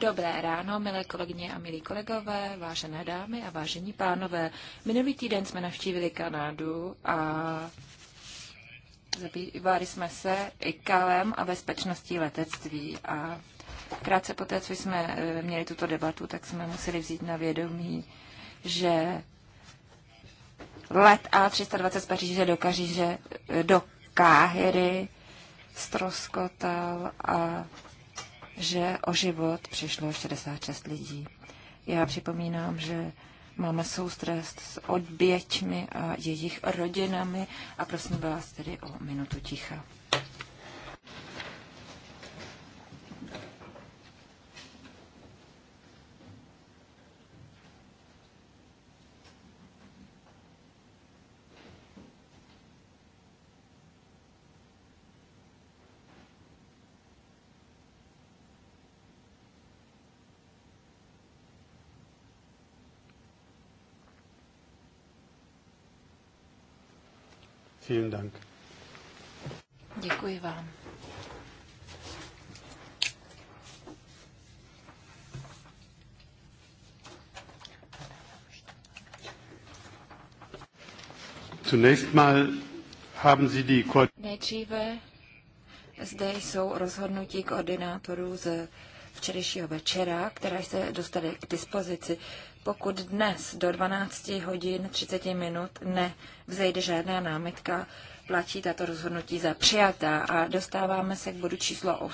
Dobré ráno, milé kolegyně a milí kolegové, vážené dámy a vážení pánové. Minulý týden jsme navštívili Kanádu a zabývali jsme se IKALem a bezpečností letectví. A krátce poté, co jsme eh, měli tuto debatu, tak jsme museli vzít na vědomí, že let A320 z Paříže do, Kaříže, eh, do Káhyry stroskotal a že o život přišlo 66 lidí. Já připomínám, že máme soustrast s oběťmi a jejich rodinami a prosím vás tedy o minutu ticha. Vielen Dank. Děkuji vám. Nejdříve zde jsou rozhodnutí koordinátorů z včerejšího večera, které se dostaly k dispozici. Pokud dnes do 12 hodin 30 minut nevzejde žádná námitka, platí tato rozhodnutí za přijatá a dostáváme se k bodu číslo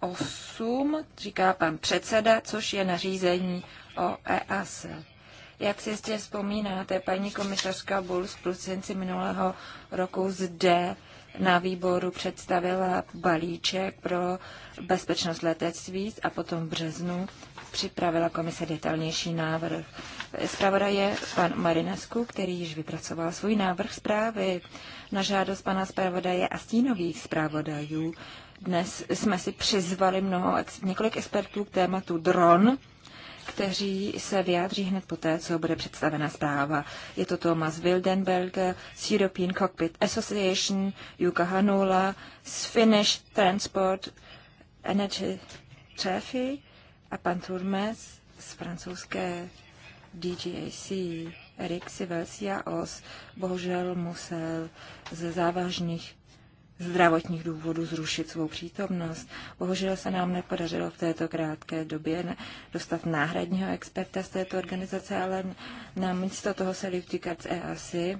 8, říká pan předseda, což je nařízení o EAS. Jak si jistě vzpomínáte, paní komisařka Bulls v prosinci minulého roku zde na výboru představila balíček pro bezpečnost letectví a potom v březnu připravila komise detailnější návrh. Zpravoda je pan Marinesku, který již vypracoval svůj návrh zprávy. Na žádost pana zpravodaje a stínových zpravodajů dnes jsme si přizvali mnoho, několik expertů k tématu dron, kteří se vyjádří hned poté, co bude představena zpráva. Je to Thomas Wildenberger z European Cockpit Association, Juka Hanula z Finnish Transport Energy Trafi a pan Turmes z francouzské DGAC. Eric Sivelsia Os bohužel musel ze závažných zdravotních důvodů zrušit svou přítomnost. Bohužel se nám nepodařilo v této krátké době dostat náhradního experta z této organizace, ale místo toho se Liftikard z EASI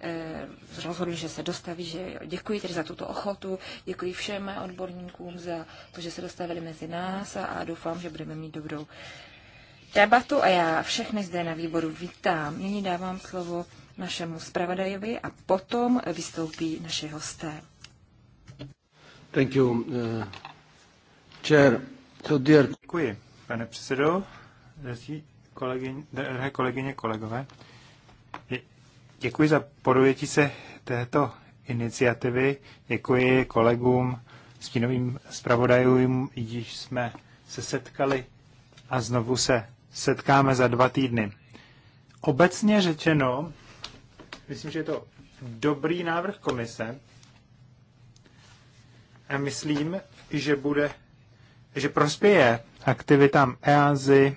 eh, rozhodli, že se dostaví, že děkuji tedy za tuto ochotu, děkuji všem odborníkům za to, že se dostavili mezi nás a, a doufám, že budeme mít dobrou debatu a já všechny zde na výboru vítám. Nyní dávám slovo našemu zpravodajovi a potom vystoupí naše hosté. Thank you, uh, chair. So dear... Děkuji, pane předsedo, kolegyně, drahé kolegyně, kolegové. Děkuji za podojetí se této iniciativy. Děkuji kolegům, stínovým zpravodajům, již jsme se setkali a znovu se setkáme za dva týdny. Obecně řečeno, Myslím, že je to dobrý návrh komise a myslím, že bude, že prospěje aktivitám EASY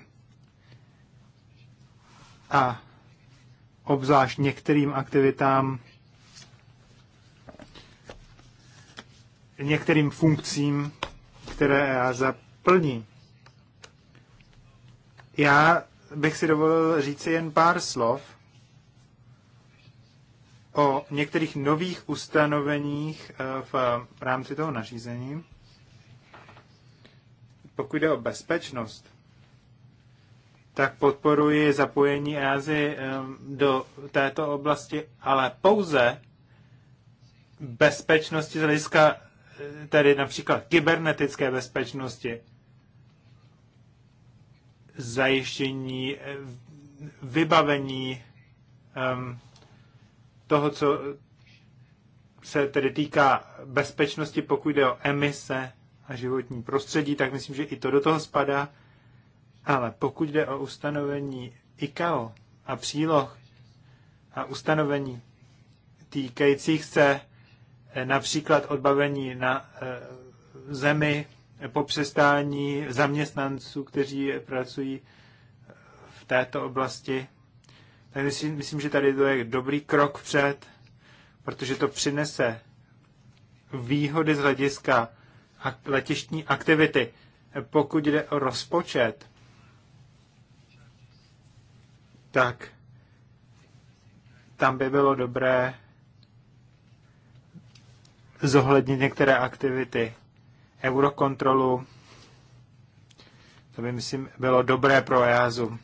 a obzvlášť některým aktivitám, některým funkcím, které EASA plní. Já bych si dovolil říci jen pár slov o některých nových ustanoveních eh, v rámci toho nařízení. Pokud jde o bezpečnost, tak podporuji zapojení EASY eh, do této oblasti, ale pouze bezpečnosti z hlediska eh, tedy například kybernetické bezpečnosti, zajištění vybavení ehm, toho, co se tedy týká bezpečnosti, pokud jde o emise a životní prostředí, tak myslím, že i to do toho spadá. Ale pokud jde o ustanovení ICAO a příloh a ustanovení týkajících se eh, například odbavení na eh, zemi, popřestání zaměstnanců, kteří pracují v této oblasti, tak myslím, myslím, že tady to je dobrý krok před, protože to přinese výhody z hlediska letištní aktivity. Pokud jde o rozpočet, tak tam by bylo dobré zohlednit některé aktivity. Eurokontrolu, to by, myslím, bylo dobré pro EASu.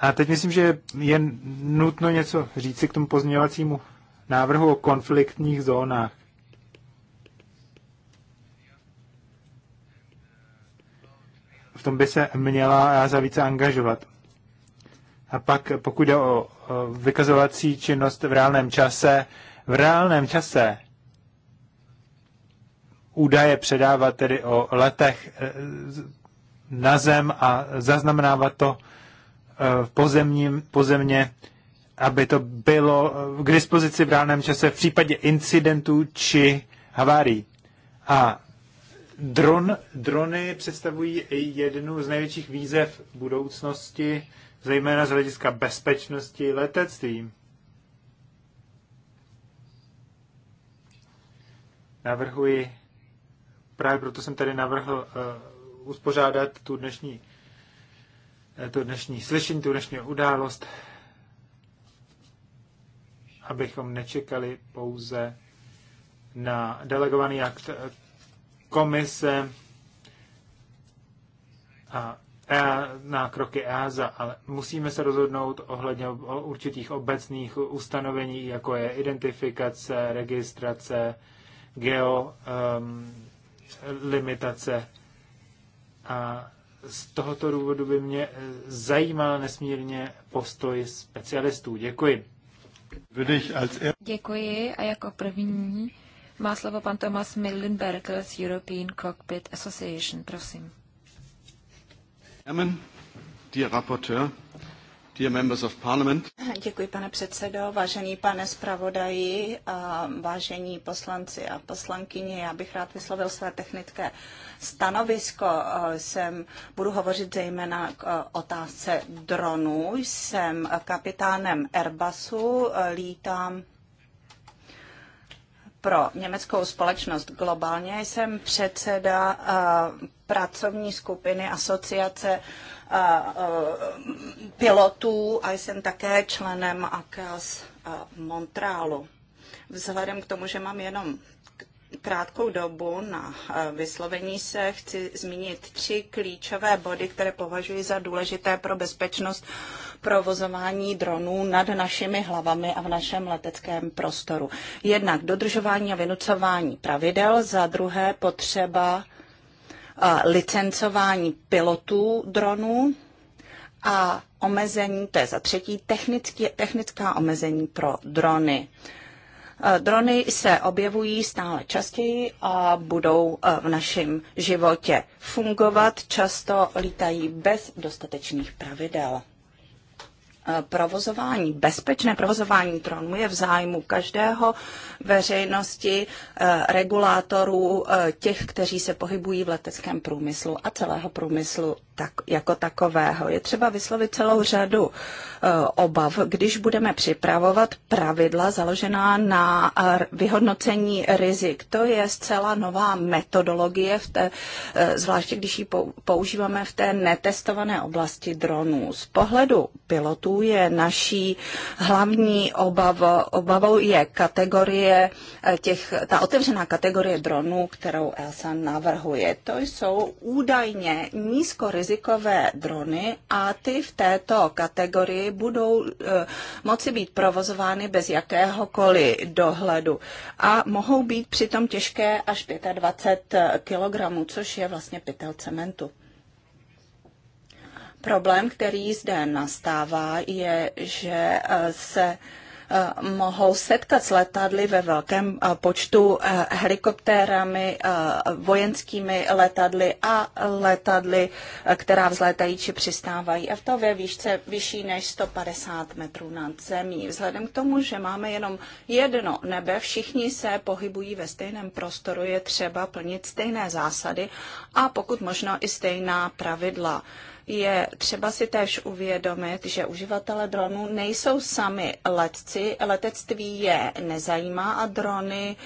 A teď myslím, že je nutno něco říci k tomu pozměňovacímu návrhu o konfliktních zónách. V tom by se měla EASA více angažovat. A pak, pokud jde o vykazovací činnost v reálném čase, v reálném čase údaje předávat tedy o letech e, na zem a zaznamenávat to pozemním, pozemně, aby to bylo eh, k dispozici v reálném čase v případě incidentů či havárií. A dron, drony představují jednu z největších výzev budoucnosti, zejména z hlediska bezpečnosti letectví. Navrhuji, právě proto jsem tady navrhl uh, uspořádat tu dnešní Eh, to dnešní slyšení, tu dnešní událost, abychom nečekali pouze na delegovaný akt eh, komise e a na kroky EASA, ale musíme se rozhodnout ohledně o určitých obecných ustanovení, jako je identifikace, registrace, geolimitace ehm, um, a z tohoto důvodu by mě eh, zajímal nesmírně postoj specialistů. Děkuji. Er- Děkuji a jako první má slovo pan Thomas Millenberg z European Cockpit Association, prosím. Amen, dear rapporteur. Děkuji, pane předsedo, vážený pane zpravodaji, vážení poslanci a poslankyně. Já bych rád vyslovil své technické stanovisko. Jsem, budu hovořit zejména k otázce dronů. Jsem kapitánem Airbusu, lítám pro německou společnost globálně. Jsem předseda pracovní skupiny asociace pilotů a jsem také členem AKAS Montrealu. Vzhledem k tomu, že mám jenom krátkou dobu na vyslovení se chci zmínit tři klíčové body, které považuji za důležité pro bezpečnost provozování dronů nad našimi hlavami a v našem leteckém prostoru. Jednak dodržování a vynucování pravidel, za druhé potřeba licencování pilotů dronů a omezení, to je za třetí, technický, technická omezení pro drony. Drony se objevují stále častěji a budou v našem životě fungovat. Často lítají bez dostatečných pravidel provozování, bezpečné provozování tronu je v zájmu každého veřejnosti, eh, regulátorů, eh, těch, kteří se pohybují v leteckém průmyslu a celého průmyslu tak, jako takového. Je třeba vyslovit celou řadu e, obav, když budeme připravovat pravidla založená na e, vyhodnocení rizik. To je zcela nová metodologie, v té, e, zvláště když ji používáme v té netestované oblasti dronů. Z pohledu pilotů je naší hlavní obav, obavou je kategorie těch, ta otevřená kategorie dronů, kterou ELSA navrhuje. To jsou údajně nízkorizikové rizikové drony a ty v této kategorii budou eh, moci být provozovány bez jakéhokoliv dohledu a mohou být přitom těžké až 25 eh, kg, což je vlastně pytel cementu. Problém, který zde nastává, je, že eh, se Eh, mohou setkat s letadly ve velkém eh, počtu eh, helikoptérami, vojenskými letadly a letadly, která vzlétají či přistávají a v to ve výšce vyšší než 150 metrů nad zemí. Vzhledem k tomu, že máme jenom jedno nebe, všichni se pohybují ve stejném prostoru, je třeba plnit stejné zásady a pokud možno i stejná pravidla je třeba si též uvědomit, že uživatele dronů nejsou sami letci, letectví je nezajímá a drony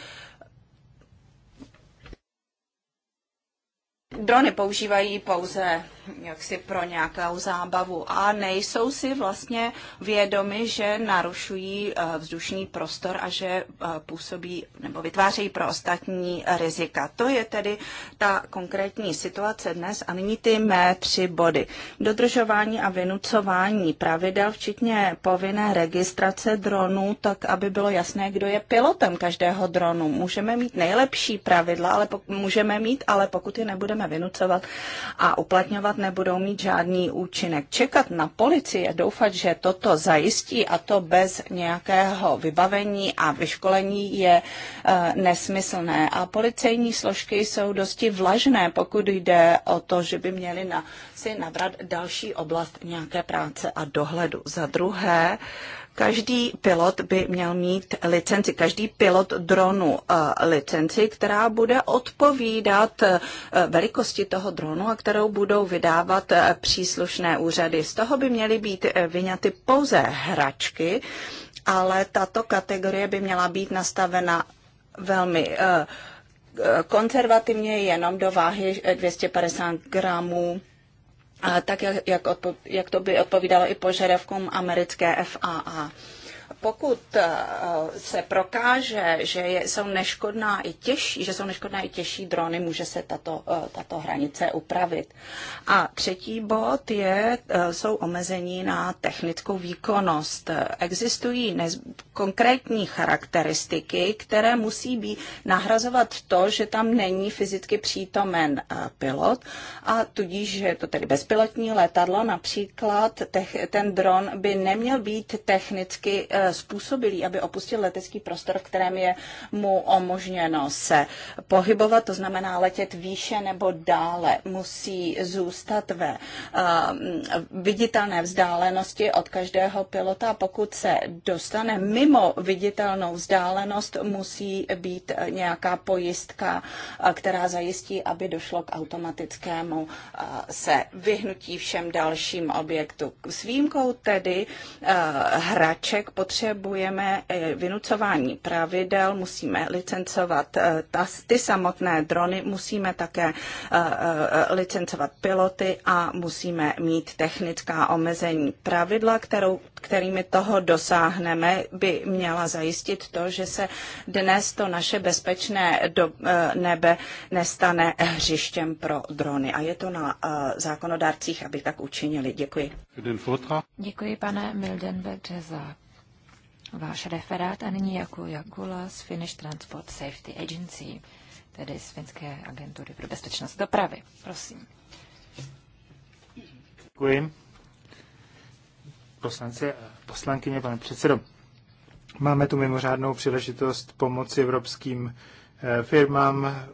drony používají pouze jaksi pro nějakou zábavu a nejsou si vlastně vědomi, že narušují eh, vzdušný prostor a že eh, působí nebo vytvářejí pro ostatní rizika. To je tedy ta konkrétní situace dnes a nyní ty mé tři body. Dodržování a vynucování pravidel, včetně povinné registrace dronů, tak aby bylo jasné, kdo je pilotem každého dronu. Můžeme mít nejlepší pravidla, ale můžeme mít, ale pokud je nebudeme vynucovat a uplatňovat, vyšetřovat, nebudou mít žádný účinek. Čekat na policii a doufat, že toto zajistí a to bez nějakého vybavení a vyškolení je e, nesmyslné. A policejní složky jsou dosti vlažné, pokud jde o to, že by měli na, si nabrat další oblast nějaké práce a dohledu. Za druhé, e, Každý pilot by měl mít licenci, každý pilot dronu eh, licenci, která bude odpovídat eh, velikosti toho dronu a kterou budou vydávat eh, příslušné úřady. Z toho by měly být vyňaty pouze hračky, ale tato kategorie by měla být nastavena velmi konzervativně jenom do váhy 250 gramů tak jak, jak to by odpovídalo i požadavkům americké FAA pokud eh, se prokáže, že jsou neškodná i těžší, že jsou neškodná i těžší drony, může se tato, eh, tato hranice upravit. A třetí bod je, eh, jsou omezení na technickou výkonnost. Existují nez, konkrétní charakteristiky, které musí být nahrazovat to, že tam není fyzicky přítomen pilot a tudíž, že je to tedy bezpilotní letadlo, například ten dron by neměl být technicky způsobilý, aby opustil letecký prostor, v kterém je mu umožněno se pohybovat, to znamená letět výše nebo dále. Musí zůstat ve eh, viditelné vzdálenosti od každého pilota. Pokud se dostane mimo viditelnou vzdálenost, musí být nějaká pojistka, eh, která zajistí, aby došlo k automatickému eh, se vyhnutí všem dalším objektům. S výjimkou tedy hraček potřebuje potřebujeme eh, vynucování pravidel, musíme licencovat eh, ty samotné drony, musíme také eh, licencovat piloty a musíme mít technická omezení. Pravidla, kterou, kterými toho dosáhneme, by měla zajistit to, že se dnes to naše bezpečné do, nebe nestane hřištěm pro drony. A je to na zákonodárcích, aby tak učinili. Děkuji. Děkuji, pane Mildenberg, za váš referát a nyní jako Jakula z Finnish Transport Safety Agency, tedy z Finské agentury pro bezpečnost dopravy. Prosím. Děkuji. Poslanci, poslankyně, pane předsedo. Máme tu mimořádnou příležitost pomoci evropským eh, firmám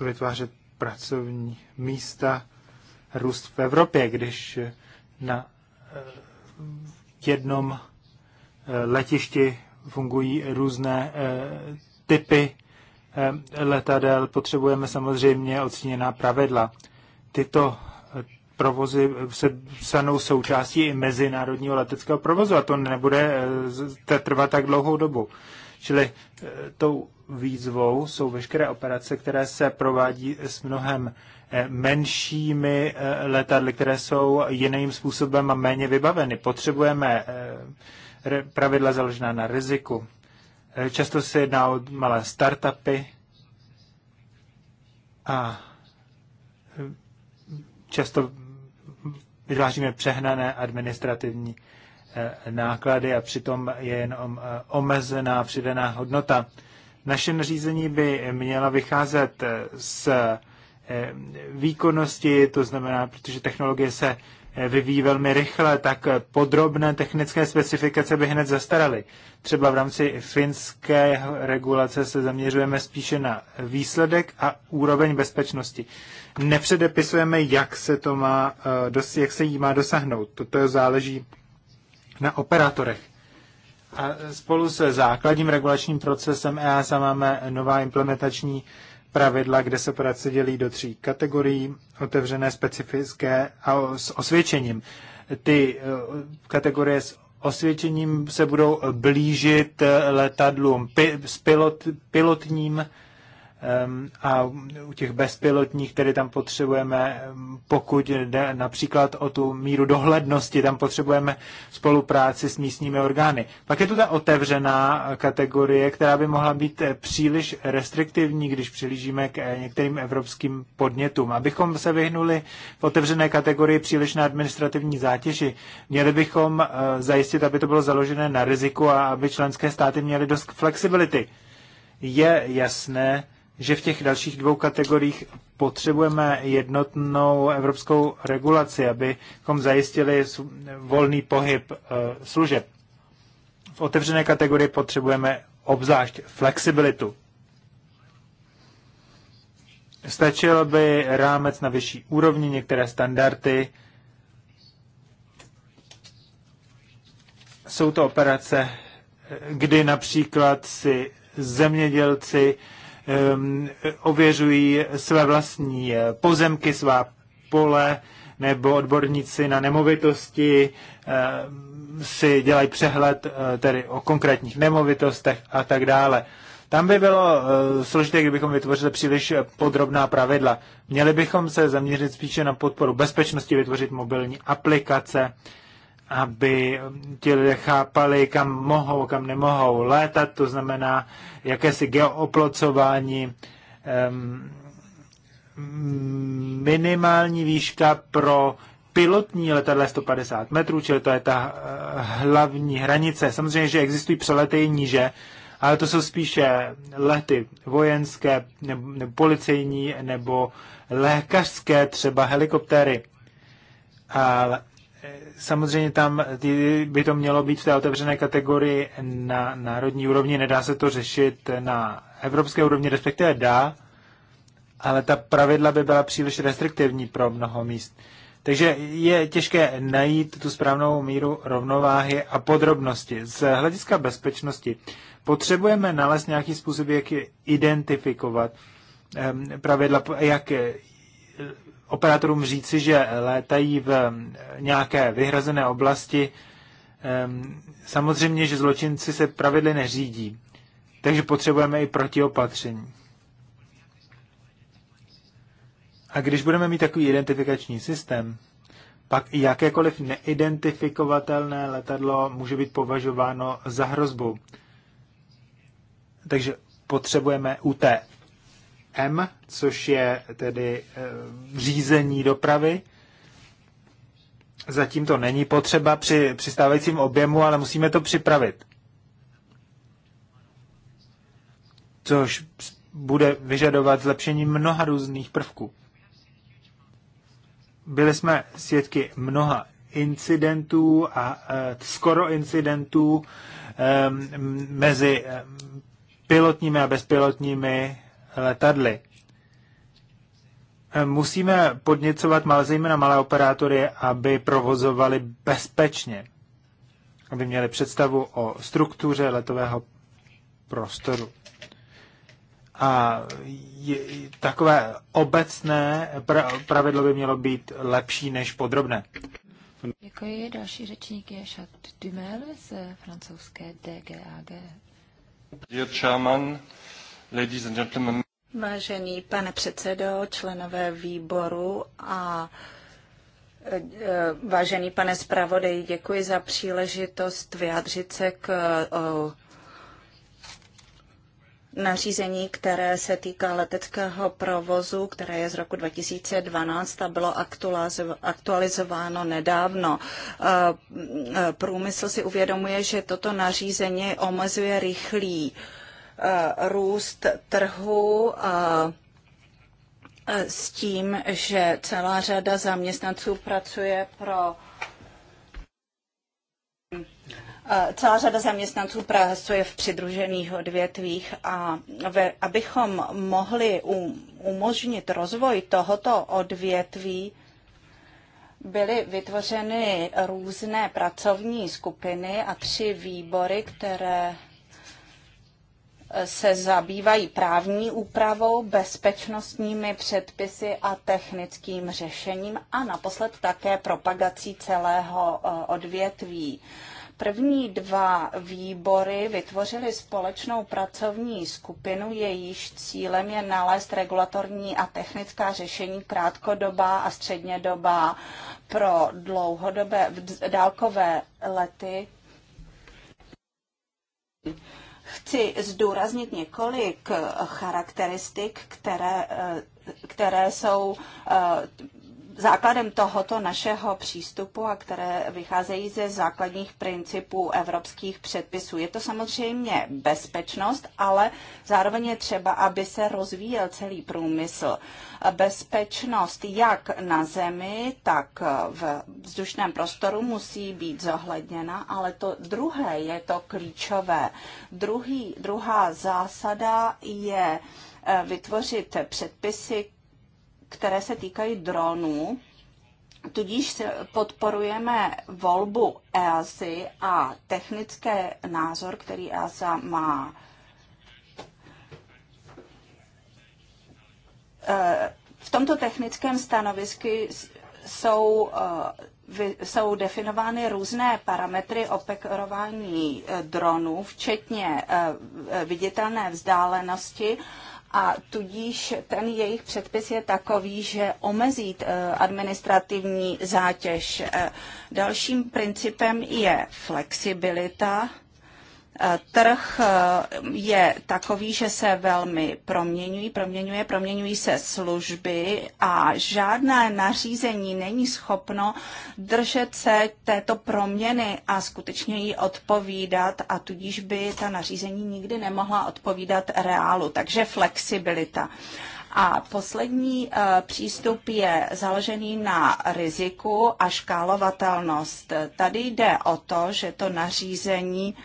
vytvářet pracovní místa, růst v Evropě, když na eh, jednom Eh, letišti fungují různé eh, typy eh, letadel. Potřebujeme samozřejmě odstíněná pravidla. Tyto provozy se stanou součástí i mezinárodního leteckého provozu a to nebude trvat tak dlouhou dobu. Čili tou výzvou jsou veškeré operace, které se provádí s mnohem menšími letadly, které jsou jiným způsobem a méně vybaveny. Potřebujeme pravidla založená na riziku. Eh, často se jedná o malé startupy a eh, často vytváříme přehnané administrativní eh, náklady a přitom je jen omezená přidaná hodnota. Naše nařízení by měla vycházet z výkonnosti, to znamená, protože technologie se vyvíjí velmi rychle, tak podrobné technické specifikace by hned zastaraly. Třeba v rámci finské regulace se zaměřujeme spíše na výsledek a úroveň bezpečnosti. Nepředepisujeme, jak se, to má, eh, jak se jí má dosáhnout. Toto záleží na operátorech. A spolu se základním regulačním procesem EASA máme nová implementační uh, pravidla, kde se práce dělí do tří kategorií, otevřené, specifické a s osvědčením. Ty eh, kategorie s osvědčením se budou blížit letadlům pi, s pilot, pilotním, a u těch bezpilotních, které tam potřebujeme, pokud jde například o tu míru dohlednosti, tam potřebujeme spolupráci s místními orgány. Pak je tu ta otevřená kategorie, která by mohla být eh, příliš restriktivní, když přilížíme k eh, některým evropským podnětům. Abychom se vyhnuli v otevřené kategorii příliš na administrativní zátěži, měli bychom eh, zajistit, aby to bylo založené na riziku a aby členské státy měly dost flexibility. Je jasné, že v těch dalších dvou kategoriích potřebujeme jednotnou evropskou regulaci, abychom zajistili volný pohyb eh, služeb. V otevřené kategorii potřebujeme obzvlášť flexibilitu. Stačil by rámec na vyšší úrovni, některé standardy. Jsou to operace, eh, kdy například si zemědělci Ehm, ověřují své vlastní eh, pozemky, svá pole, nebo odborníci na nemovitosti ehm, si dělají přehled eh, tedy o konkrétních nemovitostech a tak dále. Tam by bylo eh, složité, kdybychom vytvořili příliš podrobná pravidla. Měli bychom se zaměřit spíše na podporu bezpečnosti, vytvořit mobilní aplikace, aby ti lidé chápali, kam mohou, kam nemohou létat, to znamená jakési geooplocování, um, minimální výška pro pilotní letadla 150 metrů, čili to je ta eh, hlavní hranice. Samozřejmě, že existují přelety níže, ale to jsou spíše lety vojenské, nebo, nebo policejní, nebo lékařské, třeba helikoptéry. Ale Samozřejmě tam by to mělo být v té otevřené kategorii na národní úrovni, nedá se to řešit na evropské úrovni, respektive dá, ale ta pravidla by byla příliš restriktivní pro mnoho míst. Takže je těžké najít tu správnou míru rovnováhy a podrobnosti. Z hlediska bezpečnosti potřebujeme nalézt nějaký způsob, jak identifikovat ehm, pravidla, jak operátorům říci, že létají v eh, nějaké vyhrazené oblasti. Ehm, samozřejmě, že zločinci se pravidly neřídí, takže potřebujeme i protiopatření. A když budeme mít takový identifikační systém, pak i jakékoliv neidentifikovatelné letadlo může být považováno za hrozbu. Takže potřebujeme u M, což je tedy eh, řízení dopravy. Zatím to není potřeba při přistávajícím objemu, ale musíme to připravit. Což bude vyžadovat zlepšení mnoha různých prvků. Byli jsme svědky mnoha incidentů a e, skoro incidentů e, mezi pilotními a bezpilotními letadly. Eh, musíme podněcovat malé, zejména malé operátory, aby provozovali bezpečně, aby měli představu o struktuře letového prostoru. A je, takové obecné pravidlo by mělo být lepší než podrobné. Děkuji. Další řečník je Chat Dumel z francouzské DGAG. Dear Chairman, Vážený pane předsedo, členové výboru a e, vážený pane zpravodaj, děkuji za příležitost vyjádřit se k nařízení, které se týká leteckého provozu, které je z roku 2012 a bylo aktualizováno nedávno. E, e, průmysl si uvědomuje, že toto nařízení omezuje rychlý Eh, růst trhu eh, s tím, že celá řada zaměstnanců pracuje pro eh, Celá řada zaměstnanců pracuje v přidružených odvětvích a ve, abychom mohli umožnit rozvoj tohoto odvětví, byly vytvořeny různé pracovní skupiny a tři výbory, které se zabývají právní úpravou, bezpečnostními předpisy a technickým řešením a naposled také propagací celého eh, odvětví. První dva výbory vytvořily společnou pracovní skupinu, jejíž cílem je nalézt regulatorní a technická řešení krátkodobá a střednědobá pro dlouhodobé dálkové lety Chci zdůraznit několik charakteristik, které eh, které jsou eh, základem tohoto našeho přístupu a které vycházejí ze základních principů evropských předpisů. Je to samozřejmě bezpečnost, ale zároveň je třeba, aby se rozvíjel celý průmysl. Bezpečnost jak na zemi, tak v vzdušném prostoru musí být zohledněna, ale to druhé je to klíčové. Druhý, druhá zásada je eh, vytvořit předpisy, které se týkají dronů. Tudíž podporujeme volbu EASY a technické názor, který EASA má. E, v tomto technickém stanovisku jsou, e, jsou definovány různé parametry operování e, dronů, včetně viditelné vzdálenosti a tudíž ten jejich předpis je takový, že omezí eh, administrativní zátěž. Eh, dalším principem je flexibilita Eh, trh eh, je takový, že se velmi proměňují, proměňuje, proměňují se služby a žádné nařízení není schopno držet se této proměny a skutečně jí odpovídat a tudíž by ta nařízení nikdy nemohla odpovídat reálu. Takže flexibilita. A poslední eh, přístup je založený na riziku a škálovatelnost. Tady jde o to, že to nařízení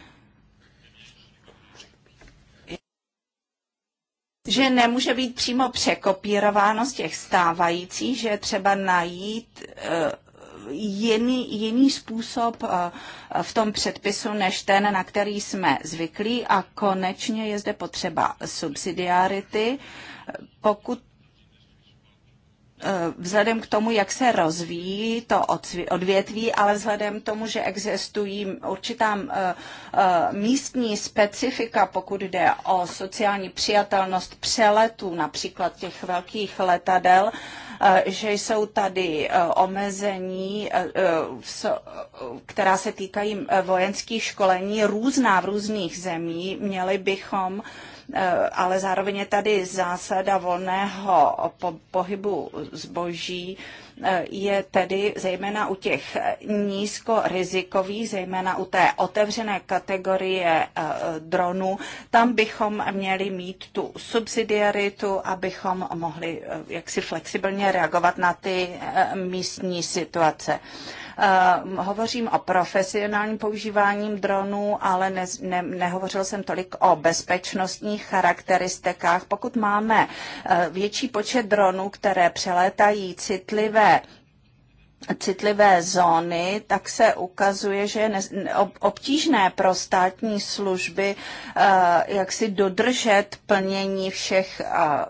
že nemůže být přímo překopírováno z těch stávajících, že třeba najít eh, jiný, jiný způsob eh, v tom předpisu než ten, na který jsme zvyklí a konečně je zde potřeba subsidiarity. Pokud Eh, vzhledem k tomu, jak se rozvíjí to odvětví, ale vzhledem k tomu, že existují určitá eh, eh, místní specifika, pokud jde o sociální přijatelnost přeletů, například těch velkých letadel, že jsou tady omezení, která se týkají vojenských školení různá v různých zemí. Měli bychom Eh, ale zároveň je tady zásada volného pohybu zboží, eh, je tedy zejména u těch nízkorizikových, zejména u té otevřené kategorie eh, dronů, tam bychom měli mít tu subsidiaritu, abychom mohli jaksi flexibilně reagovat na ty místní situace. Eh, hovořím o profesionálním používání dronů, ale ne, ne, nehovořil jsem tolik o bezpečnostních charakteristikách. Pokud máme eh, větší počet dronů, které přelétají citlivé citlivé zóny, tak se ukazuje, že je obtížné pro státní služby eh, jak si dodržet plnění všech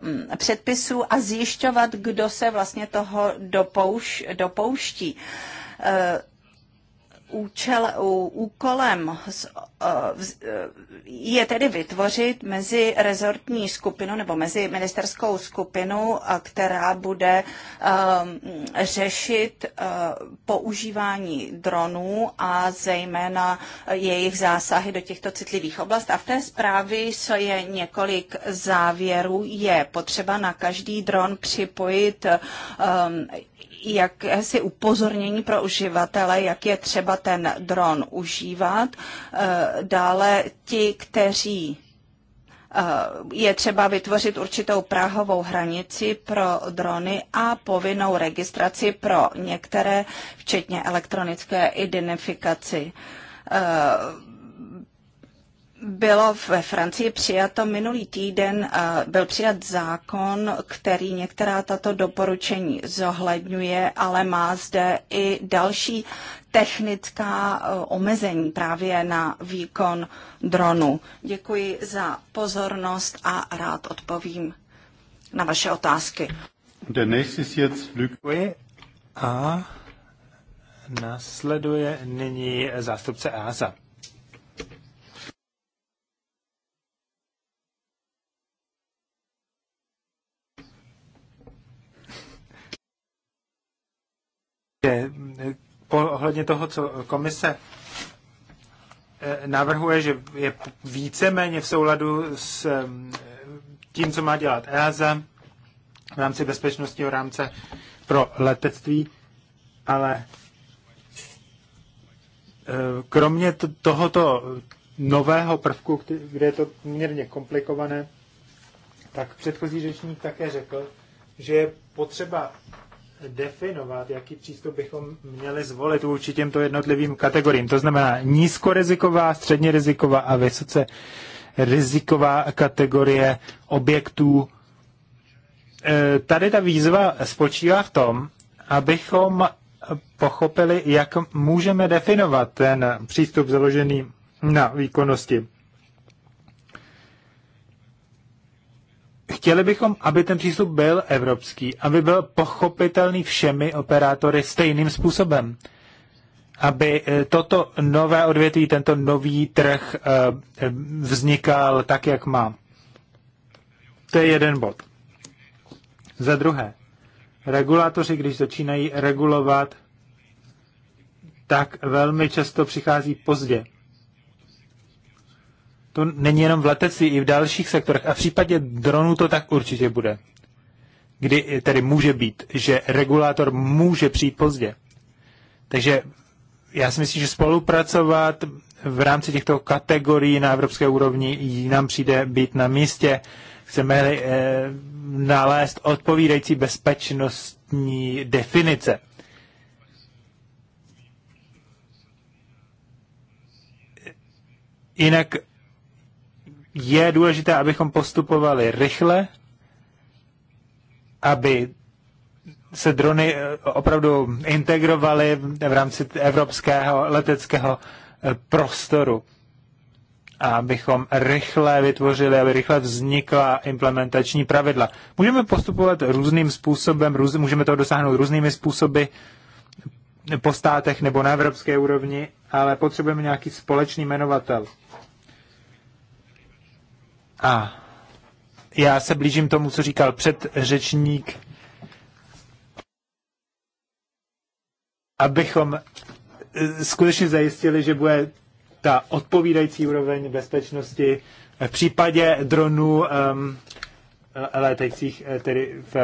mm, předpisů a zjišťovat, kdo se vlastně toho dopouš, dopouští. Eh, účel, úkolem eh, eh, je tedy vytvořit mezi rezortní skupinu nebo mezi ministerskou skupinu, která bude řešit používání dronů a zejména jejich zásahy do těchto citlivých oblastí. A v té zprávě co je několik závěrů. Je potřeba na každý dron připojit jakési upozornění pro uživatele, jak je třeba ten dron užívat. Eh, dále ti, kteří eh, je třeba vytvořit určitou práhovou hranici pro drony a povinnou registraci pro některé, včetně elektronické identifikaci. Eh, bylo ve Francii přijato minulý týden, byl přijat zákon, který některá tato doporučení zohledňuje, ale má zde i další technická e, omezení právě na výkon dronu. Děkuji za pozornost a rád odpovím na vaše otázky. Der nächste ist jetzt A nasleduje nyní zástupce EASA. že eh, ohledně toho, co komise eh, navrhuje, že je víceméně v souladu s eh, tím, co má dělat EASA v rámci bezpečnostního rámce pro letectví, ale kromě tohoto nového prvku, kde je to poměrně komplikované, tak předchozí řečník také řekl, že je potřeba definovat, jaký přístup bychom měli zvolit vůči těmto jednotlivým kategoriím. To znamená nízkoriziková, středně riziková a vysoce riziková kategorie objektů. E, tady ta výzva spočívá v tom, abychom pochopili, jak můžeme definovat ten přístup založený na výkonnosti. Chtěli bychom, aby ten přístup byl evropský, aby byl pochopitelný všemi operátory stejným způsobem. Aby eh, toto nové odvětví, tento nový trh eh, vznikal tak, jak má. To je jeden bod. Za druhé, regulátoři, když začínají regulovat, tak velmi často přichází pozdě. To není jenom v letectví, i v dalších sektorech. A v případě dronů to tak určitě bude. Kdy tedy může být, že regulátor může přijít pozdě. Takže já si myslím, že spolupracovat v rámci těchto kategorií na evropské úrovni nám přijde být na místě. Chceme e, eh, nalézt odpovídající bezpečnostní definice. Jinak je důležité, abychom postupovali rychle, aby se drony eh, opravdu integrovaly v rámci evropského leteckého eh, prostoru. A abychom rychle vytvořili, aby rychle vznikla implementační pravidla. Můžeme postupovat různým způsobem, růz, můžeme to dosáhnout různými způsoby po státech nebo na evropské úrovni, ale potřebujeme nějaký společný jmenovatel. A já se blížím tomu, co říkal předřečník, abychom eh, skutečně zajistili, že bude ta odpovídající úroveň bezpečnosti v případě dronů um, létajících eh, tedy v,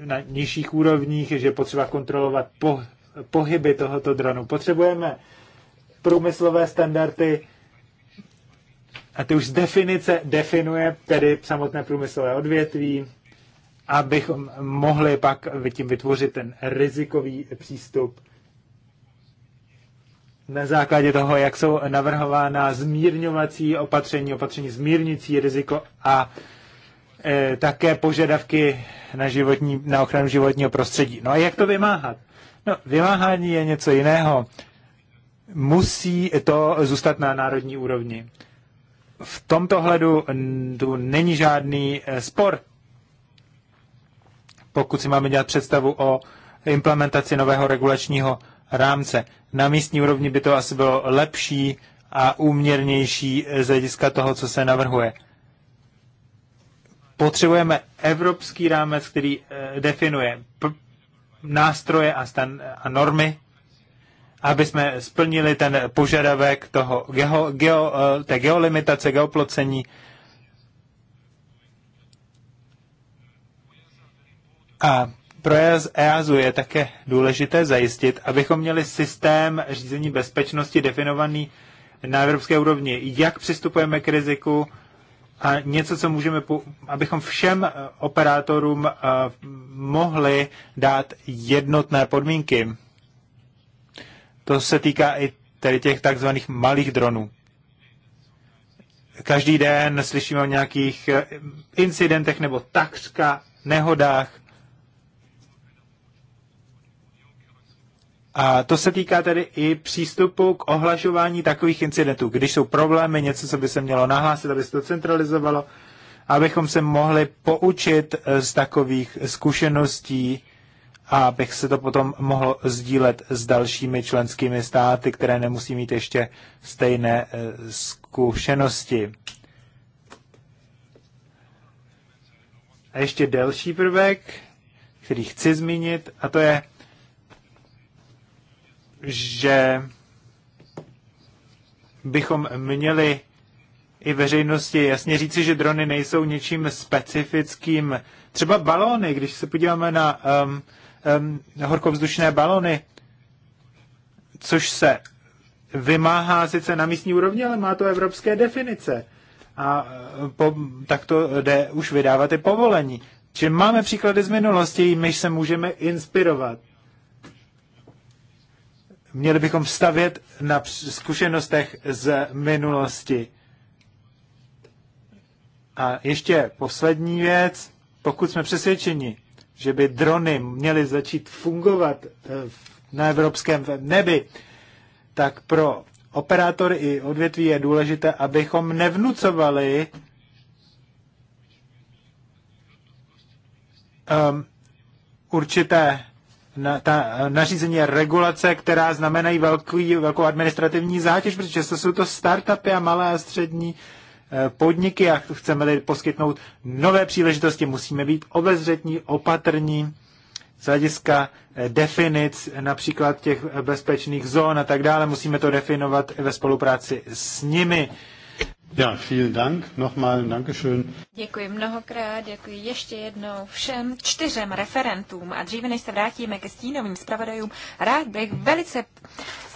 na nižších úrovních, že potřeba kontrolovat po, pohyby tohoto dronu. Potřebujeme průmyslové standardy, a ty už z definice definuje tedy samotné průmyslové odvětví, abychom mohli pak tím vytvořit ten rizikový přístup na základě toho, jak jsou navrhována zmírňovací opatření, opatření zmírnící riziko a e, také požadavky na, životní, na ochranu životního prostředí. No a jak to vymáhat? No, vymáhání je něco jiného. Musí to zůstat na národní úrovni v tomto hledu tu není žádný eh, spor, pokud si máme dělat představu o implementaci nového regulačního rámce. Na místní úrovni by to asi bylo lepší a úměrnější eh, z hlediska toho, co se navrhuje. Potřebujeme evropský rámec, který eh, definuje nástroje a, stan- a normy aby jsme splnili ten požadavek toho geo, geo, eh, té geolimitace, geoplocení. A pro EASu e je také důležité zajistit, abychom měli systém řízení bezpečnosti definovaný na evropské úrovni, jak přistupujeme k riziku a něco, co můžeme, abychom všem eh, operátorům eh, mohli dát jednotné podmínky. To se týká i tedy těch takzvaných malých dronů. Každý den slyšíme o nějakých eh, incidentech nebo takřka nehodách. A to se týká tedy i přístupu k ohlašování takových incidentů. Když jsou problémy, něco, co by se mělo nahlásit, aby se to centralizovalo, abychom se mohli poučit eh, z takových zkušeností a abych se to potom mohl sdílet s dalšími členskými státy, které nemusí mít ještě stejné eh, zkušenosti. A ještě další prvek, který chci zmínit, a to je, že bychom měli i veřejnosti jasně říci, že drony nejsou něčím specifickým. Třeba balóny, když se podíváme na um, um, horkovzdušné balony, což se vymáhá sice na místní úrovni, ale má to evropské definice. A eh, po, tak to jde už vydávat i povolení. Čili máme příklady z minulosti, jimiž se můžeme inspirovat. Měli bychom stavět na zkušenostech z minulosti. A ještě poslední věc, pokud jsme přesvědčeni, že by drony měly začít fungovat eh, na evropském nebi, tak pro operátory i odvětví je důležité, abychom nevnucovali um, určité na, ta eh, nařízení regulace, která znamenají velký, velkou administrativní zátěž, protože často jsou to startupy a malé a střední Eh, podniky a chceme-li poskytnout nové příležitosti, musíme být obezřetní, opatrní z hlediska eh, definic například těch bezpečných zón a tak dále. Musíme to definovat ve spolupráci s nimi. Ja, vielen Dank. Nochmal Dankeschön. Děkuji mnohokrát, děkuji ještě jednou všem čtyřem referentům. A dříve než se vrátíme ke stínovým zpravodajům, rád bych velice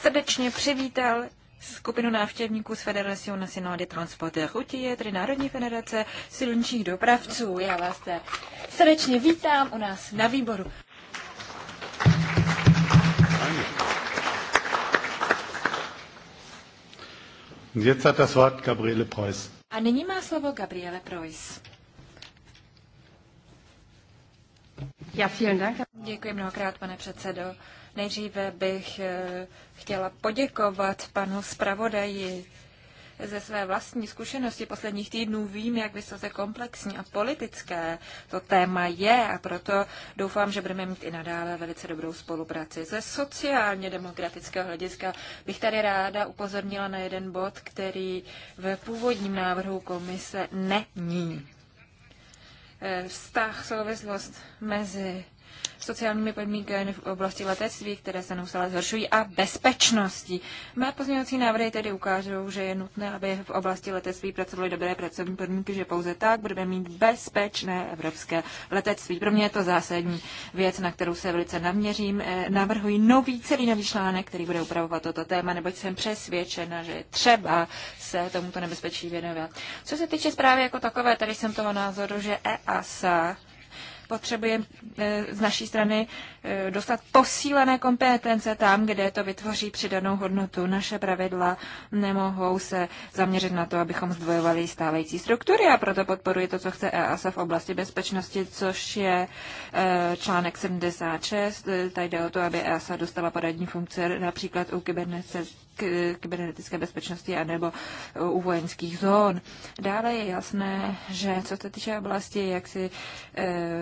srdečně přivítal skupinu návštěvníků z Federación Nacional de Transporte je tedy Národní federace silničních dopravců. Já vás zde srdečně vítám u nás na výboru. A nyní má slovo Gabriele Preuss. Ja, Děkuji mnohokrát, pane předsedo. Nejdříve bych eh, chtěla poděkovat panu zpravodaji. Ze své vlastní zkušenosti posledních týdnů vím, jak vysoce komplexní a politické to téma je a proto doufám, že budeme mít i nadále velice dobrou spolupráci. Ze sociálně demokratického hlediska bych tady ráda upozornila na jeden bod, který v původním návrhu komise není. Eh, vztah, souvislost mezi sociálními podmínkami v oblasti letectví, které se neustále zhoršují, a bezpečnosti. Mé pozměňovací návrhy tedy ukážou, že je nutné, aby v oblasti letectví pracovaly dobré pracovní podmínky, že pouze tak budeme mít bezpečné evropské letectví. Pro mě je to zásadní věc, na kterou se velice naměřím. Eh, navrhuji nový, celý nový článek, který bude upravovat toto téma, neboť jsem přesvědčena, že třeba se tomuto nebezpečí věnovat. Co se týče zprávy jako takové, tady jsem toho názoru, že EASA potřebuje eh, z naší strany eh, dostat posílené kompetence tam, kde to vytvoří přidanou hodnotu. Naše pravidla nemohou se zaměřit na to, abychom zdvojovali stávající struktury a proto podporuji to, co chce EASA v oblasti bezpečnosti, což je eh, článek 76. Tady jde o to, aby EASA dostala poradní funkce například u kybernetické k kybernetické bezpečnosti anebo u vojenských zón. Dále je jasné, že co se týče oblasti, jak si eh,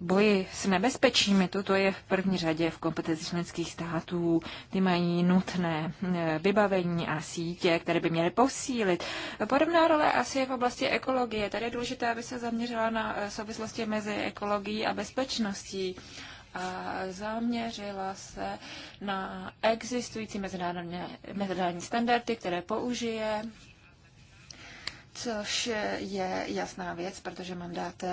boji s nebezpečími, toto je v první řadě v kompetenci členských států. Ty mají nutné eh, vybavení a sítě, které by měly posílit. Podobná role asi je v oblasti ekologie. Tady je důležité, aby se zaměřila na eh, souvislosti mezi ekologií a bezpečností a zaměřila se na existující mezinárodní, mezinárodní standardy, které použije což je jasná věc, protože mandát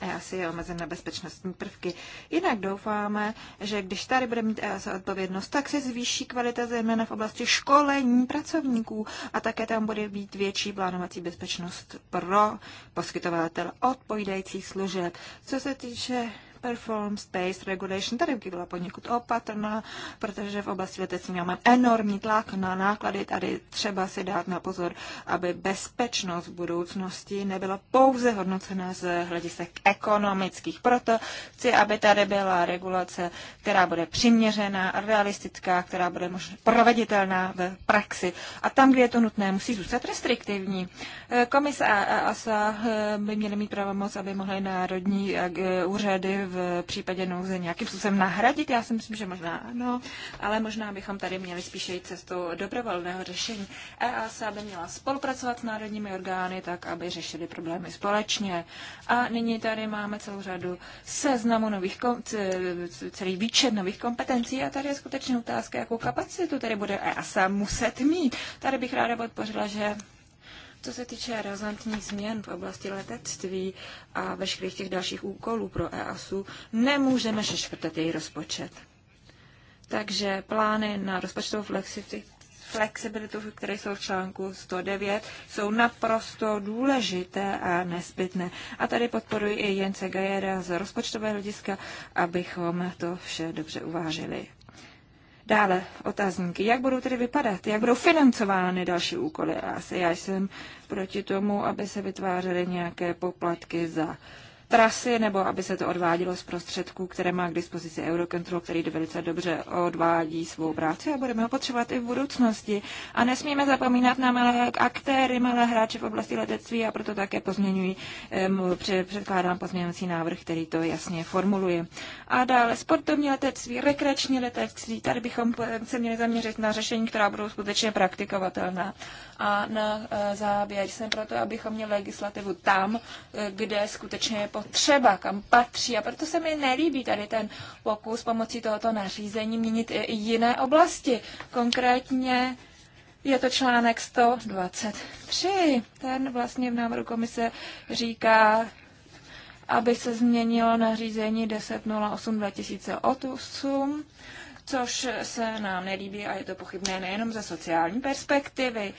EASI eh, e je omezen na bezpečnostní prvky. Jinak doufáme, že když tady bude mít EASA odpovědnost, tak se zvýší kvalita zejména v oblasti školení pracovníků a také tam bude být větší plánovací bezpečnost pro poskytovatele odpovídajících služeb. Co se týče performance-based regulation. Tady by byla poněkud opatrná, protože v oblasti letectví máme enormní tlak na náklady. Tady třeba si dát na pozor, aby bezpečnost v budoucnosti nebyla pouze hodnocena z hledisek ekonomických. Proto chci, aby tady byla regulace, která bude přiměřená, realistická, která bude možná proveditelná v praxi. A tam, kde je to nutné, musí zůstat restriktivní. Komise a ASA by měly mít pravomoc, aby mohly národní eh, úřady v případě nouze nějakým způsobem nahradit? Já si myslím, že možná ano, ale možná bychom tady měli spíše jít cestou dobrovolného řešení. EASA by měla spolupracovat s národními orgány tak, aby řešili problémy společně. A nyní tady máme celou řadu seznamu nových, celý výčet nových kompetencí a tady je skutečně otázka, jakou kapacitu tady bude EASA muset mít. Tady bych ráda podpořila, že co se týče razantních změn v oblasti letectví a veškerých těch dalších úkolů pro EASu, nemůžeme šeškrtat její rozpočet. Takže plány na rozpočtovou flexibilitu flexibilitu, které jsou v článku 109, jsou naprosto důležité a nezbytné. A tady podporuji i Jence Gajera z rozpočtového hlediska, abychom to vše dobře uvážili. Dále otázníky, jak budou tedy vypadat, jak budou financovány další úkoly. Asi já jsem proti tomu, aby se vytvářely nějaké poplatky za uh, trasy, nebo aby se to odvádělo z prostředků, které má k dispozici Eurocontrol, který velice dobře odvádí svou práci a budeme ho potřebovat i v budoucnosti. A nesmíme zapomínat na malé aktéry, malé hráče v oblasti letectví a proto také pozměňuji, předkládám pozměňovací návrh, který to jasně formuluje. A dále sportovní letectví, rekreační letectví, tady bychom se měli zaměřit na řešení, která budou skutečně praktikovatelná. A na e, závěr jsem proto, abychom měli legislativu tam, e, kde skutečně je potřeba, kam patří. A proto se mi nelíbí tady ten pokus pomocí tohoto nařízení měnit i jiné oblasti. Konkrétně je to článek 123. Ten vlastně v návrhu komise říká, aby se změnilo nařízení 1008 2008 což se nám nelíbí a je to pochybné nejenom ze sociální perspektivy.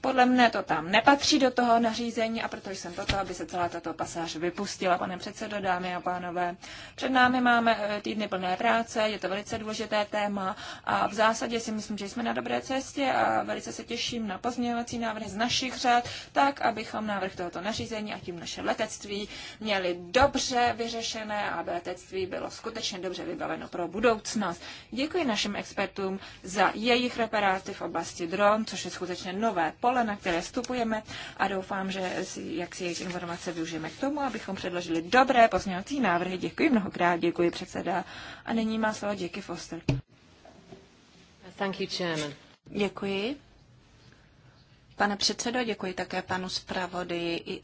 Podle mne to tam nepatří do toho nařízení a proto jsem proto, aby se celá tato pasáž vypustila. Pane předsedo, dámy a pánové, před námi máme eh, týdny plné práce, je to velice důležité téma a v zásadě si myslím, že jsme na dobré cestě a velice se těším na pozměňovací návrhy z našich řad, tak, abychom návrh tohoto nařízení a tím naše letectví měli dobře vyřešené a letectví bylo skutečně dobře vybaveno pro budoucnost. Děkuji Děkuji našim expertům za jejich reparáty v oblasti dron, což je skutečně nové pole, na které vstupujeme a doufám, že si, jak si jejich informace využijeme k tomu, abychom předložili dobré pozměňovací návrhy. Děkuji mnohokrát, děkuji předseda. A nyní má slovo děky Foster. Thank you, chairman. Děkuji. Pane předsedo, děkuji také panu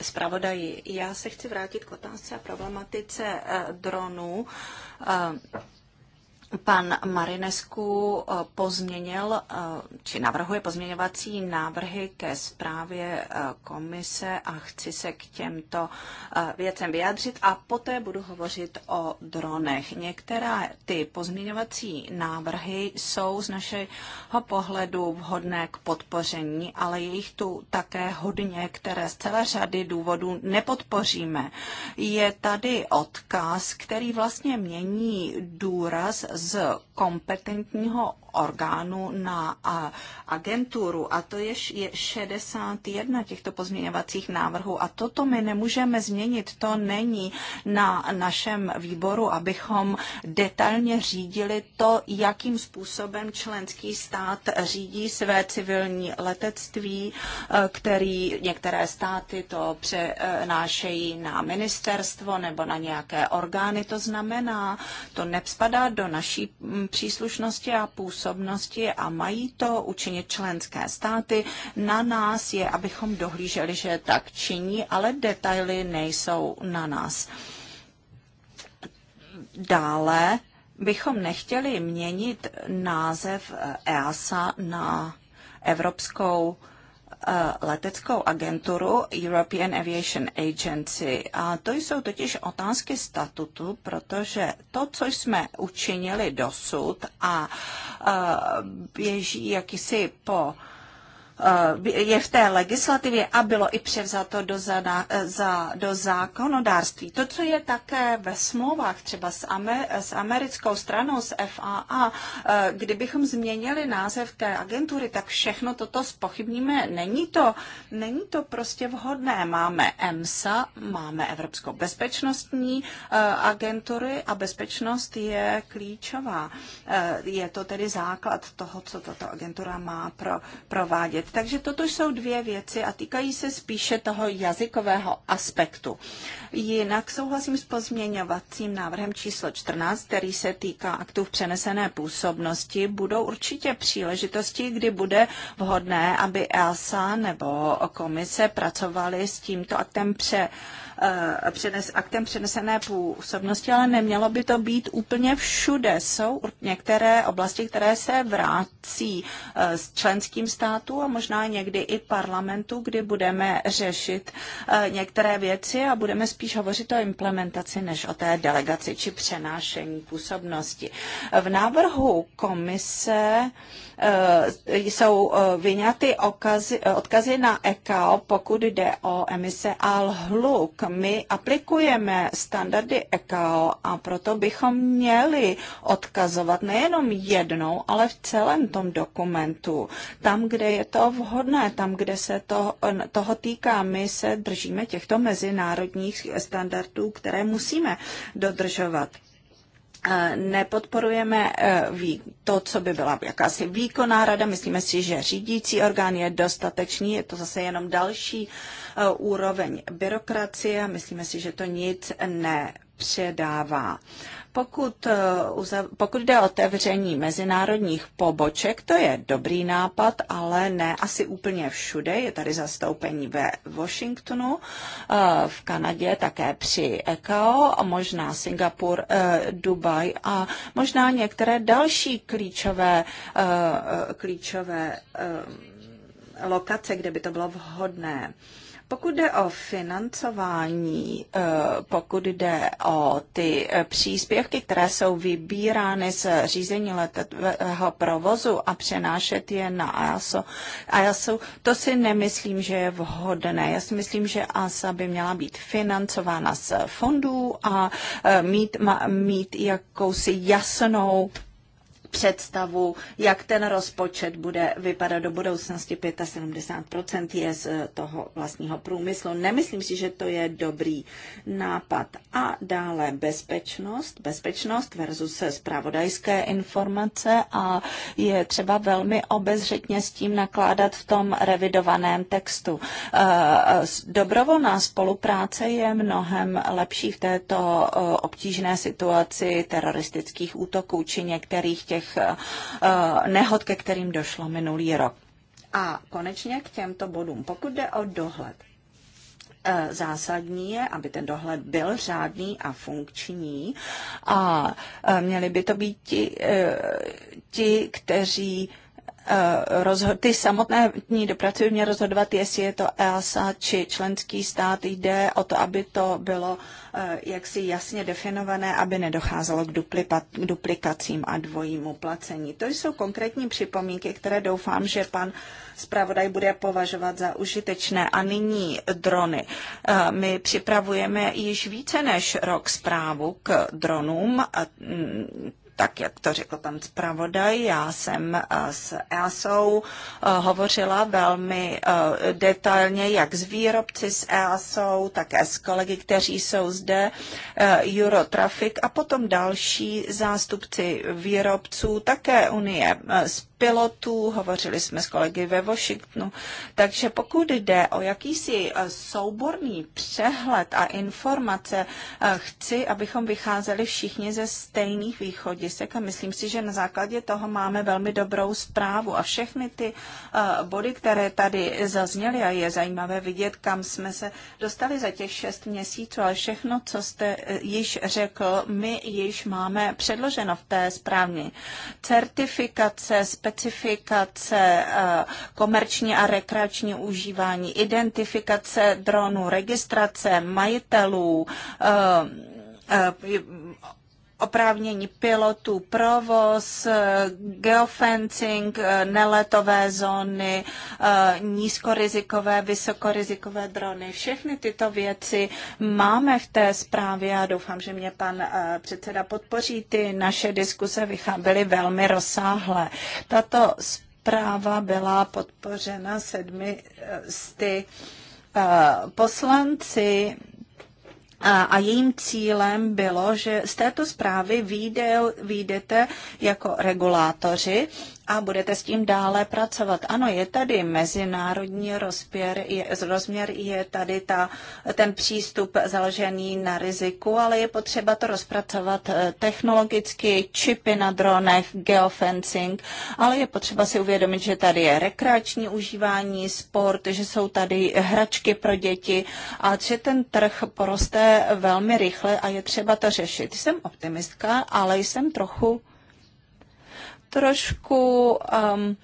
zpravodaji. Já se chci vrátit k otázce a problematice eh, dronů. Eh, Pan Marinesku eh, pozměnil, eh, či navrhuje pozměňovací návrhy ke zprávě eh, komise a chci se k těmto věcem vyjádřit a poté budu hovořit o dronech. Některé ty pozměňovací návrhy jsou z našeho pohledu vhodné k podpoření, ale je jich tu také hodně, které z celé řady důvodů nepodpoříme. Je tady odkaz, který vlastně mění důraz z kompetentního orgánu na agenturu a to je 61 těchto pozměňovacích návrhů a toto my nemůžeme změnit, to není na našem výboru, abychom detailně řídili to, jakým způsobem členský stát řídí své civilní letectví, e, který některé státy to přenášejí na ministerstvo nebo na nějaké orgány, to znamená, to nepspadá do naší příslušnosti a působnosti a mají to učinit členské státy. Na nás je, abychom dohlíželi, že tak činí, ale detaily nejsou na nás. Dále bychom nechtěli měnit název EASA eh, e na Evropskou Eh, leteckou agenturu European Aviation Agency. A to jsou totiž otázky statutu, protože to, co jsme učinili dosud a eh, běží jakýsi po Eh, je v té legislativě a bylo i převzato do, zada, eh, za, do zákonodárství. To, co je také ve smlouvách třeba s, Amer, s americkou stranou, s FAA, eh, kdybychom změnili název té agentury, tak všechno toto spochybníme. Není to, není to prostě vhodné. Máme EMSA, máme Evropskou bezpečnostní agentury a bezpečnost je klíčová. Je to tedy základ toho, co tato agentura má pro, provádět takže toto jsou dvě věci a týkají se spíše toho jazykového aspektu. Jinak souhlasím s pozměňovacím návrhem číslo 14, který se týká aktů v přenesené působnosti. Budou určitě příležitosti, kdy bude vhodné, aby ELSA nebo komise pracovali s tímto aktem pře Eh, přenes, aktem přenesené působnosti, ale nemělo by to být úplně všude. Jsou některé oblasti, které se vrací eh, s členským státu a možná někdy i parlamentu, kdy budeme řešit eh, některé věci a budeme spíš hovořit o implementaci než o té delegaci či přenášení působnosti. V návrhu komise Eh, jsou eh, vyňaty eh, odkazy na ECAO, pokud jde o emise a hluk. My aplikujeme standardy ECAO a proto bychom měli odkazovat nejenom jednou, ale v celém tom dokumentu. Tam, kde je to vhodné, tam, kde se to, toho týká, my se držíme těchto mezinárodních standardů, které musíme dodržovat. Eh, nepodporujeme eh, to, co by byla jakási výkonná rada. Myslíme si, že řídící orgán je dostatečný, je to zase jenom další eh, úroveň byrokracie. Myslíme si, že to nic nepředává pokud, eh, pokud jde o otevření mezinárodních poboček, to je dobrý nápad, ale ne asi úplně všude. Je tady zastoupení ve Washingtonu, eh, v Kanadě, také při ECAO, a možná Singapur, eh, Dubaj a možná některé další klíčové, klíčové lokace, kde by to bylo vhodné. Pokud jde o financování, eh, pokud jde o ty eh, příspěvky, které jsou vybírány z řízení letového provozu a přenášet je na ASO, ASO, to si nemyslím, že je vhodné. Já si myslím, že ASA by měla být financována z fondů a eh, mít, mít jakousi jasnou představu, jak ten rozpočet bude vypadat do budoucnosti. 75% je z toho vlastního průmyslu. Nemyslím si, že to je dobrý nápad. A dále bezpečnost, bezpečnost versus zpravodajské informace a je třeba velmi obezřetně s tím nakládat v tom revidovaném textu. Eh, dobrovolná spolupráce je mnohem lepší v této eh, obtížné situaci teroristických útoků či některých těch těch eh, nehod, ke kterým došlo minulý rok. A konečně k těmto bodům. Pokud jde o dohled, eh, zásadní je, aby ten dohled byl řádný a funkční a eh, měli by to být ti, ti kteří Eh, rozho- ty samotné dopravci dopracují mě rozhodovat, jestli je to EASA či členský stát. Jde o to, aby to bylo eh, jaksi jasně definované, aby nedocházelo k, duplipa- k duplikacím a dvojímu placení. To jsou konkrétní připomínky, které doufám, že pan zpravodaj bude považovat za užitečné. A nyní drony. Eh, my připravujeme již více než rok zprávu k dronům mm, tak jak to řekl pan zpravodaj, já jsem eh, s EASO eh, hovořila velmi eh, detailně, jak s výrobci s EASO, také s kolegy, kteří jsou zde, Eurotraffic a potom další zástupci výrobců, také Unie pilotů, hovořili jsme s kolegy ve Washingtonu. Takže pokud jde o jakýsi souborný přehled a informace, chci, abychom vycházeli všichni ze stejných východisek hledisek a myslím si, že na základě toho máme velmi dobrou zprávu a všechny ty eh, body, které tady zazněly a je zajímavé vidět, kam jsme se dostali za těch šest měsíců, ale všechno, co jste eh, již řekl, my již máme předloženo v té správně. Certifikace, specifikace, eh, komerční a rekreační užívání, identifikace dronů, registrace majitelů, oprávnění pilotů, provoz, geofencing, eh, neletové zóny, eh, nízkorizikové, vysokorizikové drony. Všechny tyto věci máme v té zprávě a doufám, že mě pan eh, předseda podpoří. Ty naše diskuse byly velmi rozsáhlé. Tato zpráva byla podpořena sedmi z ty poslanci a jejím cílem bylo, že z této zprávy výjde, výjdete jako regulátoři a budete s tím dále pracovat. Ano, je tady mezinárodní rozpěr, je, rozměr, je tady ta, ten přístup založený na riziku, ale je potřeba to rozpracovat eh, technologicky, čipy na dronech, geofencing, ale je potřeba si uvědomit, že tady je rekreační užívání, sport, že jsou tady hračky pro děti a že ten trh poroste velmi rychle a je třeba to řešit. Jsem optimistka, ale jsem trochu trošku um,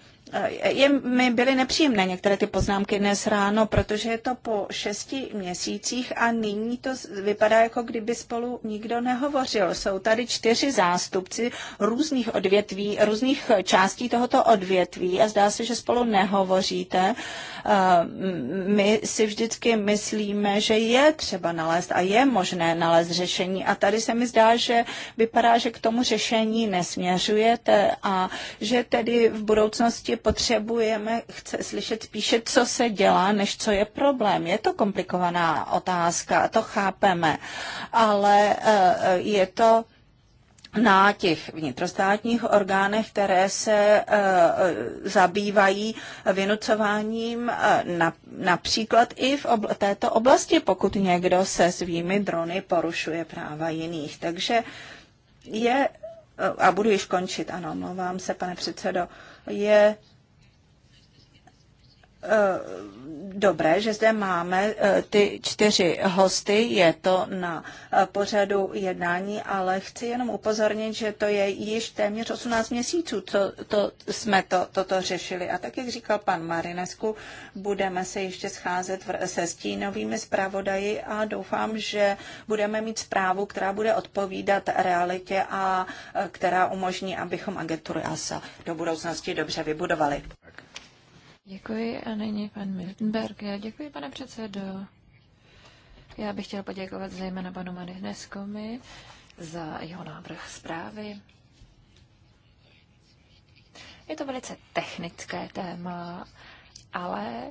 je, mi byly nepříjemné některé ty poznámky dnes ráno, protože je to po šesti měsících a nyní to vypadá, jako kdyby spolu nikdo nehovořil. Jsou tady čtyři zástupci různých odvětví, různých částí tohoto odvětví a zdá se, že spolu nehovoříte. Eh, my si vždycky myslíme, že je třeba nalézt a je možné nalézt řešení a tady se mi zdá, že vypadá, že k tomu řešení nesměřujete a že tedy v budoucnosti potřebujeme chce slyšet spíše, co se dělá, než co je problém. Je to komplikovaná otázka, to chápeme, ale eh, je to na těch vnitrostátních orgánech, které se uh, zabývají vynucováním uh, na, například i v obl- této oblasti, pokud někdo se svými drony porušuje práva jiných. Takže je, uh, a budu již končit, ano, mluvám se, pane předsedo, je Eh, dobré, že zde máme eh, ty čtyři hosty, je to na eh, pořadu jednání, ale chci jenom upozornit, že to je již téměř 18 měsíců, co to, jsme to, toto řešili. A tak, jak říkal pan Marinesku, budeme se ještě scházet v, se stínovými zpravodaji a doufám, že budeme mít zprávu, která bude odpovídat realitě a která umožní, abychom agentury ASA do budoucnosti dobře vybudovali. Děkuji a nyní pan Miltenberg. Já děkuji, pane předsedo. Já bych chtěl poděkovat zejména panu Manihneskomi za jeho návrh zprávy. Je to velice technické téma, ale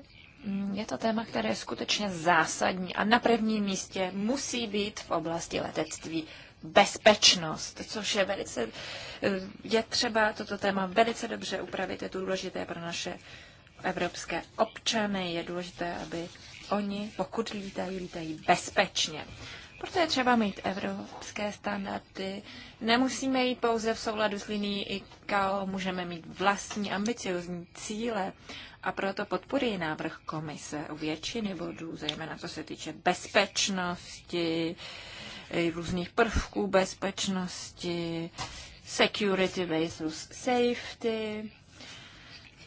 je to téma, které je skutečně zásadní a na prvním místě musí být v oblasti letectví bezpečnost, což je velice, je třeba toto téma velice dobře upravit, je to důležité pro naše evropské občany. Je důležité, aby oni, pokud lítají, lítají bezpečně. Proto je třeba mít evropské standardy. Nemusíme jít pouze v souladu s linií ICAO, můžeme mít vlastní ambiciozní cíle a proto podporuji návrh komise u většiny bodů, zejména co se týče bezpečnosti, různých prvků bezpečnosti, security versus safety,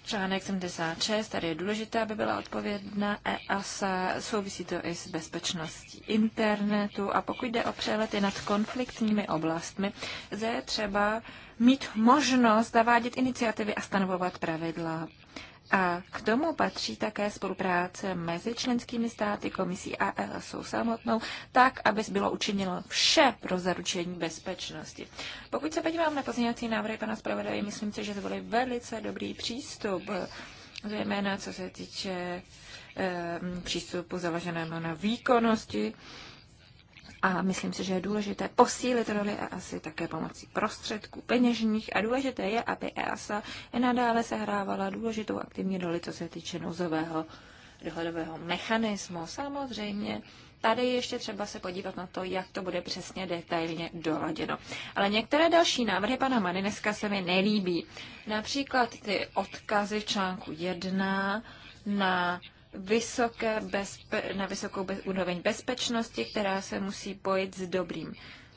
Článek 76, tady je důležité, aby byla odpovědná EASA, souvisí to i s bezpečností internetu a pokud jde o přelety nad konfliktními oblastmi, je třeba mít možnost zavádět iniciativy a stanovovat pravidla. A k tomu patří také spolupráce mezi členskými státy, komisí a ESO samotnou, tak, aby bylo učiněno vše pro zaručení bezpečnosti. Pokud se podívám na pozměňovací návrhy pana zpravodaje, myslím si, že to byl velice dobrý přístup, zejména co se týče e, přístupu založeného na výkonnosti, a myslím si, že je důležité posílit roli EASA také pomocí prostředků peněžních a důležité je, aby EASA i nadále sehrávala důležitou aktivní roli, co se týče nouzového dohledového mechanismu. Samozřejmě tady ještě třeba se podívat na to, jak to bude přesně detailně doladěno. Ale některé další návrhy pana dneska se mi nelíbí. Například ty odkazy v článku 1 na vysoké bezpe- na vysokou bez- úroveň bezpečnosti, která se musí pojit s dobrým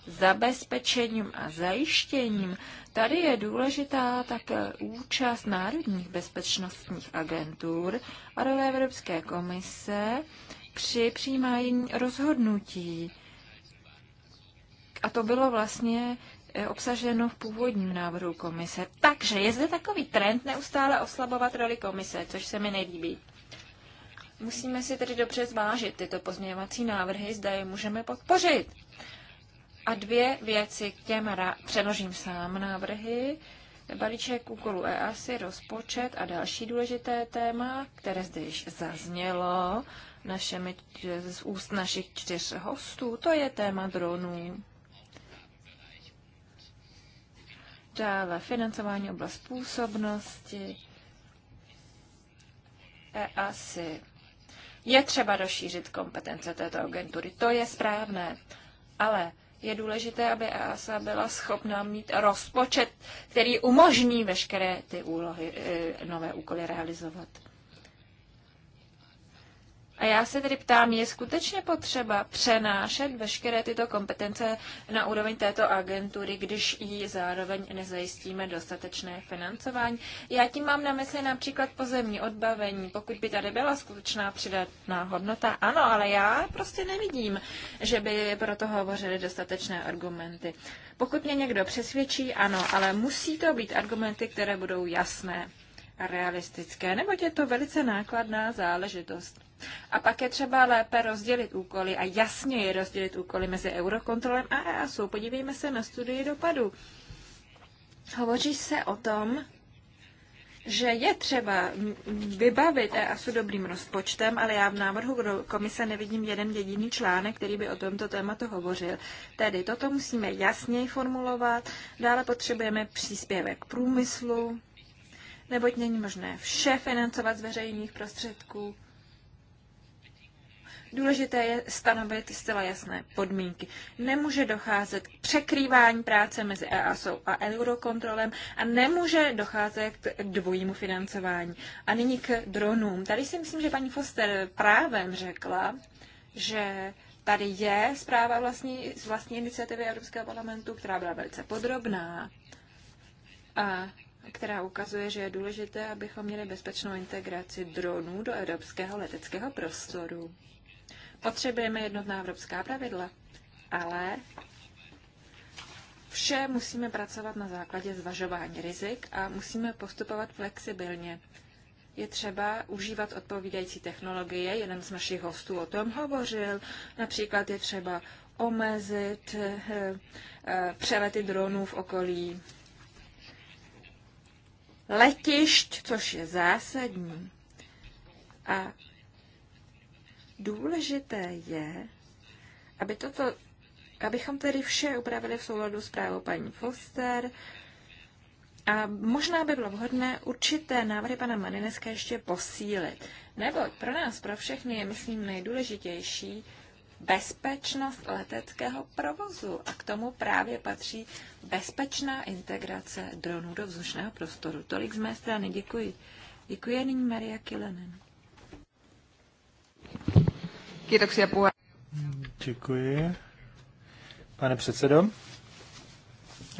zabezpečením a zajištěním. Tady je důležitá také účast národních bezpečnostních agentur a role Evropské komise při přijímání rozhodnutí. A to bylo vlastně eh, obsaženo v původním návrhu komise. Takže je zde takový trend neustále oslabovat roli komise, což se mi nelíbí. Musíme si tedy dobře zvážit tyto pozměňovací návrhy, zda je můžeme podpořit. A dvě věci k těm ra- předložím sám návrhy. Balíček úkolů e asi rozpočet a další důležité téma, které zde již zaznělo našemi, z úst našich čtyř hostů, to je téma dronů. Dále financování oblast působnosti, EASI je třeba rozšířit kompetence této agentury, to je správné, ale je důležité, aby EASA byla schopná mít rozpočet, který umožní veškeré ty úlohy, eh, nové úkoly realizovat. A já se tedy ptám, je skutečně potřeba přenášet veškeré tyto kompetence na úroveň této agentury, když ji zároveň nezajistíme dostatečné financování? Já tím mám na mysli například pozemní odbavení, pokud by tady byla skutečná přidatná hodnota. Ano, ale já prostě nevidím, že by pro to hovořili dostatečné argumenty. Pokud mě někdo přesvědčí, ano, ale musí to být argumenty, které budou jasné a realistické, neboť je to velice nákladná záležitost. A pak je třeba lépe rozdělit úkoly a jasně je rozdělit úkoly mezi Eurokontrolem a EASU. Podívejme se na studii dopadu. Hovoří se o tom, že je třeba vybavit EASu dobrým rozpočtem, ale já v návrhu komise nevidím jeden jediný článek, který by o tomto tématu hovořil. Tedy toto musíme jasněji formulovat, dále potřebujeme příspěvek průmyslu, neboť není možné vše financovat z veřejných prostředků. Důležité je stanovit zcela jasné podmínky. Nemůže docházet k překrývání práce mezi EASO a eurokontrolem a nemůže docházet k dvojímu financování. A nyní k dronům. Tady si myslím, že paní Foster právem řekla, že tady je zpráva vlastní, z vlastní iniciativy Evropského parlamentu, která byla velice podrobná a která ukazuje, že je důležité, abychom měli bezpečnou integraci dronů do evropského leteckého prostoru. Potřebujeme jednotná evropská pravidla, ale vše musíme pracovat na základě zvažování rizik a musíme postupovat flexibilně. Je třeba užívat odpovídající technologie. Jeden z našich hostů o tom hovořil. Například je třeba omezit eh, eh, přelety dronů v okolí letišť, což je zásadní. A Důležité je, aby toto, abychom tedy vše upravili v souladu s právou paní Foster, a možná by bylo vhodné určité návrhy pana Marineska ještě posílit. Nebo pro nás, pro všechny je, myslím, nejdůležitější bezpečnost leteckého provozu. A k tomu právě patří bezpečná integrace dronů do vzdušného prostoru. Tolik z mé strany. Děkuji. Děkuji nyní Maria Kilenen. Děkuji. Pane předsedo.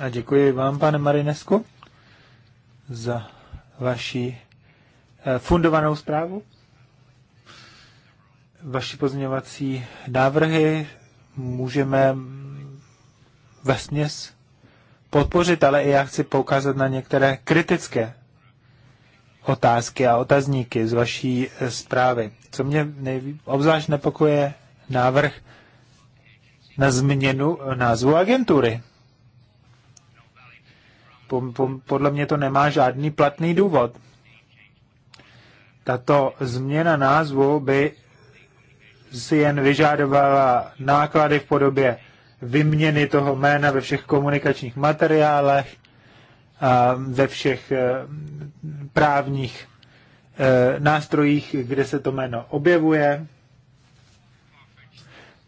A děkuji vám, pane Marinesku, za vaši eh, fundovanou zprávu. Vaši pozměňovací návrhy můžeme vesměs podpořit, ale i já chci poukázat na některé kritické otázky a otazníky z vaší eh, zprávy. Co mě nejví, obzvlášť nepokoje návrh na změnu eh, názvu agentury. Podle mě to nemá žádný platný důvod. Tato změna názvu by si jen vyžádovala náklady v podobě vyměny toho jména ve všech komunikačních materiálech, ve všech eh, právních eh, nástrojích, kde se to jméno objevuje.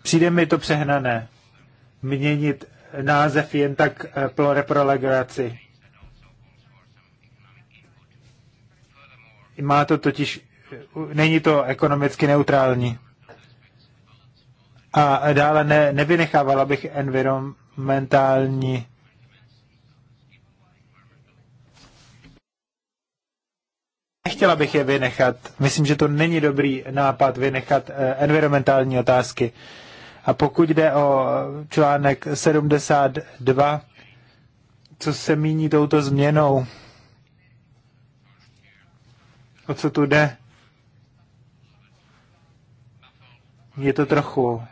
Přijde mi to přehnané měnit název jen tak eh, pro legraci. Má to totiž, není to ekonomicky neutrální. A dále ne, nevynechávala bych environmentální Nechtěla bych je vynechat. Myslím, že to není dobrý nápad vynechat eh, environmentální otázky. A pokud jde o článek 72, co se míní touto změnou, o co tu jde, je to trochu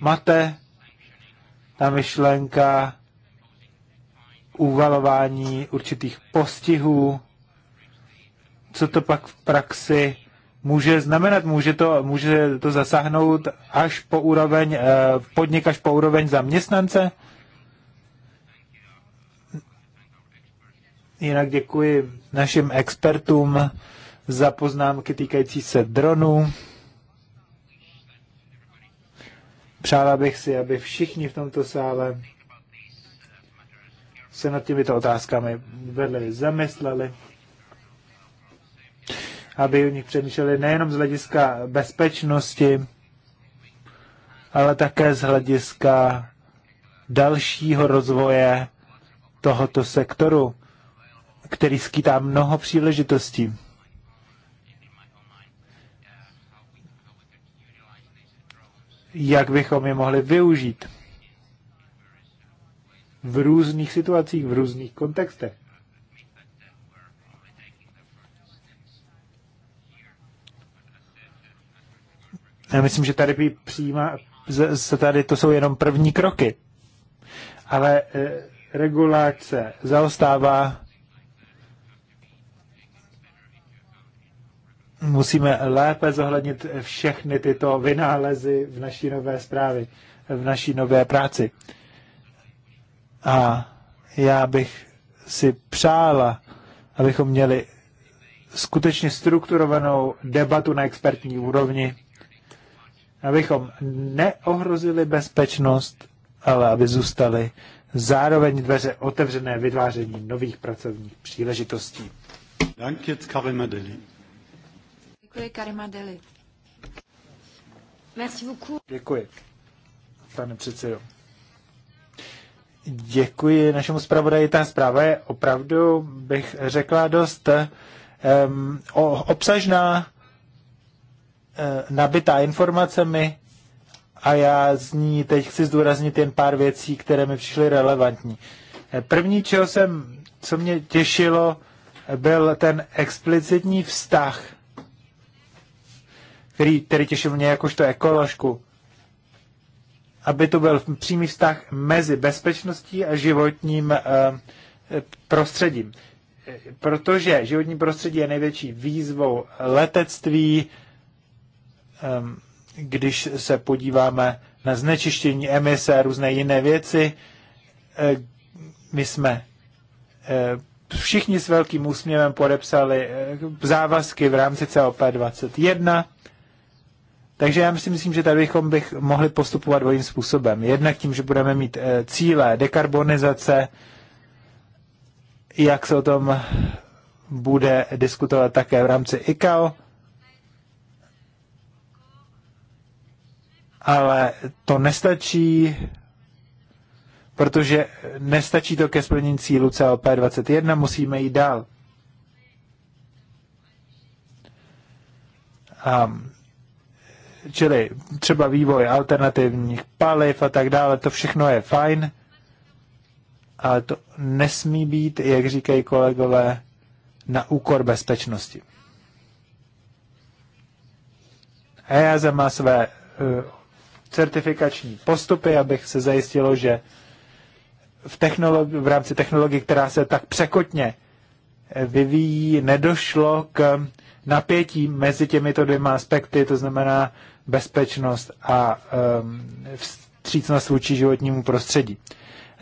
mate, ta myšlenka uvalování určitých postihů co to pak v praxi může znamenat? Může to, může to zasáhnout až po úroveň, eh, podnik až po úroveň zaměstnance? Jinak děkuji našim expertům za poznámky týkající se dronů. Přála bych si, aby všichni v tomto sále se nad těmito otázkami vedli, zamysleli aby o nich přemýšleli nejenom z hlediska bezpečnosti, ale také z hlediska dalšího rozvoje tohoto sektoru, který skýtá mnoho příležitostí. Jak bychom je mohli využít v různých situacích, v různých kontextech. Já myslím, že tady přijímá, se tady to jsou jenom první kroky. Ale e, regulace zaostává. Musíme lépe zohlednit všechny tyto vynálezy v naší nové zprávě, v naší nové práci. A já bych si přála, abychom měli skutečně strukturovanou debatu na expertní úrovni abychom neohrozili bezpečnost, ale aby zůstaly zároveň dveře otevřené vytváření nových pracovních příležitostí. Děkuji, Karima Deli. Děkuji, pane předsedo. Děkuji našemu zpravodaji. Ta zpráva je opravdu, bych řekla, dost um, obsažná Eh, nabitá informacemi a já z ní teď chci zdůraznit jen pár věcí, které mi přišly relevantní. Eh, první, čeho jsem, co mě těšilo, byl ten explicitní vztah, který, který těšil mě jakožto ekoložku, aby to byl přímý vztah mezi bezpečností a životním eh, prostředím. Protože životní prostředí je největší výzvou letectví, Ehm, když se podíváme na znečištění emise a různé jiné věci, eh, my jsme eh, všichni s velkým úsměvem podepsali eh, závazky v rámci COP21. Takže já si myslím, že tady bychom bych mohli postupovat dvojím způsobem. Jednak tím, že budeme mít cíle dekarbonizace, jak se o tom bude diskutovat také v rámci ICAO, ale to nestačí, protože nestačí to ke splnění cílu CLP21, musíme jít dál. Um, čili třeba vývoj alternativních paliv a tak dále, to všechno je fajn, ale to nesmí být, jak říkají kolegové, na úkor bezpečnosti. EASA má své eh, certifikační postupy, abych se zajistilo, že v, technologi- v rámci technologie, která se tak překotně vyvíjí, nedošlo k napětí mezi těmito dvěma aspekty, to znamená bezpečnost a um, vstřícnost vůči životnímu prostředí.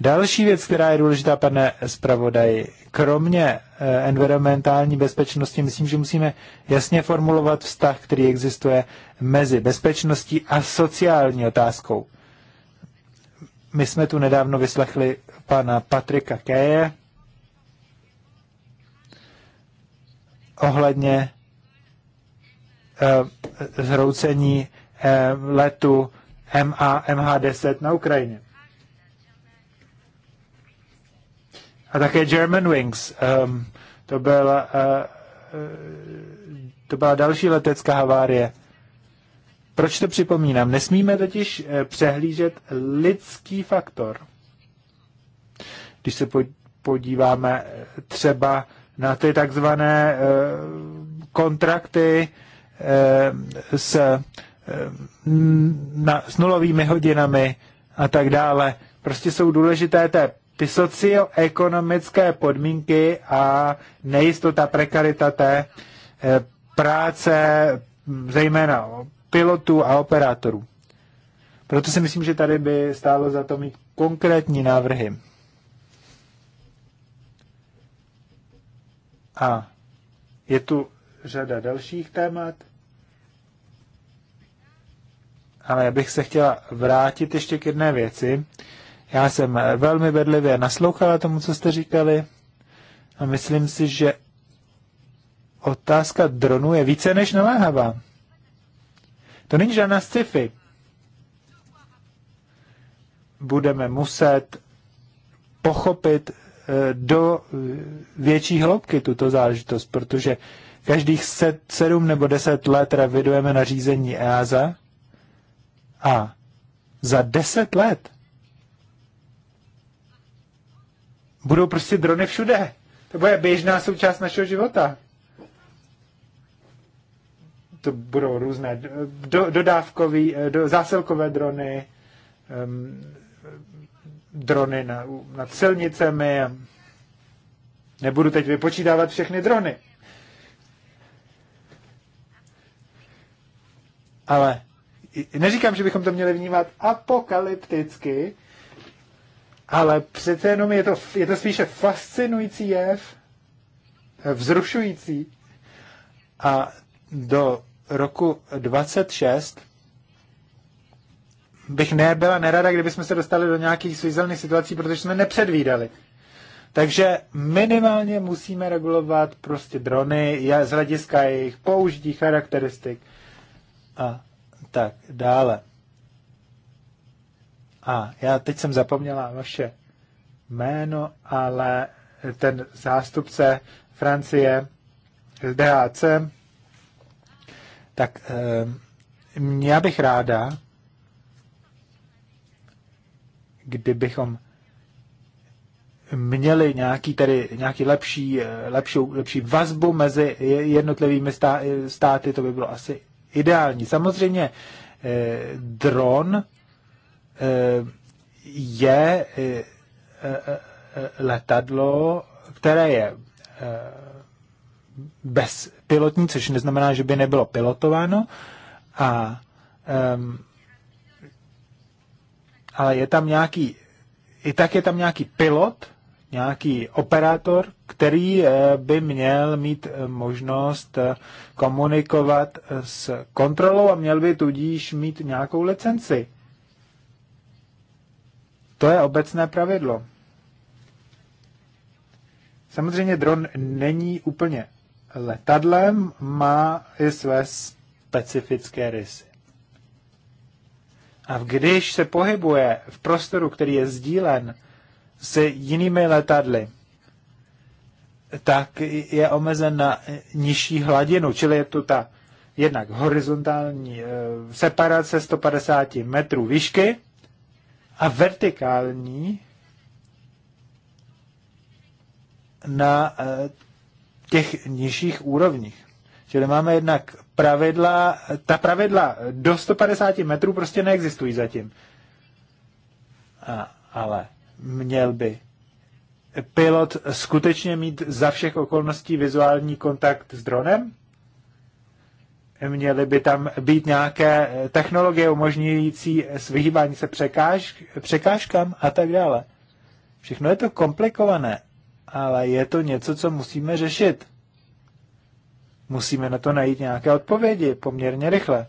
Další věc, která je důležitá, pane zpravodaj, kromě eh, environmentální bezpečnosti, myslím, že musíme jasně formulovat vztah, který existuje mezi bezpečností a sociální otázkou. My jsme tu nedávno vyslechli pana Patrika Keje ohledně eh, zhroucení eh, letu MH, MH10 na Ukrajině. A také German Wings. Um, to, byla, uh, to byla další letecká havárie. Proč to připomínám? Nesmíme totiž eh, přehlížet lidský faktor. Když se podíváme třeba na ty takzvané kontrakty s, na, s nulovými hodinami a tak dále, prostě jsou důležité té ty socioekonomické podmínky a nejistota, prekarita té eh, práce, zejména pilotů a operátorů. Proto si myslím, že tady by stálo za to mít konkrétní návrhy. A je tu řada dalších témat, ale já bych se chtěla vrátit ještě k jedné věci, já jsem velmi bedlivě naslouchala tomu, co jste říkali a myslím si, že otázka dronu je více než naléhavá. To není žádná sci-fi. Budeme muset pochopit eh, do eh, větší hloubky tuto záležitost, protože každých set, sedm nebo deset let revidujeme nařízení EASA a za deset let budou prostě drony všude. To bude běžná součást našeho života. To budou různé do, dodávkové, eh, do, zásilkové drony, um, drony na, nad silnicemi. Nebudu teď vypočítávat všechny drony. Ale neříkám, že bychom to měli vnímat apokalypticky, ale přece jenom je to, je to spíše fascinující jev, vzrušující. A do roku 26 bych nebyla nerada, kdybychom se dostali do nějakých svizelných situací, protože jsme nepředvídali. Takže minimálně musíme regulovat prostě drony z hlediska jejich použití, charakteristik a tak dále. A já teď jsem zapomněla vaše jméno, ale ten zástupce Francie DAC, tak eh, já bych ráda, kdybychom měli nějaký, tedy, nějaký lepší, eh, lepší, lepší vazbu mezi jednotlivými státy, to by bylo asi ideální. Samozřejmě eh, dron Eh, je eh, eh, letadlo, které je bezpilotní, což neznamená, že by nebylo pilotováno, a, um, ale je tam nějaký, i tak je tam nějaký pilot, nějaký operátor, který by měl mít možnost komunikovat s kontrolou a měl by tudíž mít nějakou licenci. To je obecné pravidlo. Samozřejmě dron není úplně letadlem, má i své specifické rysy. A když se pohybuje v prostoru, který je sdílen s jinými letadly, tak je omezen na nižší hladinu, čili je to ta jednak horizontální eh, separace 150 metrů výšky, a vertikální na eh, těch nižších úrovních. Čili máme jednak pravidla, ta pravidla do 150 metrů prostě neexistují zatím. A, ale měl by pilot skutečně mít za všech okolností vizuální kontakt s dronem? měly by tam být nějaké technologie umožňující vyhýbání se překáž, překážkám a tak dále. Všechno je to komplikované, ale je to něco, co musíme řešit. Musíme na to najít nějaké odpovědi poměrně rychle.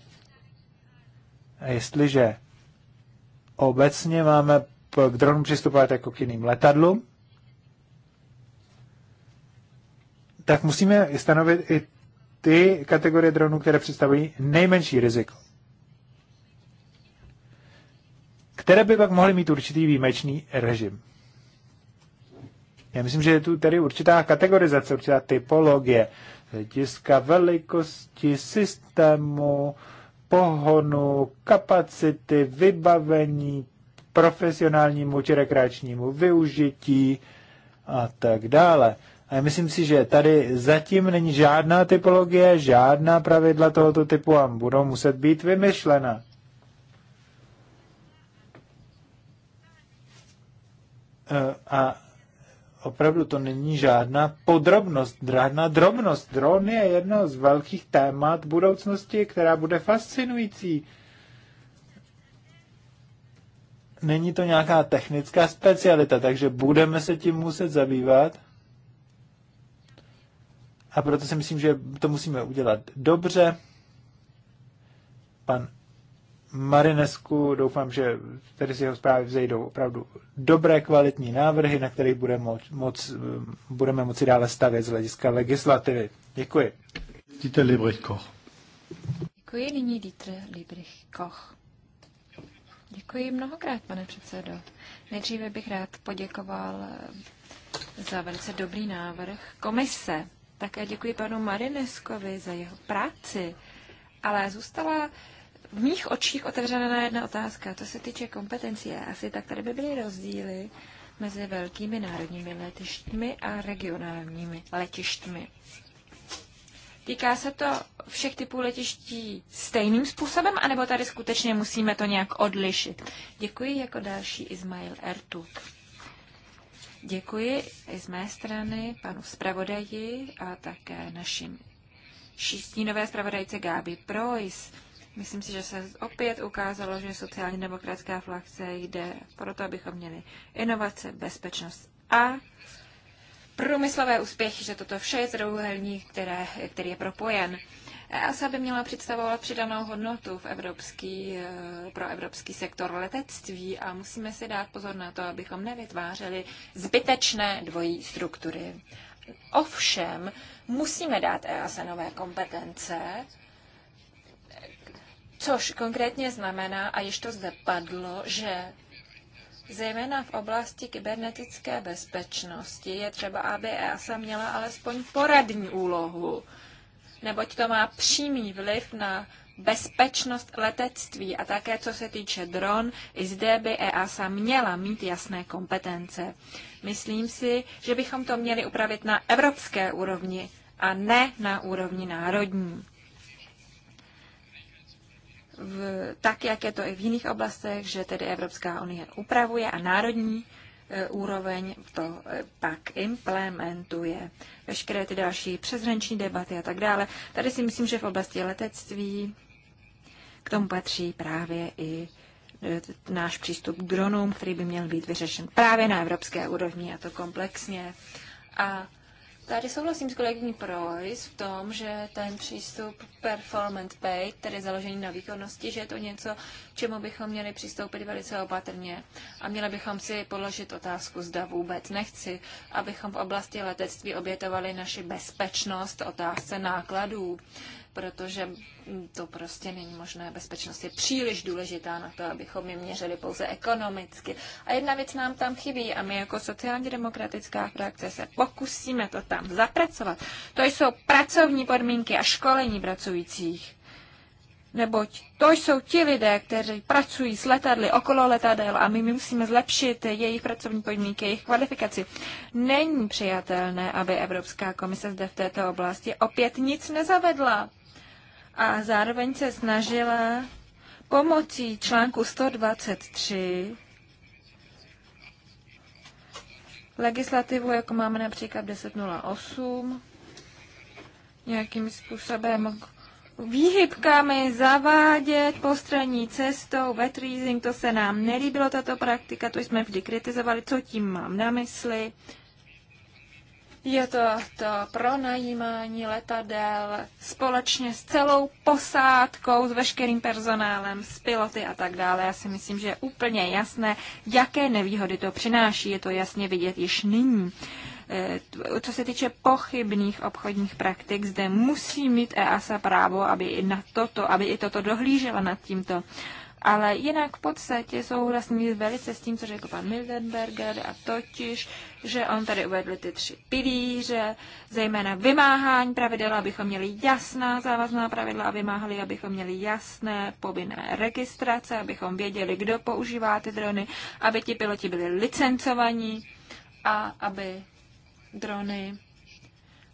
A jestliže obecně máme k dronu přistupovat jako k jiným letadlům, tak musíme stanovit i ty kategorie dronů, které představují nejmenší riziko. Které by pak mohly mít určitý výjimečný režim. Já myslím, že je tu tedy určitá kategorizace, určitá typologie hlediska velikosti systému, pohonu, kapacity, vybavení, profesionálnímu či rekreačnímu využití a tak dále. A myslím si, že tady zatím není žádná typologie, žádná pravidla tohoto typu a budou muset být vymyšlena. E, a opravdu to není žádná podrobnost, žádná drobnost. Dron je jedno z velkých témat budoucnosti, která bude fascinující. Není to nějaká technická specialita, takže budeme se tím muset zabývat. A proto si myslím, že to musíme udělat dobře. Pan Marinesku, doufám, že tady z jeho zprávy vzejdou opravdu dobré, kvalitní návrhy, na kterých bude moc, moc, budeme moci dále stavět z hlediska legislativy. Děkuji. Dieter Liebrich Koch. Děkuji, nyní Dieter Liebrich Koch. Děkuji mnohokrát, pane předsedo. Nejdříve bych rád poděkoval za velice dobrý návrh komise. Také děkuji panu Marineskovi za jeho práci, ale zůstala v mých očích otevřená jedna otázka. Co se týče kompetencí, asi tak tady by byly rozdíly mezi velkými národními letištmi a regionálními letištmi. Týká se to všech typů letiští stejným způsobem, anebo tady skutečně musíme to nějak odlišit? Děkuji jako další Ismail Ertuk. Děkuji i z mé strany panu zpravodaji a také našim šístínové zpravodajce Gáby Projs. Myslím si, že se opět ukázalo, že sociálně demokratická frakce jde proto, abychom měli inovace, bezpečnost a průmyslové úspěchy, že toto vše je trojuhelník, který je propojen. EASA by měla představovat přidanou hodnotu v evropský, e, pro evropský sektor letectví a musíme si dát pozor na to, abychom nevytvářeli zbytečné dvojí struktury. Ovšem, musíme dát EASA nové kompetence, což konkrétně znamená, a již to zde padlo, že Zejména v oblasti kybernetické bezpečnosti je třeba, aby EASA měla alespoň poradní úlohu neboť to má přímý vliv na bezpečnost letectví a také co se týče dron, i zde by EASA měla mít jasné kompetence. Myslím si, že bychom to měli upravit na evropské úrovni a ne na úrovni národní. V, tak, jak je to i v jiných oblastech, že tedy Evropská unie upravuje a národní E, úroveň to e, pak implementuje. Veškeré ty další přeshraniční debaty a tak dále. Tady si myslím, že v oblasti letectví k tomu patří právě i e, náš přístup k dronům, který by měl být vyřešen právě na evropské úrovni a to komplexně. A Tady souhlasím s kolegyní Projs v tom, že ten přístup performance pay, tedy založený na výkonnosti, že je to něco, čemu bychom měli přistoupit velice opatrně. A měli bychom si položit otázku, zda vůbec nechci, abychom v oblasti letectví obětovali naši bezpečnost otázce nákladů protože to prostě není možné. Bezpečnost je příliš důležitá na to, abychom ji měřili pouze ekonomicky. A jedna věc nám tam chybí a my jako sociálně demokratická frakce se pokusíme to tam zapracovat. To jsou pracovní podmínky a školení pracujících. Neboť to jsou ti lidé, kteří pracují s letadly, okolo letadel a my musíme zlepšit jejich pracovní podmínky, jejich kvalifikaci. Není přijatelné, aby Evropská komise zde v této oblasti opět nic nezavedla a zároveň se snažila pomocí článku 123 legislativu, jako máme například 1008, nějakým způsobem výhybkami zavádět postranní cestou, wet to se nám nelíbilo, tato praktika, to jsme vždy kritizovali, co tím mám na mysli. Je to to pronajímání letadel společně s celou posádkou, s veškerým personálem, s piloty a tak dále. Já si myslím, že je úplně jasné, jaké nevýhody to přináší. Je to jasně vidět již nyní. E, co se týče pochybných obchodních praktik, zde musí mít EASA právo, aby i na toto, aby i toto dohlížela nad tímto. Ale jinak v podstatě souhlasím velice s tím, co řekl pan Mildenberger, a totiž, že on tady uvedl ty tři pilíře, zejména vymáhání pravidel, abychom měli jasná závazná pravidla a vymáhali, abychom měli jasné povinné registrace, abychom věděli, kdo používá ty drony, aby ti piloti byli licencovaní a aby drony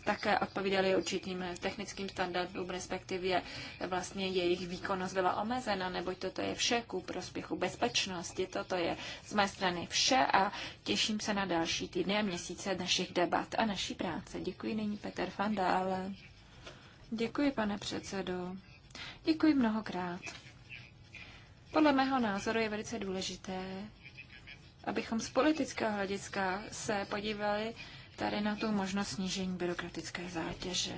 také odpovídaly určitým technickým standardům, respektive vlastně jejich výkonnost byla omezena, neboť toto je vše ku prospěchu bezpečnosti. Toto je z mé strany vše a těším se na další týdny a měsíce našich debat a naší práce. Děkuji nyní Petr Fandále. Děkuji, pane předsedo. Děkuji mnohokrát. Podle mého názoru je velice důležité, abychom z politického hlediska se podívali tady na tu možnost snížení byrokratické zátěže.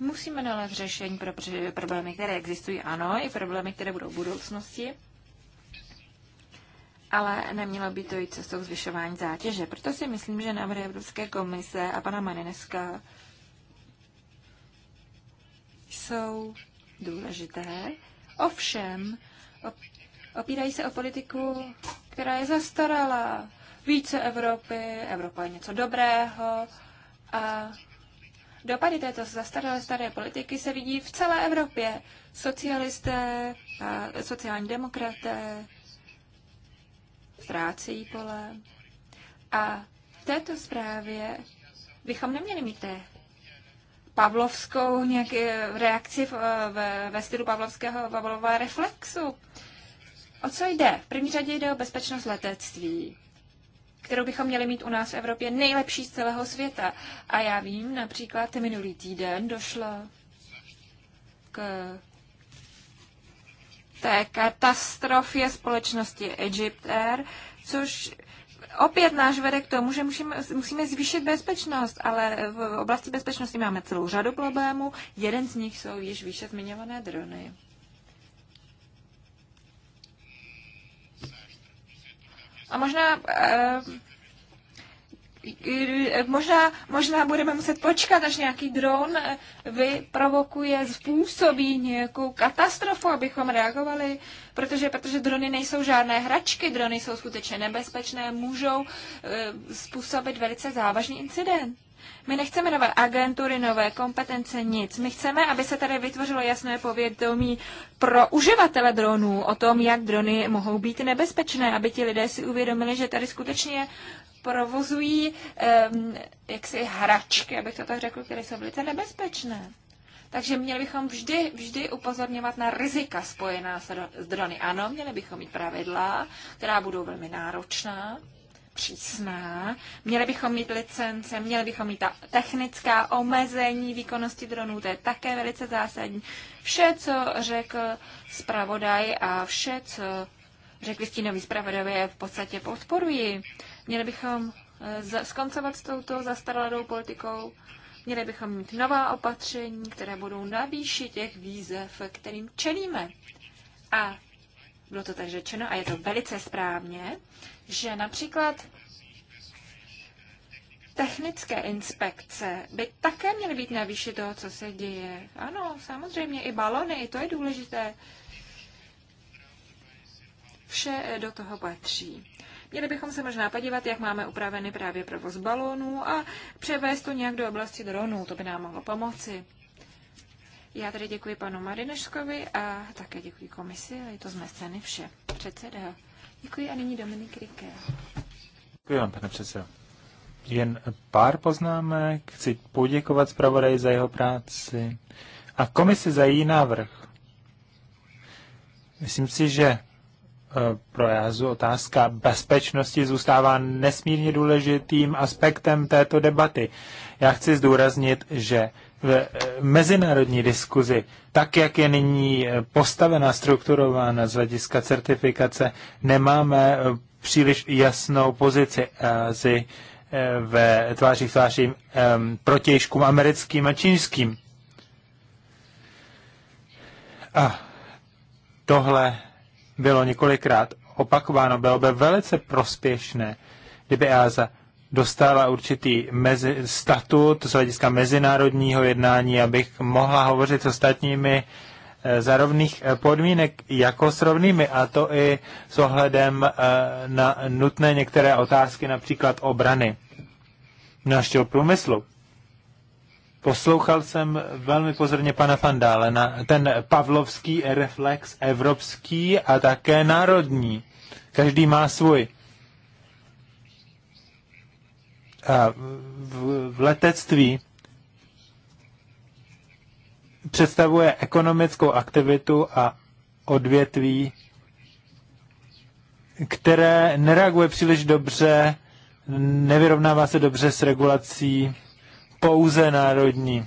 Musíme nalézt řešení pro problémy, které existují, ano, i problémy, které budou v budoucnosti, ale nemělo by to jít cestou zvyšování zátěže. Proto si myslím, že návrhy Evropské komise a pana Manineska jsou důležité. Ovšem, opírají se o politiku, která je zastaralá, více Evropy, Evropa je něco dobrého a dopady této zastaralé staré politiky se vidí v celé Evropě. Socialisté, a sociální demokraté ztrácejí pole a v této zprávě bychom neměli mít té pavlovskou nějaký reakci v, v, ve stylu pavlovského Pavlova reflexu. O co jde? V první řadě jde o bezpečnost letectví kterou bychom měli mít u nás v Evropě nejlepší z celého světa. A já vím, například minulý týden došlo k té katastrofě společnosti Egypt Air, což opět náš vede k tomu, že musíme, musíme zvýšit bezpečnost, ale v oblasti bezpečnosti máme celou řadu problémů. Jeden z nich jsou již výše zmiňované drony. A možná eh, eh, možná, možná budeme muset počkat, až nějaký dron eh, vyprovokuje, způsobí nějakou katastrofu, abychom reagovali, protože, protože drony nejsou žádné hračky, drony jsou skutečně nebezpečné, můžou e, způsobit velice závažný incident. My nechceme nové agentury, nové kompetence, nic. My chceme, aby se tady vytvořilo jasné povědomí pro uživatele dronů o tom, jak drony mohou být nebezpečné, aby ti lidé si uvědomili, že tady skutečně provozují um, jaksi hračky, abych to tak řekl, které jsou velice nebezpečné. Takže měli bychom vždy, vždy upozorňovat na rizika spojená s drony. Ano, měli bychom mít pravidla, která budou velmi náročná, přísná. Měli bychom mít licence, měli bychom mít ta technická omezení výkonnosti dronů, to je také velice zásadní. Vše, co řekl zpravodaj a vše, co řekli stínoví zpravodajové, v podstatě podporuji. Měli bychom eh, skoncovat s touto zastaralou politikou, měli bychom mít nová opatření, které budou na těch výzev, kterým čelíme. A bylo to tak řečeno a je to velice správně že například technické inspekce by také měly být na výši toho, co se děje. Ano, samozřejmě i balony, i to je důležité. Vše do toho patří. Měli bychom se možná podívat, jak máme upraveny právě provoz balónů a převést to nějak do oblasti dronů. To by nám mohlo pomoci. Já tady děkuji panu Marineškovi a také děkuji komisi. Je to z mé vše. Předseda. Děkuji a nyní Dominik Riké. Děkuji vám, pane předsedo. Jen pár poznámek. Chci poděkovat zpravodaji za jeho práci a komisi za její návrh. Myslím si, že eh, pro Jazu otázka bezpečnosti zůstává nesmírně důležitým aspektem této debaty. Já chci zdůraznit, že v eh, mezinárodní diskuzi, tak jak je nyní eh, postavena, strukturována z hlediska certifikace, nemáme eh, příliš jasnou pozici asi ve tvářích tvářím protějškům americkým a čínským. A tohle bylo několikrát opakováno, bylo by velice prospěšné, kdyby EASA dostala určitý mezi, statut z hlediska mezinárodního jednání, abych mohla hovořit s ostatními eh, za rovných eh, podmínek jako s rovnými, a to i s ohledem eh, na nutné některé otázky, například obrany našeho průmyslu. Poslouchal jsem velmi pozorně pana Fandále na ten pavlovský reflex evropský a také národní. Každý má svůj. v letectví představuje ekonomickou aktivitu a odvětví, které nereaguje příliš dobře, nevyrovnává se dobře s regulací pouze národní.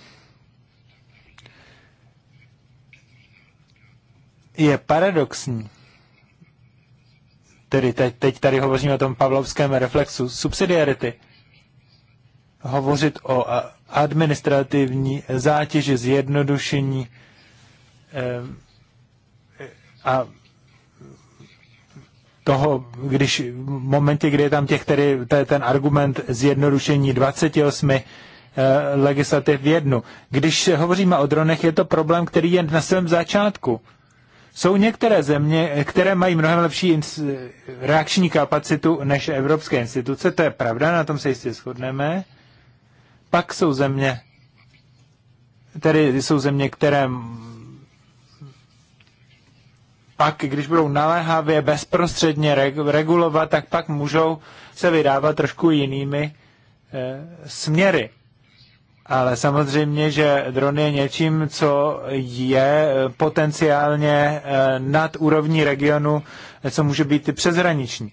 Je paradoxní, tedy teď, teď tady hovoříme o tom pavlovském reflexu subsidiarity, hovořit o administrativní zátěži, zjednodušení eh, a toho, když v momentě, kdy je tam těch, který, je ten argument zjednodušení 28 eh, legislativ v jednu. Když hovoříme o dronech, je to problém, který je na svém začátku. Jsou některé země, které mají mnohem lepší reakční kapacitu než evropské instituce, to je pravda, na tom se jistě shodneme. Pak jsou země, tedy jsou země, které pak, když budou naléhavě bezprostředně regulovat, tak pak můžou se vydávat trošku jinými e, směry. Ale samozřejmě, že dron je něčím, co je eh, potenciálně eh, nad úrovní regionu, co může být i přezhraniční.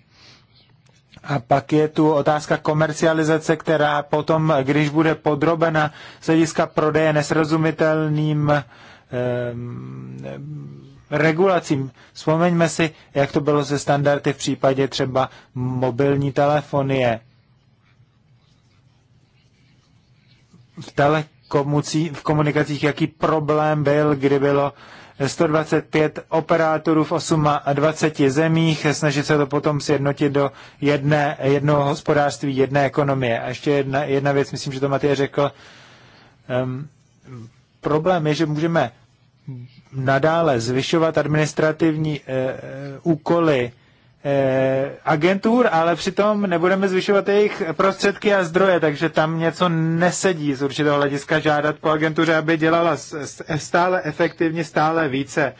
A pak je tu otázka komercializace, která potom, když bude podrobena z hlediska prodeje nesrozumitelným ehm, ehm, regulacím. Vzpomeňme si, jak to bylo se standardy v případě třeba mobilní telefonie. V telekomunicích, v komunikacích, jaký problém byl, kdy bylo eh, 125 operátorů v 28 zemích, snažit se to potom sjednotit do jedné, jednoho hospodářství, jedné ekonomie. A ještě jedna, jedna věc, myslím, že to Matěj řekl. Um, problém je, že můžeme nadále zvyšovat administrativní uh, úkoly Eh, agentur, ale přitom nebudeme zvyšovat jejich prostředky a zdroje, takže tam něco nesedí z určitého hlediska žádat po agentuře, aby dělala stále efektivně, stále více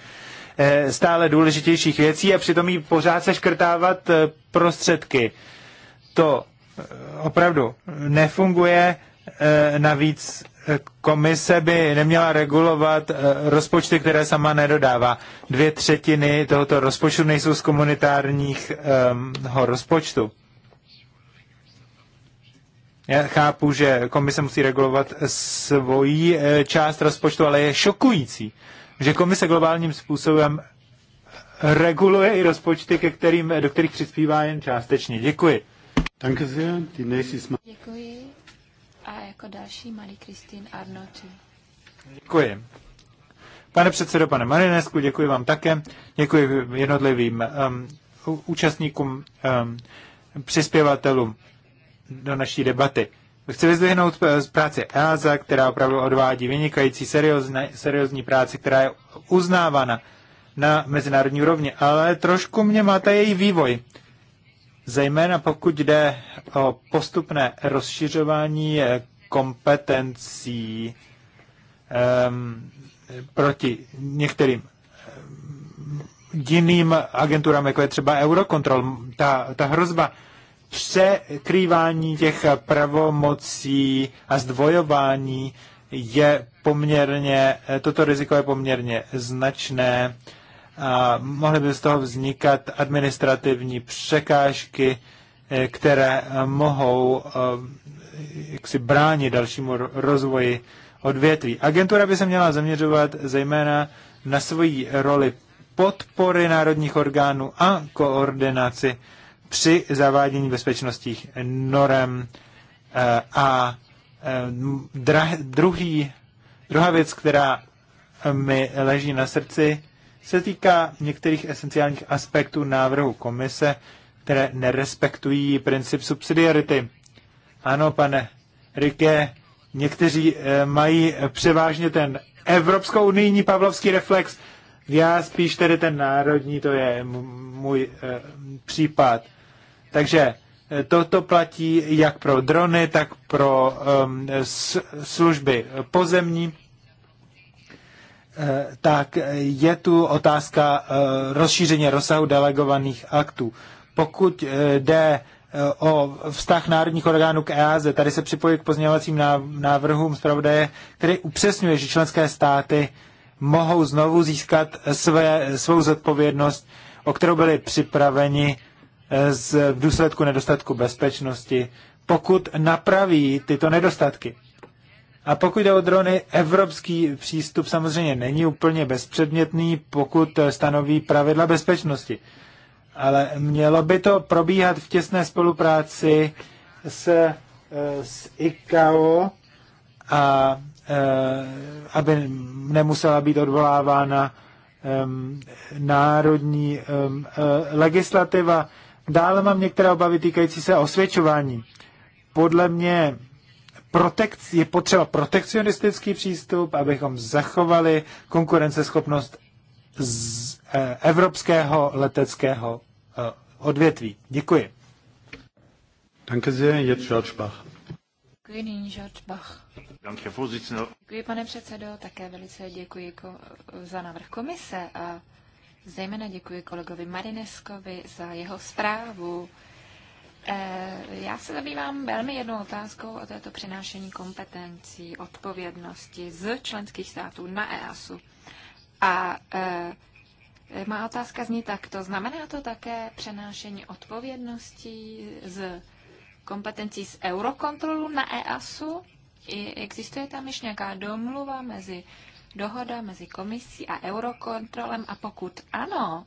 eh, stále důležitějších věcí a přitom jí pořád se škrtávat eh, prostředky. To opravdu nefunguje. Navíc komise by neměla regulovat eh, rozpočty, které sama nedodává. Dvě třetiny tohoto rozpočtu nejsou z komunitárního ehm, rozpočtu. Já chápu, že komise musí regulovat svoji eh, část rozpočtu, ale je šokující, že komise globálním způsobem reguluje i rozpočty, ke kterým, do kterých přispívá jen částečně. Děkuji. Děkuji a jako další malý Kristýn Arnoti. Děkuji. Pane předsedo, pane Marinesku, děkuji vám také. Děkuji jednotlivým um, účastníkům, um, přispěvatelům do naší debaty. Chci vyzvihnout eh, z práce EASA, která opravdu odvádí vynikající seriózne, seriózní práci, která je uznávána na mezinárodní úrovni, ale trošku mě máte její vývoj zejména pokud jde o postupné rozšiřování eh, kompetencí um, proti některým eh, jiným agenturám, jako je třeba Eurocontrol. Ta, ta hrozba překrývání těch pravomocí a zdvojování je poměrně, eh, toto riziko je poměrně značné a mohly by z toho vznikat administrativní překážky, eh, které eh, mohou eh, jaksi bránit dalšímu rozvoji odvětví. Agentura by se měla zaměřovat zejména na svoji roli podpory národních orgánů a koordinaci při zavádění bezpečnostních norem. A druhý, druhá věc, která mi leží na srdci, se týká některých esenciálních aspektů návrhu komise, které nerespektují princip subsidiarity. Ano, pane Rike, někteří eh, mají převážně ten evropskou unijní pavlovský reflex, já spíš tedy ten národní, to je můj e, případ. Takže eh, toto platí jak pro drony, tak pro e, služby pozemní. Eh, tak eh, je tu otázka eh, rozšíření rozsahu delegovaných aktů. Pokud jde o vztah národních orgánů k EAZ, tady se připojí k pozměňovacím návrhům zpravodaje, který upřesňuje, že členské státy mohou znovu získat své, svou zodpovědnost, o kterou byli připraveni z, v důsledku nedostatku bezpečnosti, pokud napraví tyto nedostatky. A pokud jde o drony, evropský přístup samozřejmě není úplně bezpředmětný, pokud stanoví pravidla bezpečnosti. Ale mělo by to probíhat v těsné spolupráci s, eh, s ICAO, a, eh, aby nemusela být odvolávána národní eh, legislativa. Dále mám některé obavy týkající se osvědčování. Podle mě je potřeba protekcionistický přístup, abychom zachovali konkurenceschopnost z eh, evropského leteckého eh, odvětví. Děkuji. Danke sehr, jetzt George Bach. Děkuji, nyní George Bach. Děkuji, pane předsedo, také velice děkuji za návrh komise a zejména děkuji kolegovi Marineskovi za jeho zprávu. Eh, já se zabývám velmi jednou otázkou o této přenášení kompetencí, odpovědnosti z členských států na EASu. A eh, má otázka zní takto. Znamená to také přenášení odpovědností z kompetencí z Eurokontrolu na EASu? I existuje tam ještě nějaká domluva mezi dohoda mezi komisí a Eurokontrolem a pokud ano,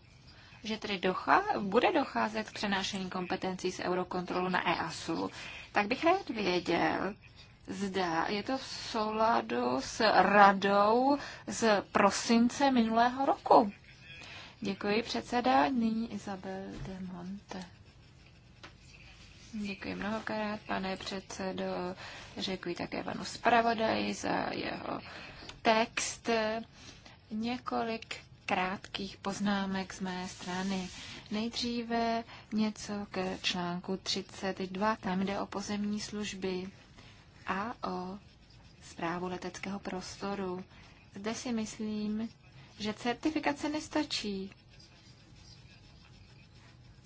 že tedy docha, bude docházet k přenášení kompetencí z Eurokontrolu na EASu, tak bych rád věděl, zda je to v souladu s radou z prosince minulého roku. Děkuji předseda, nyní Isabel de Monte. Děkuji mnohokrát, pane předsedo. Děkuji také panu zpravodaji za jeho text. Několik krátkých poznámek z mé strany. Nejdříve něco k článku 32, tam jde o pozemní služby a o zprávu leteckého prostoru. Zde si myslím, že certifikace nestačí.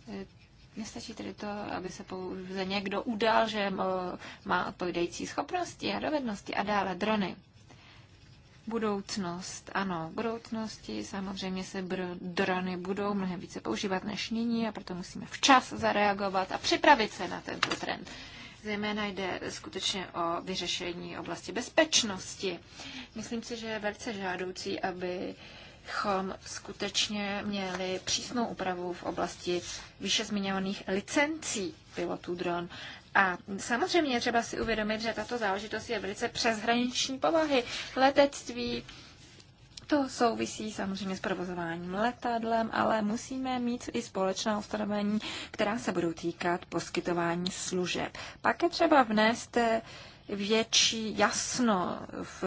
E, nestačí tedy to, aby se pouze někdo udal, že má odpovídající schopnosti a dovednosti a dále drony. Budoucnost, ano, v budoucnosti samozřejmě se br- drony budou mnohem více používat než nyní a proto musíme včas zareagovat a připravit se na tento trend. Zejména jde skutečně o vyřešení oblasti bezpečnosti. Myslím si, že je velice žádoucí, abychom skutečně měli přísnou úpravu v oblasti výše zmiňovaných licencí pilotů dron. A samozřejmě je třeba si uvědomit, že tato záležitost je velice přeshraniční povahy. Letectví, to souvisí samozřejmě s provozováním letadlem, ale musíme mít i společná ustanovení, která se budou týkat poskytování služeb. Pak je třeba vnést větší jasno v,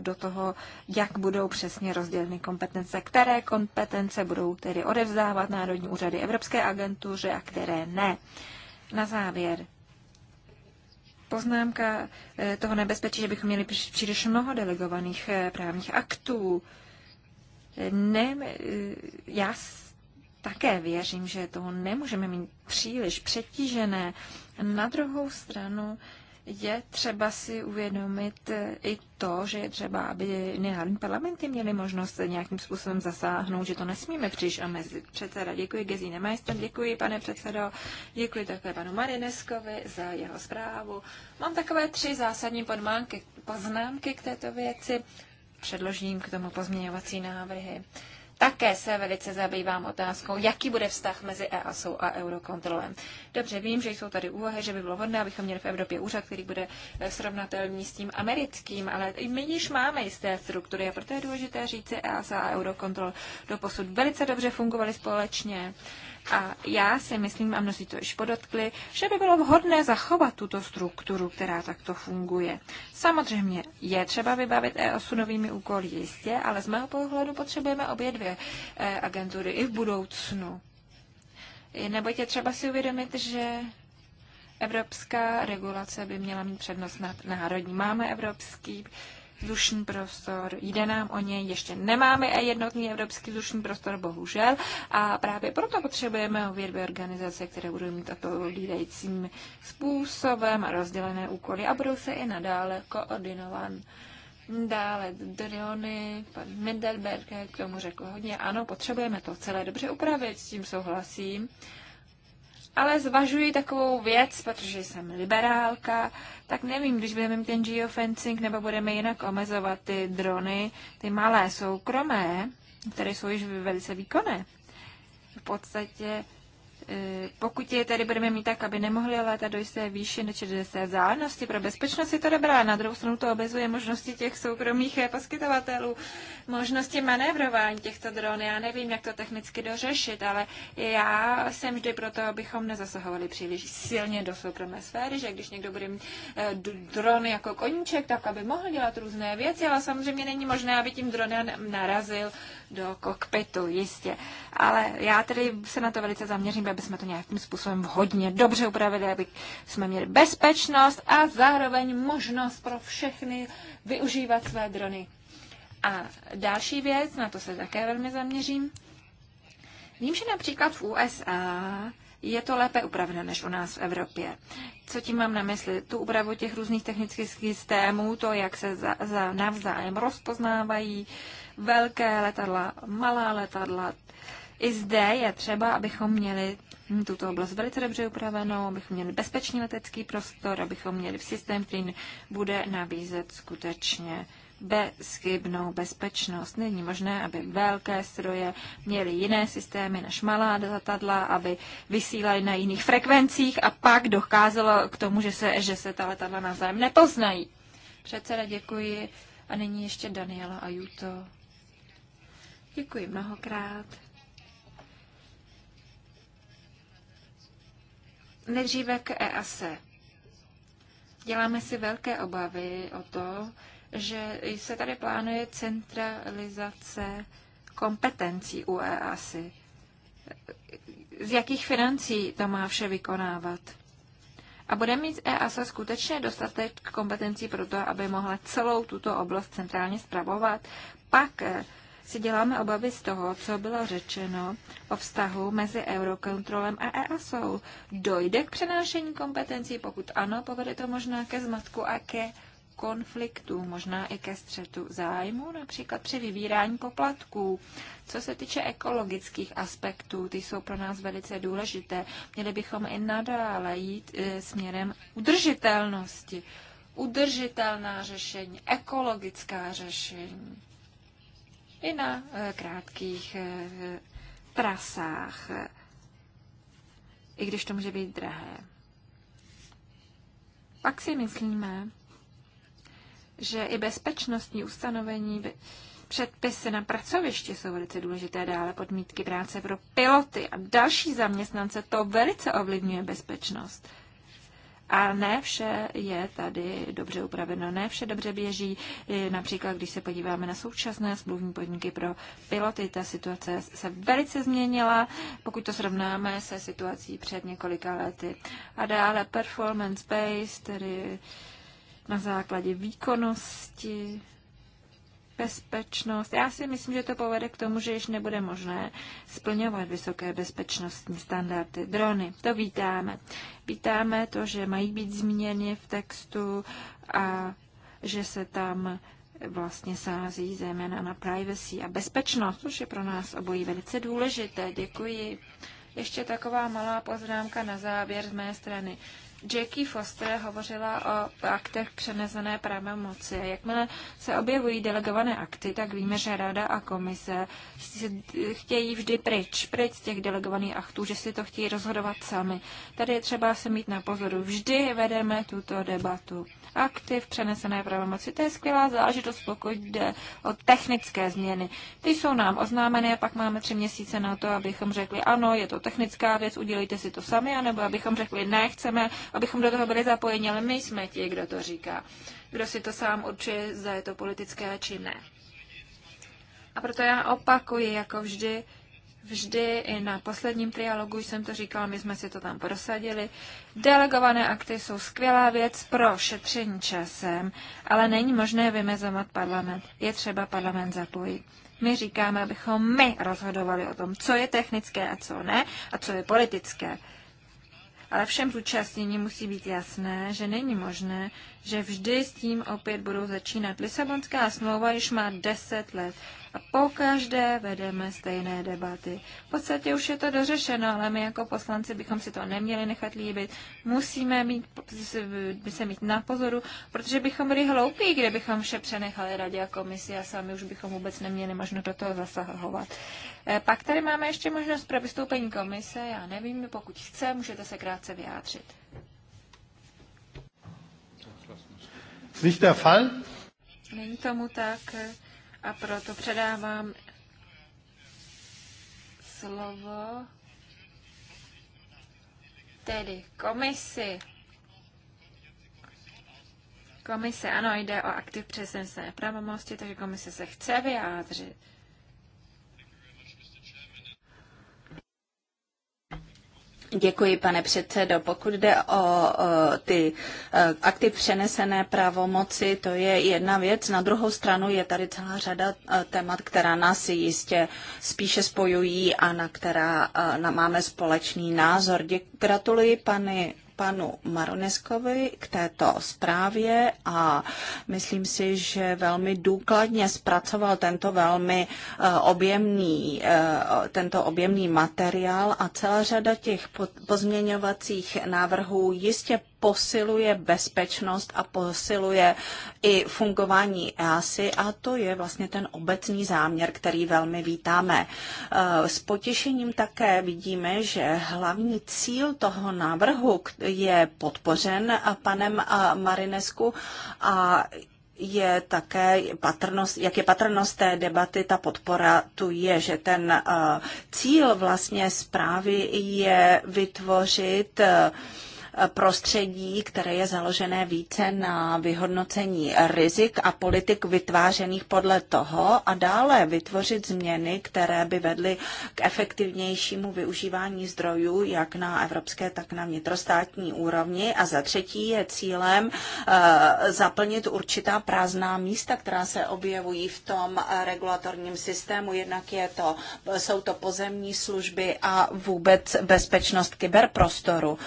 do toho, jak budou přesně rozděleny kompetence, které kompetence budou tedy odevzdávat Národní úřady Evropské agentuře a které ne. Na závěr, poznámka eh, toho nebezpečí, že bychom měli příliš mnoho delegovaných eh, právních aktů. Eh, ne, já také věřím, že toho nemůžeme mít příliš přetížené. Na druhou stranu je třeba si uvědomit eh, i to, že je třeba, aby národní parlamenty měly možnost nějakým způsobem zasáhnout, že to nesmíme příliš a mezi předseda. Děkuji Gezíne Majstem, děkuji pane předsedo, děkuji také panu Marineskovi za jeho zprávu. Mám takové tři zásadní podmánky, poznámky k této věci. Předložím k tomu pozměňovací návrhy. Také se velice zabývám otázkou, jaký bude vztah mezi EASou a eurokontrolem. Dobře vím, že jsou tady úvahy, že by bylo vhodné, abychom měli v Evropě úřad, který bude eh, srovnatelný s tím americkým, ale my již máme jisté struktury a proto je důležité říci EASA a eurokontrol doposud velice dobře fungovaly společně. A já si myslím, a mnozí to již podotkli, že by bylo vhodné zachovat tuto strukturu, která takto funguje. Samozřejmě je třeba vybavit EOSu novými úkoly jistě, ale z mého pohledu potřebujeme obě dvě eh, agentury i v budoucnu. Nebo je třeba si uvědomit, že evropská regulace by měla mít přednost nad národní. Máme evropský vzdušný prostor, jde nám o něj, ještě nemáme a jednotný evropský vzdušný prostor, bohužel, a právě proto potřebujeme obě organizace, které budou mít odpovídajícím způsobem a rozdělené úkoly a budou se i nadále koordinovat. Dále Doriony, pan Mendelberg k tomu řekl hodně, ano, potřebujeme to celé dobře upravit, s tím souhlasím ale zvažuji takovou věc, protože jsem liberálka, tak nevím, když budeme mít ten geofencing nebo budeme jinak omezovat ty drony, ty malé soukromé, které jsou již velice výkonné. V podstatě Eh, pokud je tady budeme mít tak, aby nemohli létat do jisté výše než 60 vzdálenosti, pro bezpečnost je to dobré, Na druhou stranu to obezuje možnosti těch soukromých eh, poskytovatelů, možnosti manévrování těchto dronů. Já nevím, jak to technicky dořešit, ale já jsem vždy pro to, abychom nezasahovali příliš silně do soukromé sféry, že když někdo bude mít eh, dron jako koníček, tak aby mohl dělat různé věci, ale samozřejmě není možné, aby tím dronem narazil do kokpitu, jistě. Ale já tedy se na to velice zaměřím, aby jsme to nějakým způsobem hodně dobře upravili, aby jsme měli bezpečnost a zároveň možnost pro všechny využívat své drony. A další věc, na to se také velmi zaměřím. Vím, že například v USA je to lépe upraveno než u nás v Evropě. Co tím mám na mysli? Tu úpravu těch různých technických systémů, to, jak se za, za navzájem rozpoznávají velké letadla, malá letadla. I zde je třeba, abychom měli Hm, tuto oblast velice dobře upravenou, abychom měli bezpečný letecký prostor, abychom měli systém, který bude nabízet skutečně bezchybnou bezpečnost. Není možné, aby velké stroje měly jiné systémy než malá letadla, aby vysílali na jiných frekvencích a pak docházelo k tomu, že se, že se ta letadla navzájem nepoznají. Předseda, děkuji. A nyní ještě Daniela Juto. Děkuji mnohokrát. Nejdříve k EASE. E. Děláme si velké obavy o to, že se tady plánuje centralizace kompetencí u EASE. E. Z jakých financí to má vše vykonávat? A bude mít EASA e skutečně dostatek kompetencí pro to, aby mohla celou tuto oblast centrálně zpravovat? Pak eh, si děláme obavy z toho, co bylo řečeno o vztahu mezi Eurokontrolem a EASO? Dojde k přenášení kompetencí? Pokud ano, povede to možná ke zmatku a ke konfliktu, možná i ke střetu zájmu, například při vybírání poplatků. Co se týče ekologických aspektů, ty jsou pro nás velice důležité. Měli bychom i nadále jít e, směrem udržitelnosti. Udržitelná řešení, ekologická řešení i na e, krátkých e, trasách, e, i když to může být drahé. Pak si myslíme, že i bezpečnostní ustanovení, předpisy na pracovišti jsou velice důležité, dále podmítky práce pro piloty a další zaměstnance, to velice ovlivňuje bezpečnost. A ne vše je tady dobře upraveno, ne vše dobře běží. Například, když se podíváme na současné smluvní podmínky pro piloty, ta situace se velice změnila, pokud to srovnáme se situací před několika lety. A dále performance-based, tedy na základě výkonnosti, bezpečnost. Já si myslím, že to povede k tomu, že již nebude možné splňovat vysoké bezpečnostní standardy. Drony, to vítáme. Vítáme to, že mají být změny v textu a že se tam vlastně sází zejména na privacy a bezpečnost, což je pro nás obojí velice důležité. Děkuji. Ještě taková malá poznámka na závěr z mé strany. Jackie Foster hovořila o aktech přenesené právě moci. Jakmile se objevují delegované akty, tak víme, že rada a komise chtějí vždy pryč, pryč z těch delegovaných aktů, že si to chtějí rozhodovat sami. Tady je třeba se mít na pozoru. Vždy vedeme tuto debatu aktiv, přenesené pravomoci. To je skvělá záležitost, pokud jde o technické změny. Ty jsou nám oznámeny a pak máme tři měsíce na to, abychom řekli, ano, je to technická věc, udělejte si to sami, anebo abychom řekli, ne, chceme, abychom do toho byli zapojeni, ale my jsme ti, kdo to říká. Kdo si to sám určuje, zda je to politické či ne. A proto já opakuji, jako vždy, vždy i na posledním trialogu jsem to říkala, my jsme si to tam prosadili. Delegované akty jsou skvělá věc pro šetření časem, ale není možné vymezovat parlament. Je třeba parlament zapojit. My říkáme, abychom my rozhodovali o tom, co je technické a co ne, a co je politické. Ale všem zúčastnění musí být jasné, že není možné, že vždy s tím opět budou začínat. Lisabonská smlouva již má 10 let. A pokaždé vedeme stejné debaty. V podstatě už je to dořešeno, ale my jako poslanci bychom si to neměli nechat líbit. Musíme mít, by se mít na pozoru, protože bychom byli hloupí, kdybychom vše přenechali radě a komisi a sami už bychom vůbec neměli možnost do toho zasahovat. E, pak tady máme ještě možnost pro vystoupení komise. Já nevím, pokud chce, můžete se krátce vyjádřit. Není tomu tak. A proto předávám slovo tedy komisi. Komise, ano, jde o aktiv přesné pravomosti, takže komise se chce vyjádřit. Děkuji, pane předsedo. Pokud jde o, o ty e, akty přenesené pravomoci, to je jedna věc. Na druhou stranu je tady celá řada e, témat, která nás jistě spíše spojují a na která e, na, máme společný názor. Dě, gratuluji, pane panu Maroneskovi k této zprávě a myslím si, že velmi důkladně zpracoval tento velmi eh, objemný, eh, tento objemný materiál a celá řada těch pozměňovacích návrhů jistě posiluje bezpečnost a posiluje i fungování EASY a to je vlastně ten obecný záměr, který velmi vítáme. E, s potěšením také vidíme, že hlavní cíl toho návrhu je podpořen panem e, Marinesku a je také patrnost, jak je patrnost té debaty, ta podpora tu je, že ten e, cíl vlastně zprávy je vytvořit prostředí, které je založené více na vyhodnocení rizik a politik vytvářených podle toho a dále vytvořit změny, které by vedly k efektivnějšímu využívání zdrojů jak na evropské, tak na vnitrostátní úrovni. A za třetí je cílem eh, zaplnit určitá prázdná místa, která se objevují v tom regulatorním systému. Jednak je to, jsou to pozemní služby a vůbec bezpečnost kyberprostoru.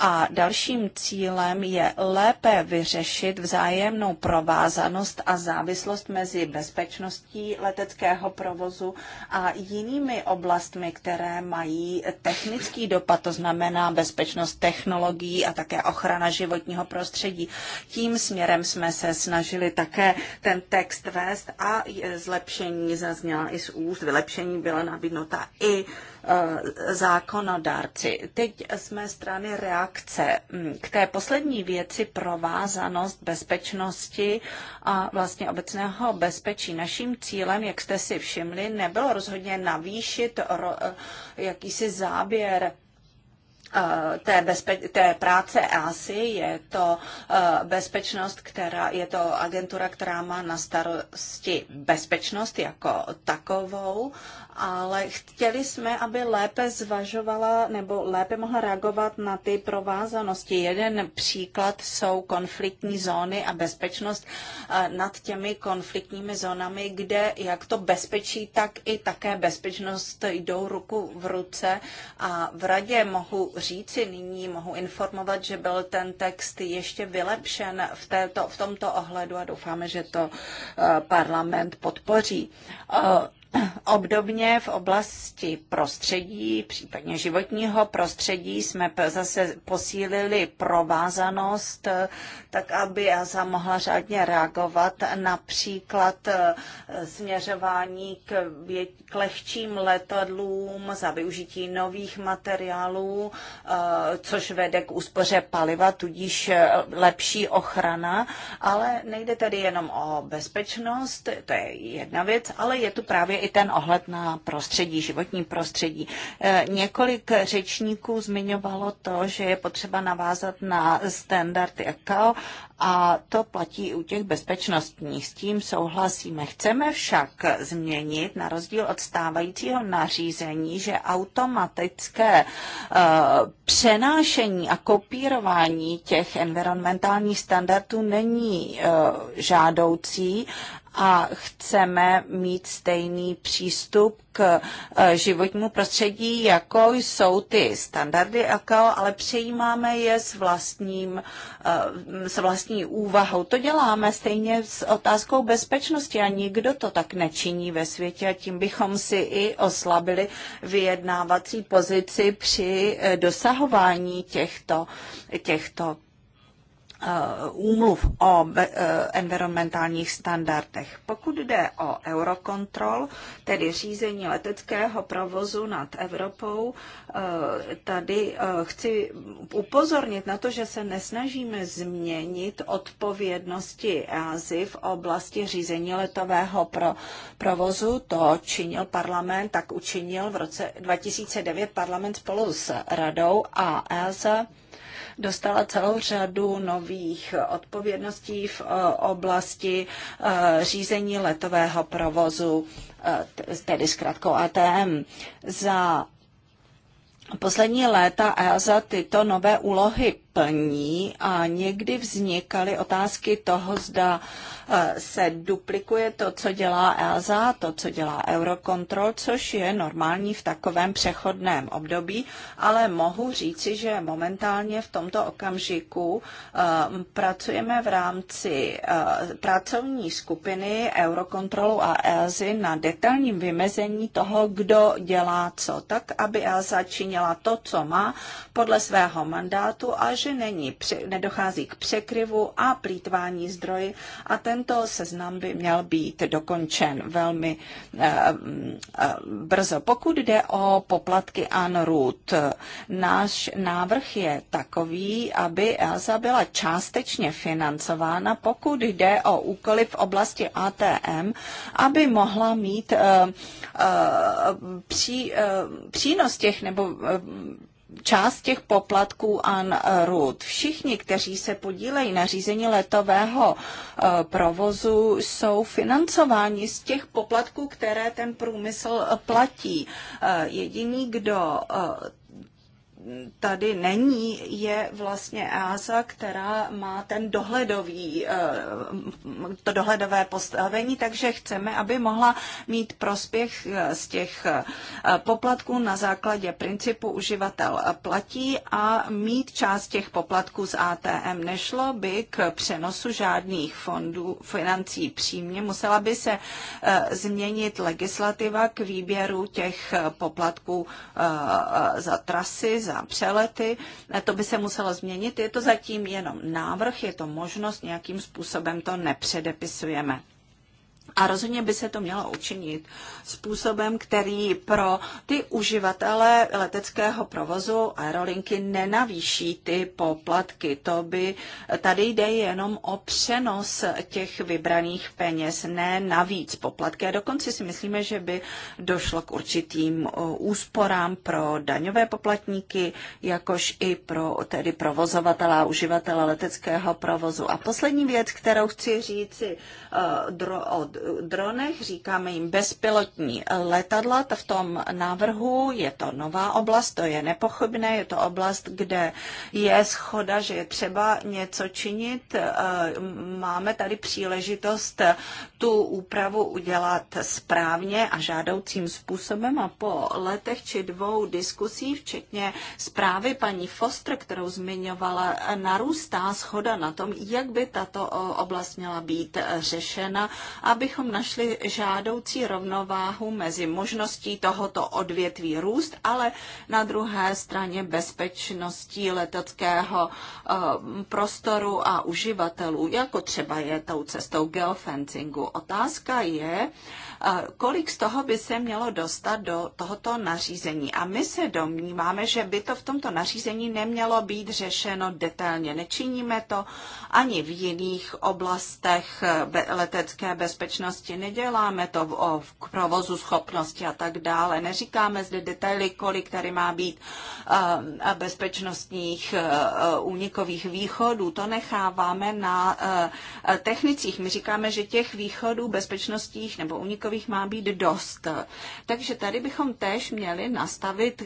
A dalším cílem je lépe vyřešit vzájemnou provázanost a závislost mezi bezpečností leteckého provozu a jinými oblastmi, které mají technický dopad, to znamená bezpečnost technologií a také ochrana životního prostředí. Tím směrem jsme se snažili také ten text vést a zlepšení zazněla i z úst. Vylepšení byla nabídnuta i Eh, zákonodárci. Teď jsme strany reakce mm, k té poslední věci provázanost bezpečnosti a vlastně obecného bezpečí. Naším cílem, jak jste si všimli, nebylo rozhodně navýšit eh, jakýsi záběr eh, té, bezpe- té práce e ASI je to bezpečnost, která je to agentura, která má na starosti bezpečnost jako takovou ale chtěli jsme, aby lépe zvažovala nebo lépe mohla reagovat na ty provázanosti. Jeden příklad jsou konfliktní zóny a bezpečnost eh, nad těmi konfliktními zónami, kde jak to bezpečí, tak i také bezpečnost jdou ruku v ruce. A v radě mohu říci nyní, mohu informovat, že byl ten text ještě vylepšen v, této, v tomto ohledu a doufáme, že to eh, parlament podpoří. Eh, Obdobně v oblasti prostředí, případně životního prostředí, jsme zase posílili provázanost, eh, tak aby já mohla řádně reagovat například eh, směřování k, k lehčím letadlům za využití nových materiálů, eh, což vede k úspoře paliva, tudíž lepší ochrana, ale nejde tedy jenom o bezpečnost, to je jedna věc, ale je tu právě je i ten ohled na prostředí, životní prostředí. E, několik řečníků zmiňovalo to, že je potřeba navázat na standardy ECAO a to platí u těch bezpečnostních. S tím souhlasíme. Chceme však změnit, na rozdíl od stávajícího nařízení, že automatické e, přenášení a kopírování těch environmentálních standardů není e, žádoucí a chceme mít stejný přístup k e, životnímu prostředí, jako jsou ty standardy ECO, ale přejímáme je s, vlastním, e, s vlastní úvahou. To děláme stejně s otázkou bezpečnosti a nikdo to tak nečiní ve světě a tím bychom si i oslabili vyjednávací pozici při e, dosahování těchto, těchto Eh, úmluv o eh, environmentálních standardech. Pokud jde o eurokontrol, tedy řízení leteckého provozu nad Evropou, eh, tady chci upozornit na to, že se nesnažíme změnit odpovědnosti EASY v oblasti řízení letového pro, provozu. To činil parlament, tak učinil v roce 2009 parlament spolu s radou a EASA dostala celou řadu nových odpovědností v eh, oblasti eh, řízení letového provozu, eh, tedy zkrátkou ATM. Za Poslední léta EASA tyto nové úlohy plní a někdy vznikaly otázky toho, zda uh, Eh, se duplikuje to, co dělá ELSA, to, co dělá Eurocontrol, což je normální v takovém přechodném období, ale mohu říci, že momentálně v tomto okamžiku eh, pracujeme v rámci eh, pracovní skupiny Eurocontrolu a EASY na detailním vymezení toho, kdo dělá co, tak aby ELSA činila to, co má podle svého mandátu a že není, nedochází k překryvu a plítvání zdroji a ten tento seznam by měl být dokončen velmi eh, eh, brzo. Pokud jde o poplatky Anrut, náš návrh je takový, aby ELSA byla částečně financována, pokud jde o úkoly v oblasti ATM, aby mohla mít eh, přínos těch nebo část těch poplatků an route. Všichni, kteří se podílejí na řízení letového eh, provozu, jsou financováni z těch poplatků, které ten průmysl eh, platí. Eh, jediný, kdo tady není, je vlastně EASA, která má ten dohledový, eh, to dohledové postavení, takže chceme, aby mohla mít prospěch eh, z těch eh, poplatků na základě principu uživatel platí a mít část těch poplatků z ATM. Nešlo by k přenosu žádných fondů financí přímě, musela by se změnit legislativa k výběru těch poplatků za trasy, za na přelety. Eh, to by se muselo změnit. Je to zatím jenom návrh, je to možnost, nějakým způsobem to nepředepisujeme. A rozhodně by se to mělo učinit způsobem, který pro ty uživatele leteckého provozu aerolinky nenavýší ty poplatky. To by tady jde jenom o přenos těch vybraných peněz, ne navíc poplatky. A dokonce si myslíme, že by došlo k určitým uh, úsporám pro daňové poplatníky, jakož i pro tedy provozovatele a uživatele leteckého provozu. A poslední věc, kterou chci říci, uh, dro, od dronech, říkáme jim bezpilotní letadla. V tom návrhu je to nová oblast, to je nepochybné, je to oblast, kde je schoda, že je třeba něco činit. Eh, máme tady příležitost tu úpravu udělat správně a žádoucím způsobem a po letech či dvou diskusí, včetně zprávy paní Foster, kterou zmiňovala, eh, narůstá schoda na tom, jak by tato oblast měla být řešena, aby abychom našli žádoucí rovnováhu mezi možností tohoto odvětví růst, ale na druhé straně bezpečností leteckého eh, prostoru a uživatelů, jako třeba je tou cestou geofencingu. Otázka je, Kolik z toho by se mělo dostat do tohoto nařízení? A my se domníváme, že by to v tomto nařízení nemělo být řešeno detailně. Nečiníme to ani v jiných oblastech letecké bezpečnosti. Neděláme to v, v provozu schopnosti a tak dále. Neříkáme zde detaily, kolik tady má být eh, bezpečnostních eh, únikových východů. To necháváme na eh, technicích. My říkáme, že těch východů bezpečnostních nebo únikových takových má být dost. Takže tady bychom též měli nastavit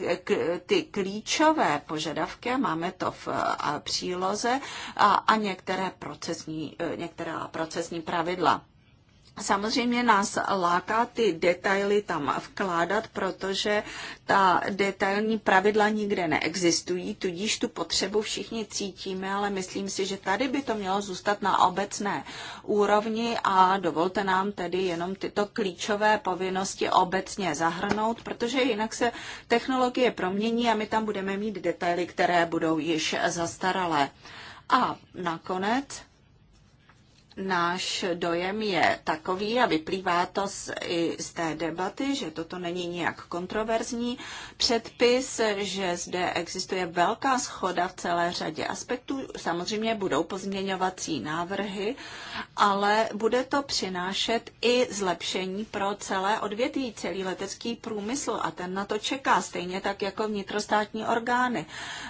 ty klíčové požadavky, máme to v příloze, a, a některé procesní, e, některá procesní pravidla. Samozřejmě nás láká ty detaily tam vkládat, protože ta detailní pravidla nikde neexistují, tudíž tu potřebu všichni cítíme, ale myslím si, že tady by to mělo zůstat na obecné úrovni a dovolte nám tedy jenom tyto klíčové povinnosti obecně zahrnout, protože jinak se technologie promění a my tam budeme mít detaily, které budou již zastaralé. A nakonec náš dojem je takový a vyplývá to z, i z té debaty, že toto není nějak kontroverzní předpis, že zde existuje velká schoda v celé řadě aspektů. Samozřejmě budou pozměňovací návrhy, ale bude to přinášet i zlepšení pro celé odvětví, celý letecký průmysl a ten na to čeká, stejně tak jako vnitrostátní orgány,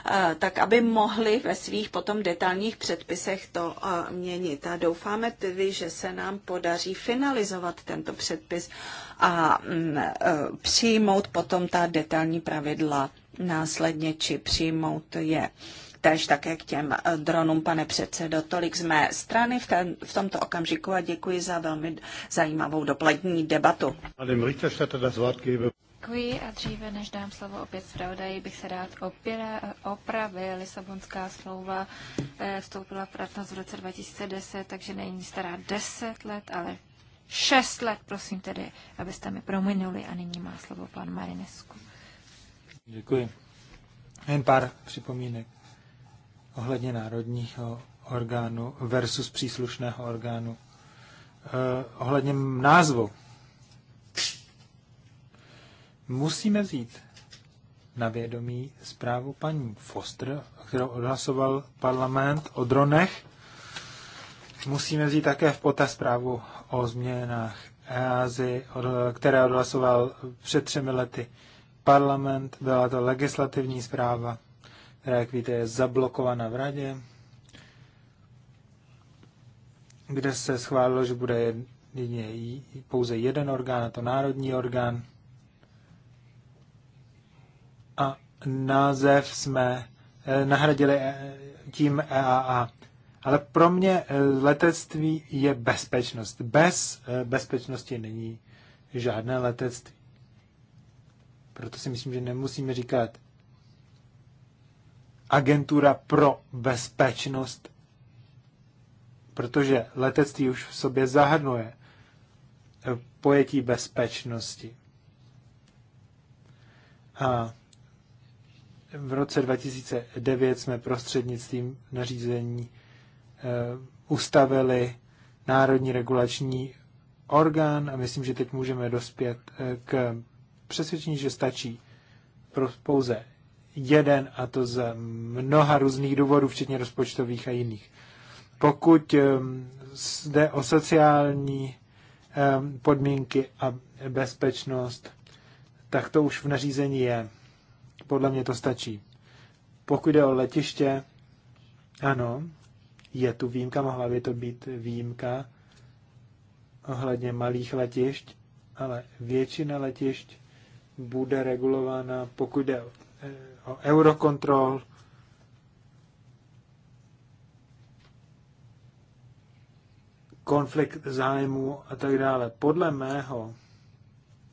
eh, tak aby mohli ve svých potom detailních předpisech to eh, měnit. A doufám, doufáme tedy, že se nám podaří finalizovat tento předpis a mm, e, přijmout potom ta detailní pravidla následně, či přijmout je Tež také k těm e, dronům, pane předsedo. Tolik z mé strany v, ten, v tomto okamžiku a děkuji za velmi zajímavou dopolední debatu. Děkuji a dříve, než dám slovo opět zpravodaji, bych se rád opěra, opravil. Lisabonská smlouva eh, vstoupila v platnost v roce 2010, takže není stará 10 let, ale 6 let, prosím tedy, abyste mi prominuli. A nyní má slovo pan Marinesku. Děkuji. Jen pár připomínek ohledně národního orgánu versus příslušného orgánu. Eh, ohledně názvu musíme vzít na vědomí zprávu paní Foster, kterou odhlasoval parlament o dronech. Musíme vzít také v potaz zprávu o změnách EASY, které odhlasoval před třemi lety parlament. Byla to legislativní zpráva, která, jak víte, je zablokována v radě, kde se schválilo, že bude jedině pouze jeden orgán, a to národní orgán, název jsme eh, nahradili eh, tím EAA. Ale pro mě eh, letectví je bezpečnost. Bez bezpečnosti není žádné letectví. Proto si myslím, že nemusíme říkat agentura pro bezpečnost, protože letectví už v sobě zahrnuje pojetí bezpečnosti. A v roce 2009 jsme prostřednictvím nařízení eh, ustavili Národní regulační orgán a myslím, že teď můžeme dospět eh, k přesvědčení, že stačí pouze jeden a to z mnoha různých důvodů, včetně rozpočtových a jiných. Pokud eh, jde o sociální podmínky a bezpečnost, tak to už v nařízení je. Podle mě to stačí. Pokud jde o letiště, ano, je tu výjimka, mohla by to být výjimka ohledně malých letišť, ale většina letišť bude regulována, pokud jde o eh, eurokontrol, konflikt zájmu a tak dále. Podle mého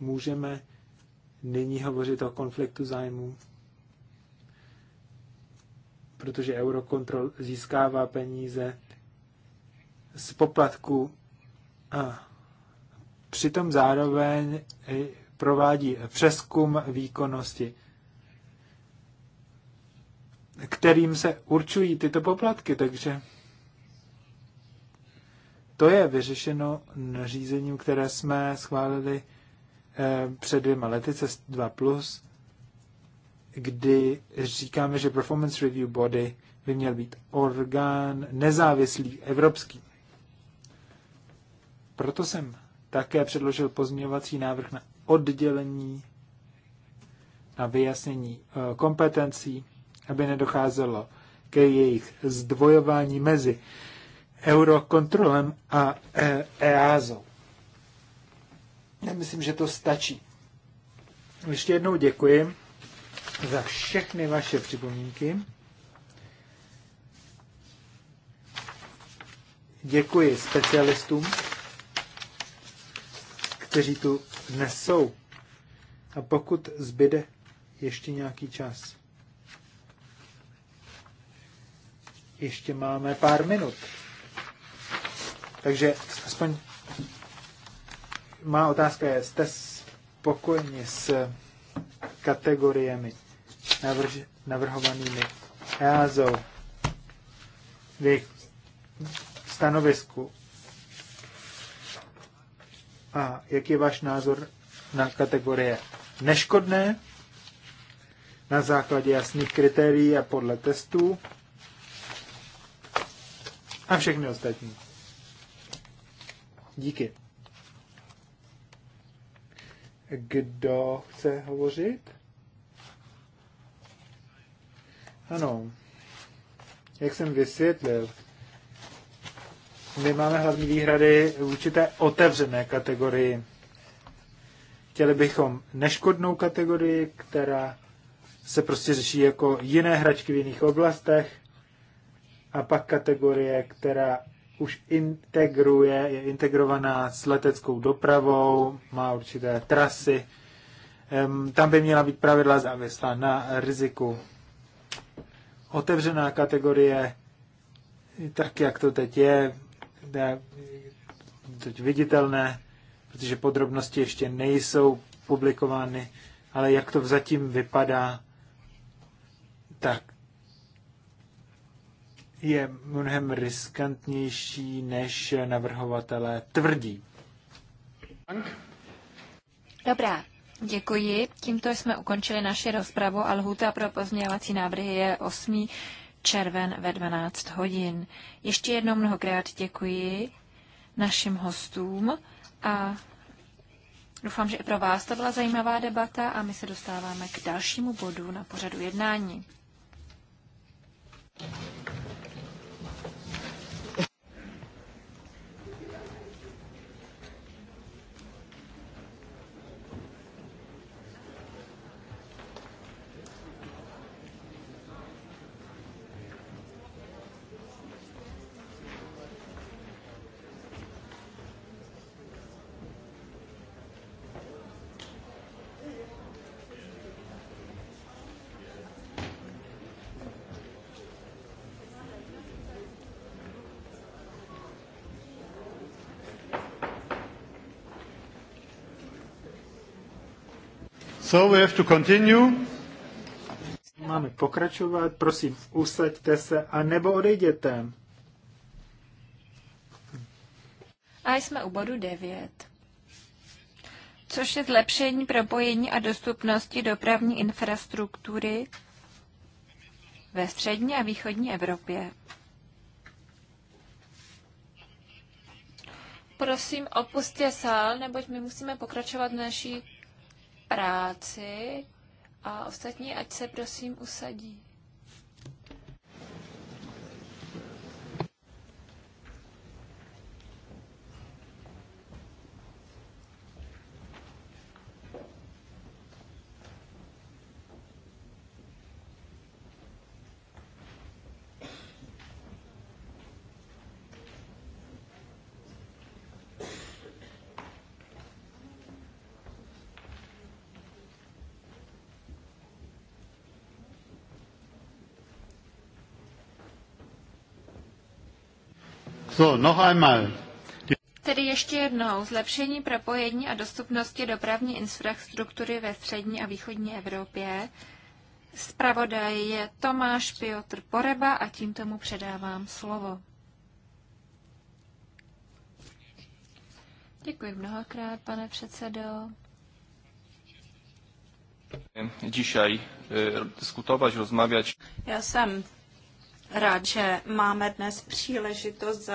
můžeme nyní hovořit o konfliktu zájmů, protože Eurocontrol získává peníze z poplatku a přitom zároveň provádí přeskum výkonnosti, kterým se určují tyto poplatky, takže to je vyřešeno nařízením, které jsme schválili před dvěma lety, CES 2+, plus, kdy říkáme, že Performance Review Body by měl být orgán nezávislý, evropský. Proto jsem také předložil pozměňovací návrh na oddělení, na vyjasnění eh, kompetencí, aby nedocházelo ke jejich zdvojování mezi Eurokontrolem a eh, EASO. Já myslím, že to stačí. Ještě jednou děkuji za všechny vaše připomínky. Děkuji specialistům, kteří tu dnes jsou. A pokud zbyde ještě nějaký čas. Ještě máme pár minut. Takže aspoň má otázka je, jste spokojeni s kategoriemi navrž, navrhovanými EASO v jejich stanovisku? A jaký je váš názor na kategorie neškodné na základě jasných kritérií a podle testů a všechny ostatní? Díky. Kdo chce hovořit? Ano. Jak jsem vysvětlil, my máme hlavní výhrady v určité otevřené kategorii. Chtěli bychom neškodnou kategorii, která se prostě řeší jako jiné hračky v jiných oblastech, a pak kategorie, která už integruje, je integrovaná s leteckou dopravou, má určité trasy. Tam by měla být pravidla závislá na riziku. Otevřená kategorie, tak jak to teď je, je teď viditelné, protože podrobnosti ještě nejsou publikovány, ale jak to zatím vypadá, tak je mnohem riskantnější, než navrhovatelé tvrdí. Dobrá, děkuji. Tímto jsme ukončili naši rozpravu a lhůta pro pozměňovací návrhy je 8. červen ve 12 hodin. Ještě jednou mnohokrát děkuji našim hostům a doufám, že i pro vás to byla zajímavá debata a my se dostáváme k dalšímu bodu na pořadu jednání. So we have to continue. Máme pokračovat, prosím, usaďte se a nebo odejděte. A jsme u bodu 9 což je zlepšení propojení a dostupnosti dopravní infrastruktury ve střední a východní Evropě. Prosím, opustě sál, neboť my musíme pokračovat v naší práci a ostatní, ať se prosím usadí. So, noch einmal. Tedy ještě jednou, zlepšení propojení a dostupnosti dopravní infrastruktury ve střední a východní Evropě. Zpravodaj je Tomáš Piotr Poreba a tím tomu předávám slovo. Děkuji mnohokrát, pane předsedo. Dzisiaj e, diskutovat, rozmawiać. Já jsem rád, že máme dnes příležitost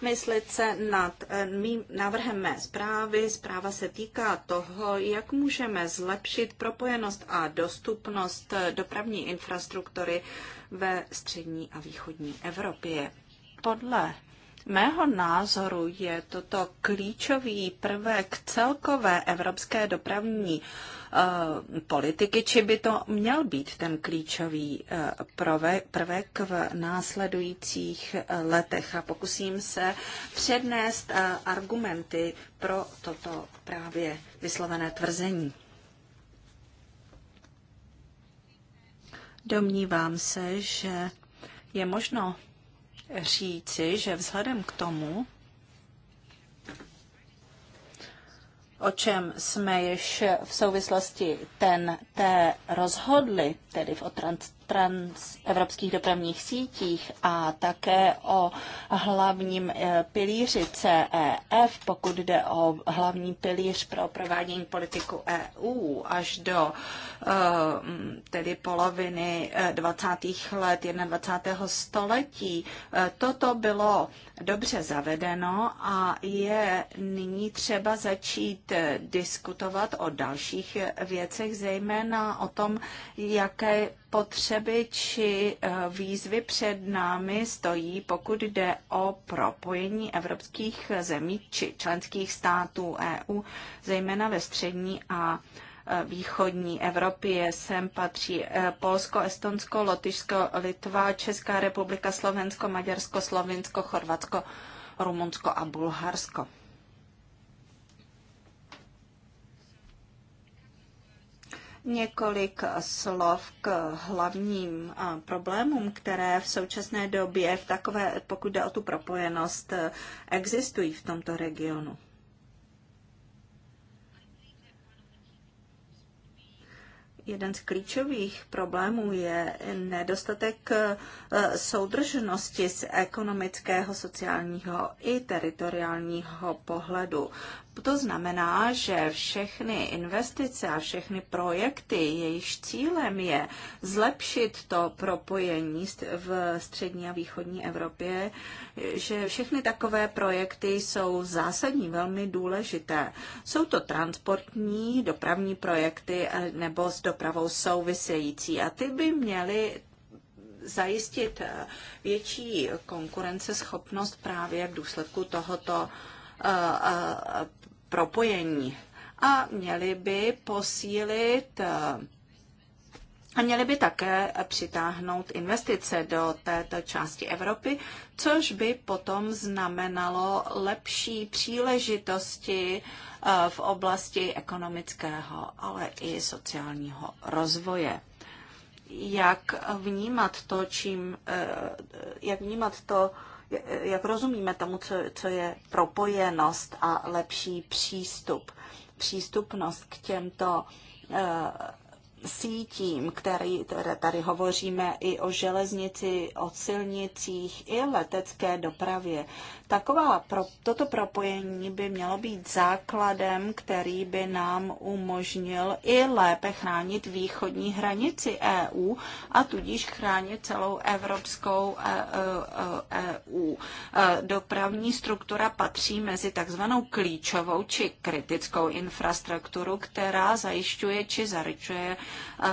zamyslet se nad eh, mým návrhem mé zprávy. Zpráva se týká toho, jak můžeme zlepšit propojenost a dostupnost eh, dopravní infrastruktury ve střední a východní Evropě. Podle mého názoru je toto klíčový prvek celkové evropské dopravní eh, politiky, či by to měl být ten klíčový eh, prvek v následujících eh, letech. A pokusím se přednést argumenty pro toto právě vyslovené tvrzení. Domnívám se, že je možno říci, že vzhledem k tomu, o čem jsme již v souvislosti ten té rozhodli, tedy o trans, trans evropských dopravních sítích a také o hlavním e, pilíři CEF, pokud jde o hlavní pilíř pro provádění politiku EU až do e, tedy poloviny 20. E, let 21. století. Toto bylo dobře zavedeno a je nyní třeba začít diskutovat o dalších věcech, zejména o tom, jak jaké potřeby či eh, výzvy před námi stojí, pokud jde o propojení evropských zemí či členských států EU, zejména ve střední a eh, východní Evropě. Sem patří eh, Polsko, Estonsko, Lotyšsko, Litva, Česká republika, Slovensko, Maďarsko, Slovinsko, Chorvatsko, Rumunsko a Bulharsko. Několik slov k hlavním problémům, které v současné době, v takové, pokud jde o tu propojenost, e, existují v tomto regionu. Jeden z klíčových problémů je nedostatek e, soudržnosti z ekonomického, sociálního i teritoriálního pohledu. To znamená, že všechny investice a všechny projekty, jejichž cílem je zlepšit to propojení v střední a východní Evropě, že všechny takové projekty jsou zásadní, velmi důležité. Jsou to transportní, dopravní projekty eh, nebo s dopravou související a ty by měly zajistit eh, větší konkurenceschopnost právě v důsledku tohoto propojení a měli by posílit a měli by také přitáhnout investice do této části Evropy, což by potom znamenalo lepší příležitosti v oblasti ekonomického, ale i sociálního rozvoje. Jak vnímat to, čím, e, e, jak vnímat to, jak rozumíme tomu, co, co je propojenost a lepší přístup, přístupnost k těmto eh, sítím, který tady hovoříme i o železnici, o silnicích, i letecké dopravě. Taková pro, toto propojení by mělo být základem, který by nám umožnil i lépe chránit východní hranici EU a tudíž chránit celou evropskou EU. E, e e, dopravní struktura patří mezi takzvanou klíčovou či kritickou infrastrukturu, která zajišťuje či zaručuje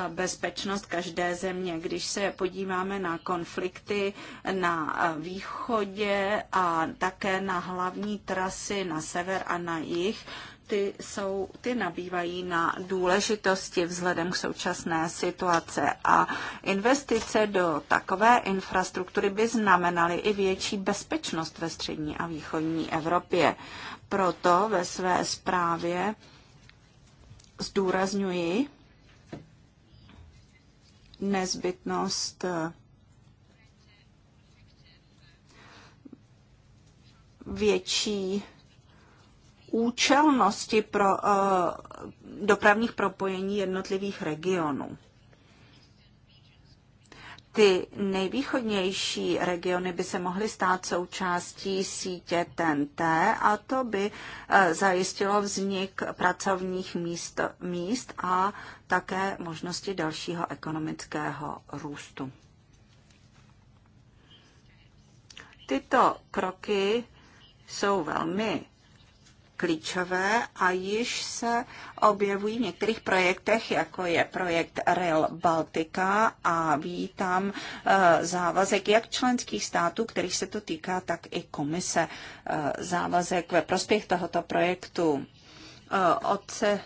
bezpečnost každé země. Když se podíváme na konflikty na východě a také na hlavní trasy na sever a na jih, ty, jsou, ty nabývají na důležitosti vzhledem k současné situace a investice do takové infrastruktury by znamenaly i větší bezpečnost ve střední a východní Evropě. Proto ve své zprávě zdůrazňuji, nezbytnost eh, větší účelnosti pro eh, dopravních propojení jednotlivých regionů ty nejvýchodnější regiony by se mohly stát součástí sítě TNT a to by eh, zajistilo vznik pracovních míst, míst a také možnosti dalšího ekonomického růstu. Tyto kroky jsou velmi klíčové a již se objevují v některých projektech, jako je projekt Rail Baltica a vítám eh, závazek jak členských států, kterých se to týká, tak i komise. Eh, závazek ve prospěch tohoto projektu. Eh, Otce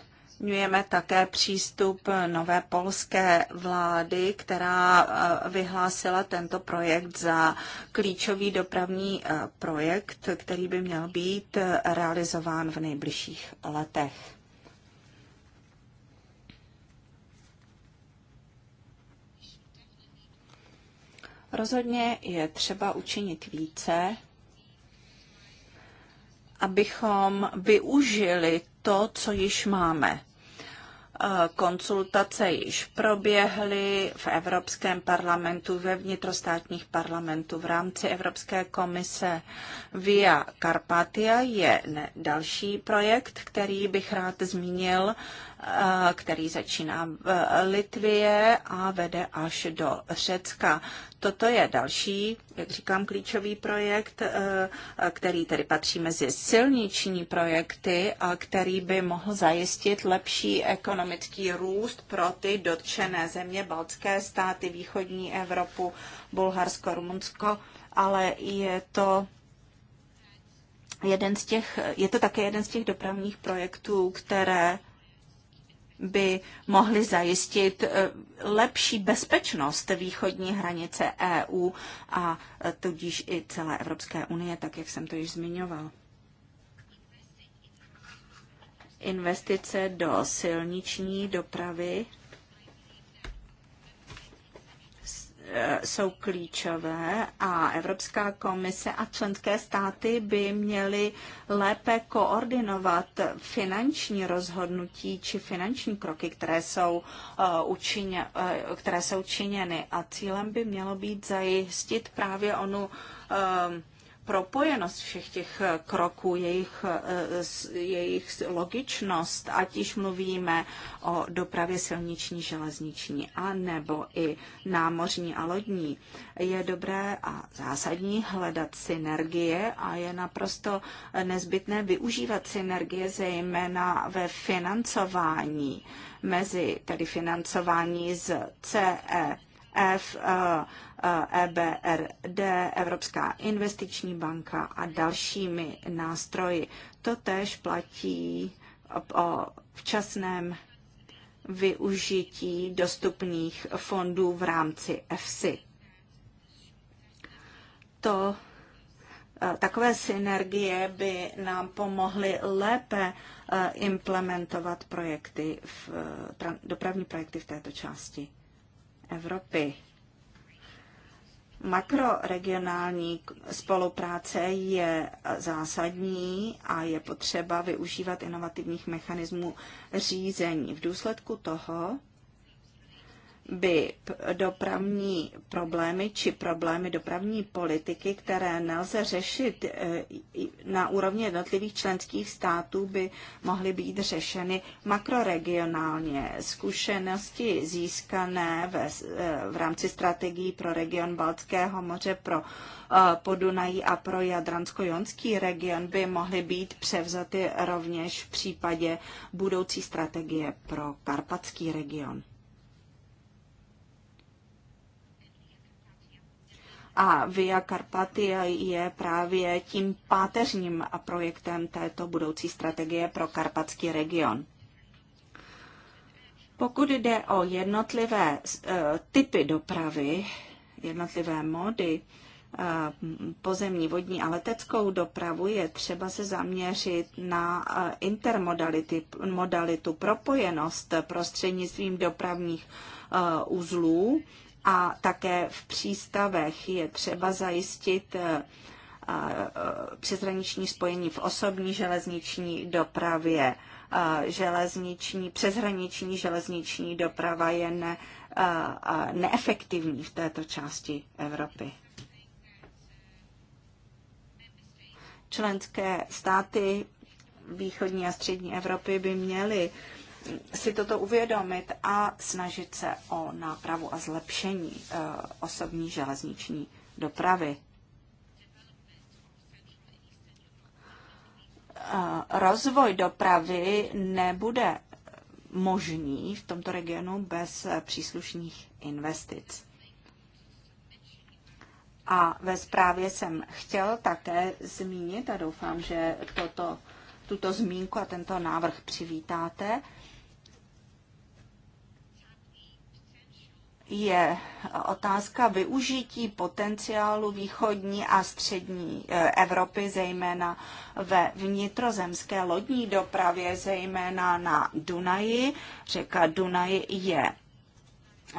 zpochybňujeme také přístup nové polské vlády, která eh, vyhlásila tento projekt za klíčový dopravní eh, projekt, který by měl být eh, realizován v nejbližších letech. Rozhodně je třeba učinit více, abychom využili to, co již máme. Eh, Konzultace již proběhly v Evropském parlamentu, ve vnitrostátních parlamentu v rámci Evropské komise. Via Carpatia je další projekt, který bych rád zmínil Eh, který začíná v Litvě a vede až do Řecka. Toto je další, jak říkám, klíčový projekt, eh, který tedy patří mezi silniční projekty a který by mohl zajistit lepší ekonomický růst pro ty dotčené země, baltské státy, východní Evropu, Bulharsko, Rumunsko, ale je to jeden z těch, je to také jeden z těch dopravních projektů, které by mohly zajistit eh, lepší bezpečnost východní hranice EU a eh, tudíž i celé Evropské unie, tak jak jsem to již zmiňoval. Investice do silniční dopravy Eh, jsou klíčové a Evropská komise a členské státy by měly lépe koordinovat finanční rozhodnutí či finanční kroky, které jsou, eh, učině, eh, které jsou činěny. A cílem by mělo být zajistit právě onu propojenost všech těch eh, kroků, jejich, eh, jejich logičnost, ať již mluvíme o dopravě silniční, železniční a nebo i námořní a lodní, je dobré a zásadní hledat synergie a je naprosto nezbytné využívat synergie zejména ve financování mezi tedy financování z CE IMF, EBRD, eh, eh, e Evropská investiční banka a dalšími nástroji. To tež platí o včasném využití dostupných fondů v rámci EFSI. To eh, takové synergie by nám pomohly lépe implementovat projekty v, dopravní projekty v této části Evropy. Makroregionální spolupráce je zásadní a je potřeba využívat inovativních mechanismů řízení. V důsledku toho by dopravní problémy či problémy dopravní politiky, které nelze řešit e, na úrovni jednotlivých členských států, by mohly být řešeny makroregionálně. Zkušenosti získané ve, e, v rámci strategií pro region Baltského moře pro e, Podunají a pro Jadransko-Jonský region by mohly být převzaty rovněž v případě budoucí strategie pro Karpatský region. a Via Carpatia je právě tím páteřním projektem této budoucí strategie pro karpatský region. Pokud jde o jednotlivé eh, typy dopravy, jednotlivé mody, eh, pozemní, vodní a leteckou dopravu, je třeba se zaměřit na eh, intermodality, modalitu, propojenost prostřednictvím dopravních uzlů a také v přístavech je třeba zajistit eh, eh, přeshraniční spojení v osobní železniční dopravě. Eh, železniční, přeshraniční železniční doprava je ne, neefektivní v této části Evropy. Členské státy východní a střední Evropy by měly uh, si toto uvědomit a snažit se o nápravu a zlepšení eh, osobní železniční dopravy. Eh, rozvoj dopravy nebude možný v tomto regionu bez eh, příslušných investic. A ve zprávě jsem chtěl také zmínit a doufám, že toto, tuto zmínku a tento návrh přivítáte, je otázka využití potenciálu východní a střední eh, Evropy, zejména ve vnitrozemské lodní dopravě, zejména na Dunaji. Řeka Dunaj je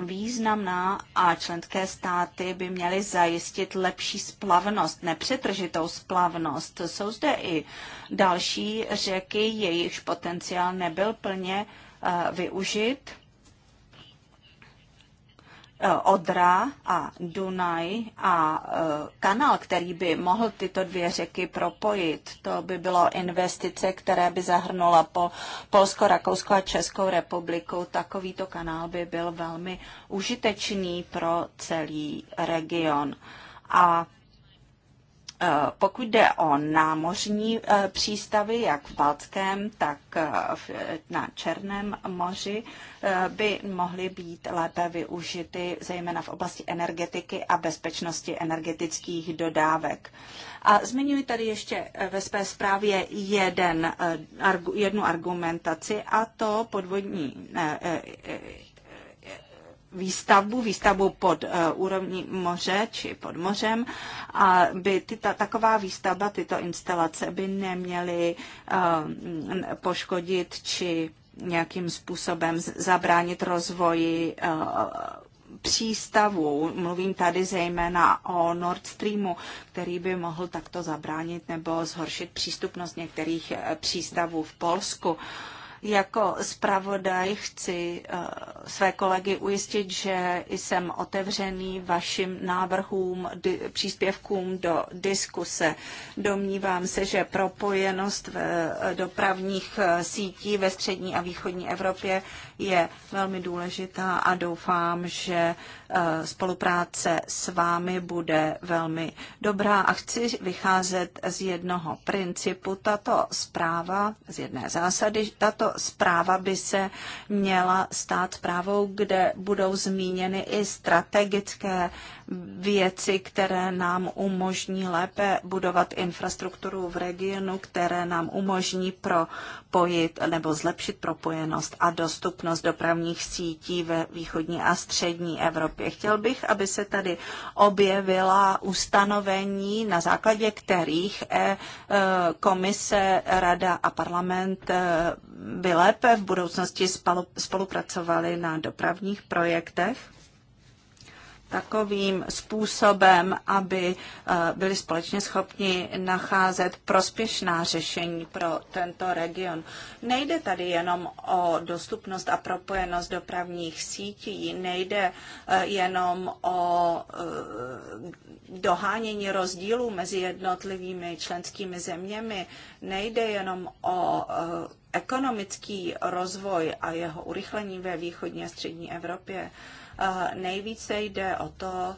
významná a členské státy by měly zajistit lepší splavnost, nepřetržitou splavnost. Jsou zde i další řeky, jejichž potenciál nebyl plně eh, využit Eh, Odra a Dunaj a eh, kanál, který by mohl tyto dvě řeky propojit. To by bylo investice, která by zahrnula po Polsko, Rakousko a Českou republiku. Takovýto kanál by byl velmi užitečný pro celý region. A Eh, pokud jde o námořní eh, přístavy, jak v Balckém, tak eh, na Černém moři, by mohly být lépe využity, zejména v oblasti energetiky a bezpečnosti energetických dodávek. A zmiňuji tady ještě ve své zprávě jeden, jednu argumentaci, a to podvodní výstavbu, výstavbu pod uh, úrovní moře či pod mořem, a by ta, taková výstavba, tyto instalace by neměly uh, poškodit či nějakým způsobem zabránit rozvoji uh, eh, přístavů, mluvím tady zejména o Nord Streamu, který by mohl takto zabránit nebo zhoršit přístupnost některých přístavů v Polsku. Uh, jako zpravodaj chci eh, své kolegy ujistit, že jsem otevřený vašim návrhům, příspěvkům do diskuse. Domnívám se, že propojenost eh, dopravních eh, sítí ve střední a východní Evropě je velmi důležitá a doufám, že Eh, spolupráce s vámi bude velmi dobrá a chci vycházet z jednoho principu. Tato zpráva, z jedné zásady, tato zpráva by se měla stát zprávou, kde budou zmíněny i strategické věci, které nám umožní lépe budovat infrastrukturu v regionu, které nám umožní propojit nebo zlepšit propojenost a dostupnost dopravních sítí ve východní a střední Evropě. Chtěl bych, aby se tady objevila ustanovení, na základě kterých e, e, komise, rada a parlament e, by lépe v budoucnosti spolupracovali na dopravních projektech takovým způsobem, aby eh, byli společně schopni nacházet prospěšná řešení pro tento region. Nejde tady jenom o dostupnost a propojenost dopravních sítí, nejde eh, jenom o eh, dohánění rozdílů mezi jednotlivými členskými zeměmi, nejde jenom o ekonomický rozvoj a jeho urychlení ve východní a střední Evropě Eh, nejvíce jde o to,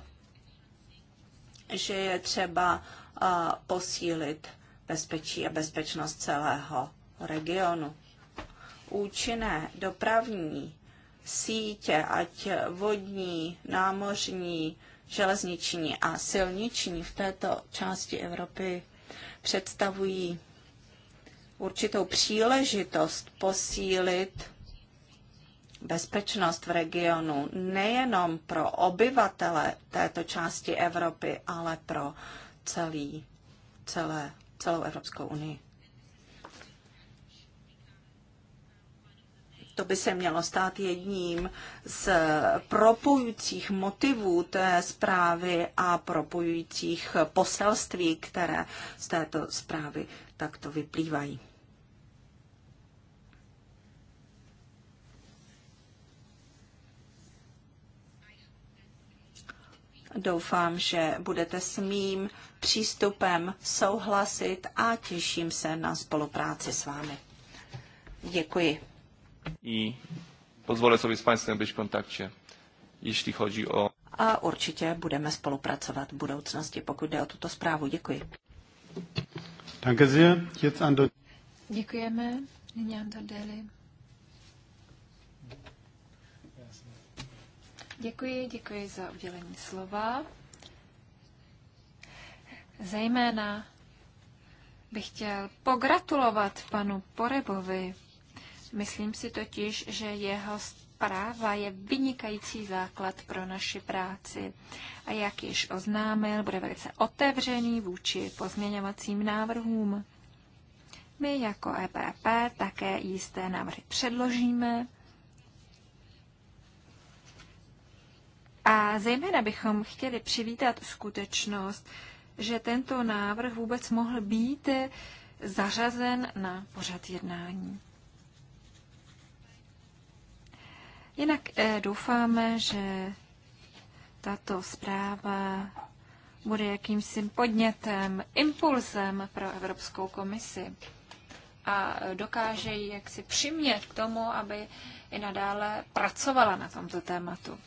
že je třeba eh, posílit bezpečí a bezpečnost celého regionu. Účinné dopravní sítě, ať vodní, námořní, železniční a silniční v této části Evropy představují určitou příležitost posílit bezpečnost v regionu nejenom pro obyvatele této části Evropy, ale pro celý, celé, celou Evropskou unii. To by se mělo stát jedním z propojujících motivů té zprávy a propojujících poselství, které z této zprávy takto vyplývají. Doufám, že budete s mým přístupem souhlasit a těším se na spolupráci s vámi. Děkuji. I pozvolte sobie s Państwem být v kontakcie, jestli chodí o... A určitě budeme spolupracovat v budoucnosti, pokud jde o tuto zprávu. Děkuji. Děkujeme. Nyní Deli. Děkuji, děkuji za udělení slova. Zejména bych chtěl pogratulovat panu Porebovi. Myslím si totiž, že jeho zpráva je vynikající základ pro naši práci. A jak již oznámil, bude velice otevřený vůči pozměňovacím návrhům. My jako EPP také jisté návrhy předložíme A zejména bychom chtěli přivítat skutečnost, že tento návrh vůbec mohl být zařazen na pořad jednání. Jinak eh, doufáme, že tato zpráva bude jakýmsi podnětem, impulzem pro Evropskou komisi a dokáže ji jaksi přimět k tomu, aby i nadále pracovala na tomto tématu.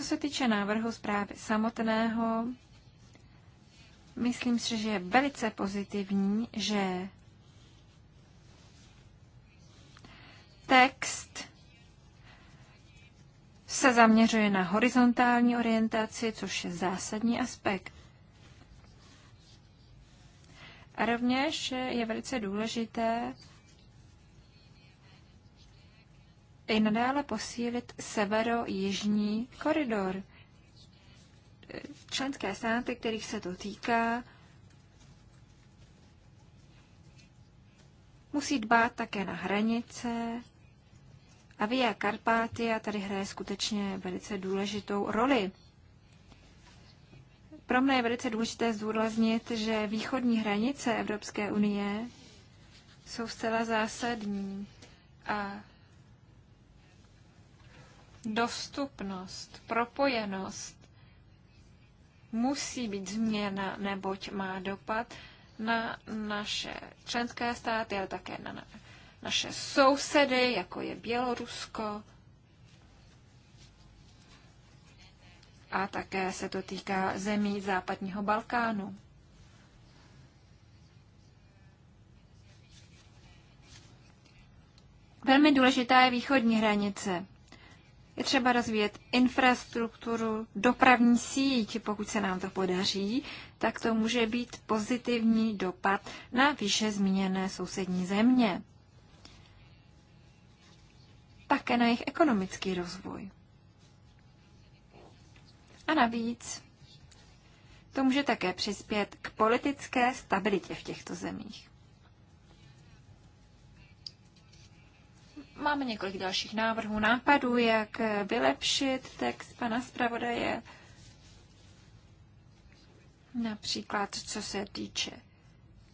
Co se týče návrhu zprávy samotného, myslím si, že je velice pozitivní, že text se zaměřuje na horizontální orientaci, což je zásadní aspekt. A rovněž je velice důležité, i nadále posílit severo-jižní koridor. Členské státy, kterých se to týká, musí dbát také na hranice a Via Carpatia tady hraje skutečně velice důležitou roli. Pro mě je velice důležité zdůraznit, že východní hranice Evropské unie jsou zcela zásadní a dostupnost, propojenost musí být změna, neboť má dopad na naše členské státy, ale také na, naše sousedy, jako je Bělorusko. A také se to týká zemí západního Balkánu. Velmi důležitá je východní hranice. Je třeba rozvíjet infrastrukturu, dopravní síť, pokud se nám to podaří, tak to může být pozitivní dopad na výše zmíněné sousední země. Také na jejich ekonomický rozvoj. A navíc to může také přispět k politické stabilitě v těchto zemích. Máme několik dalších návrhů, nápadů, jak vylepšit text pana zpravodaje. Například, co se týče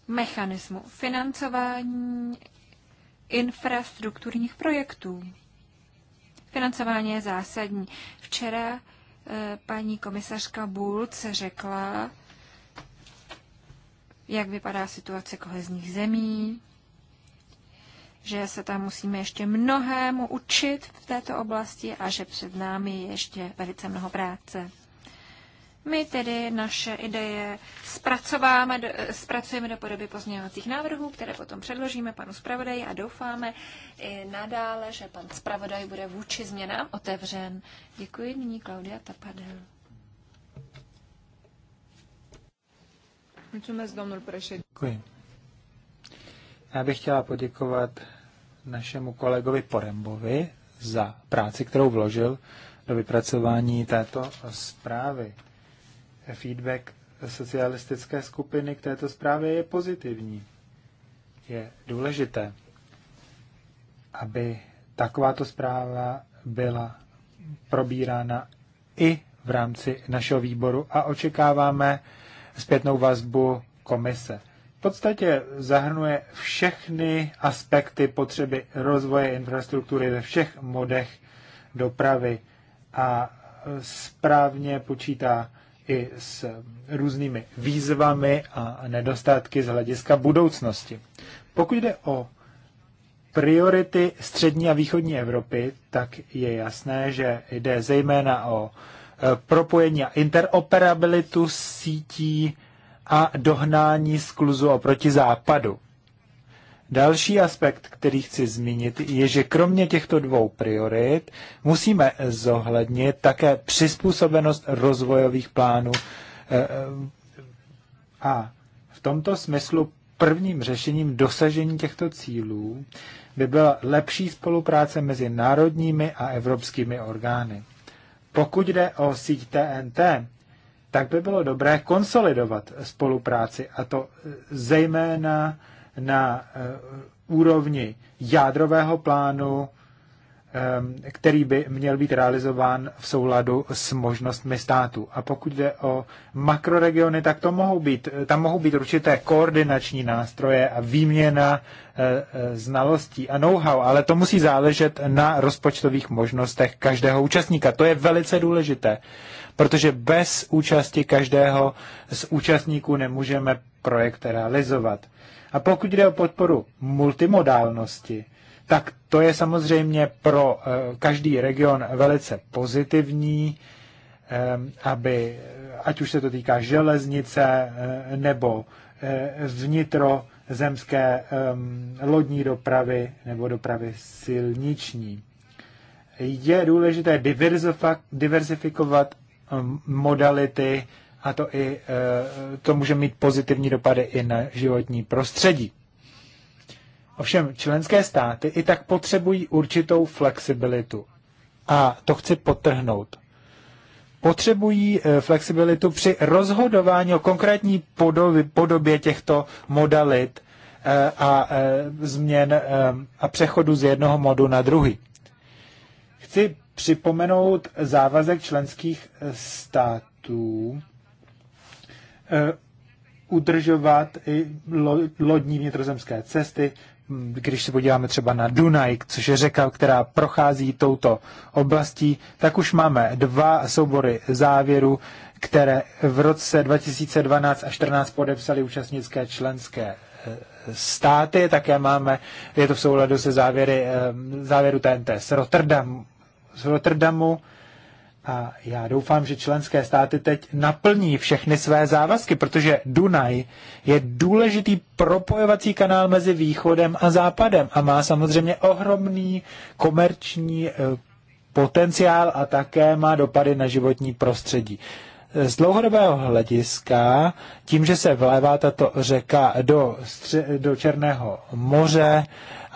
mechanismu financování infrastrukturních projektů. Financování je zásadní. Včera eh, paní komisařka Bulc řekla, jak vypadá situace kohezních zemí, že se tam musíme ještě mnohému učit v této oblasti a že před námi je ještě velice mnoho práce. My tedy naše ideje zpracováme, eh, zpracujeme do podoby pozměňovacích návrhů, které potom předložíme panu zpravodaji a doufáme i nadále, že pan zpravodaj bude vůči změnám otevřen. Děkuji nyní Klaudia Tapadel. Děkuji. Já bych chtěla poděkovat našemu kolegovi Porembovi za práci, kterou vložil do vypracování této zprávy. Feedback socialistické skupiny k této zprávě je pozitivní. Je důležité, aby takováto zpráva byla probírána i v rámci našeho výboru a očekáváme zpětnou vazbu komise podstatě zahrnuje všechny aspekty potřeby rozvoje infrastruktury ve všech modech dopravy a správně počítá i s různými výzvami a nedostatky z hlediska budoucnosti. Pokud jde o priority střední a východní Evropy, tak je jasné, že jde zejména o propojení a interoperabilitu sítí a dohnání skluzu oproti západu. Další aspekt, který chci zmínit, je, že kromě těchto dvou priorit musíme zohlednit také přizpůsobenost rozvojových plánů. Eh, eh, a v tomto smyslu prvním řešením dosažení těchto cílů by byla lepší spolupráce mezi národními a evropskými orgány. Pokud jde o síť TNT, tak by bylo dobré konsolidovat spolupráci, a to e, zejména na e, úrovni jádrového plánu, e, který by měl být realizován v souladu s možnostmi státu. A pokud jde o makroregiony, tak to mohou být, tam mohou být určité koordinační nástroje a výměna znalostí a know-how, ale to musí záležet na rozpočtových možnostech každého účastníka. To je velice důležité protože bez účasti každého z účastníků nemůžeme projekt realizovat. A pokud jde o podporu multimodálnosti, tak to je samozřejmě pro eh, každý region velice pozitivní, eh, aby, ať už se to týká železnice eh, nebo vnitrozemské lodní dopravy nebo dopravy silniční. Je důležité diverzifikovat Um, modality a to, i, eh, to může mít pozitivní dopady i na životní prostředí. Ovšem členské státy i tak potřebují určitou flexibilitu. A to chci potrhnout. Potřebují eh, flexibilitu při rozhodování o konkrétní podobě, podobě těchto modalit eh, a změn a přechodu z jednoho modu na druhý. Chci připomenout závazek členských eh, států eh, udržovat i lodní vnitrozemské cesty, hm, když se podíváme třeba na Dunaj, což je řeka, která prochází touto oblastí, tak už máme dva soubory závěrů, které v roce 2012 a 2014 podepsali účastnické členské eh, státy. Také máme, je to v souladu se závěry, závěru TNT z Rotterdamu z Rotterdamu a já doufám, že členské státy teď naplní všechny své závazky, protože Dunaj je důležitý propojovací kanál mezi východem a západem a má samozřejmě ohromný komerční eh, potenciál a také má dopady na životní prostředí. Z dlouhodobého hlediska, tím, že se vlévá tato řeka do, do Černého moře,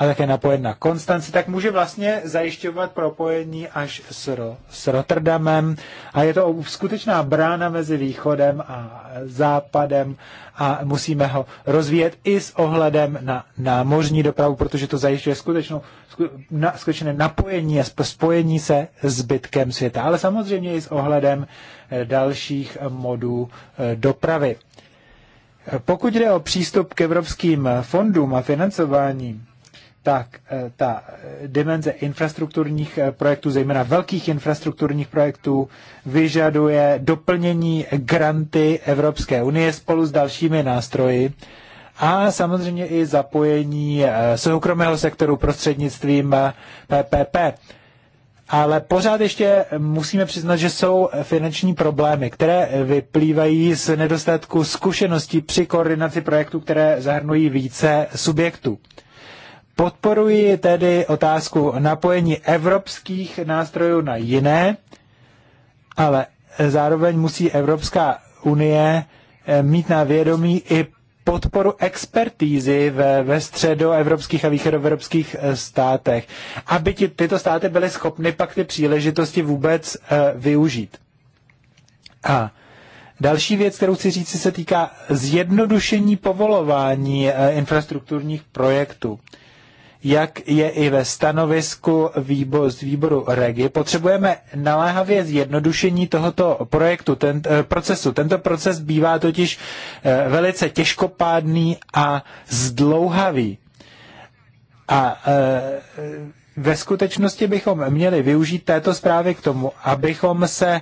a také napojen na Konstanci, tak může vlastně zajišťovat propojení až s, Ro- s Rotterdamem a je to skutečná brána mezi východem a západem a musíme ho rozvíjet i s ohledem na námořní dopravu, protože to zajišťuje skutečnou, sku, na, skutečné napojení a spojení se zbytkem světa, ale samozřejmě i s ohledem eh, dalších modů eh, dopravy. Pokud jde o přístup k evropským fondům a financování, tak eh, ta eh, dimenze infrastrukturních eh, projektů, zejména velkých infrastrukturních projektů, vyžaduje doplnění granty Evropské unie spolu s dalšími nástroji a samozřejmě i zapojení soukromého sektoru prostřednictvím PPP. Ale pořád ještě musíme přiznat, že jsou finanční problémy, které vyplývají z nedostatku zkušeností při koordinaci projektů, které zahrnují více subjektů. Podporuji tedy otázku napojení evropských nástrojů na jiné, ale zároveň musí Evropská unie eh, mít na vědomí i podporu expertízy ve, ve středoevropských a východoevropských eh, státech, aby ti, tyto státy byly schopny pak ty příležitosti vůbec e, využít. A další věc, kterou chci říct, se týká zjednodušení povolování e, infrastrukturních projektů jak je i ve stanovisku výbo, z výboru REGI, potřebujeme naléhavě zjednodušení tohoto projektu, ten, eh, procesu. Tento proces bývá totiž eh, velice těžkopádný a zdlouhavý. A eh, ve skutečnosti bychom měli využít této zprávy k tomu, abychom se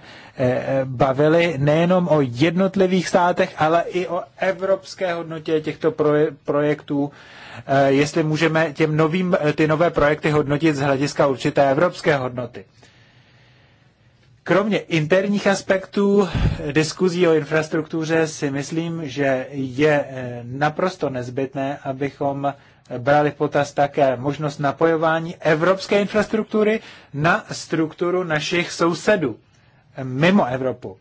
bavili nejenom o jednotlivých státech, ale i o evropské hodnotě těchto projektů Eh, jestli můžeme těm novým, eh, ty nové projekty hodnotit z hlediska určité evropské hodnoty. Kromě interních aspektů eh, diskuzí o infrastruktuře si myslím, že je naprosto nezbytné, abychom brali v potaz také možnost napojování evropské infrastruktury na strukturu našich sousedů mimo Evropu.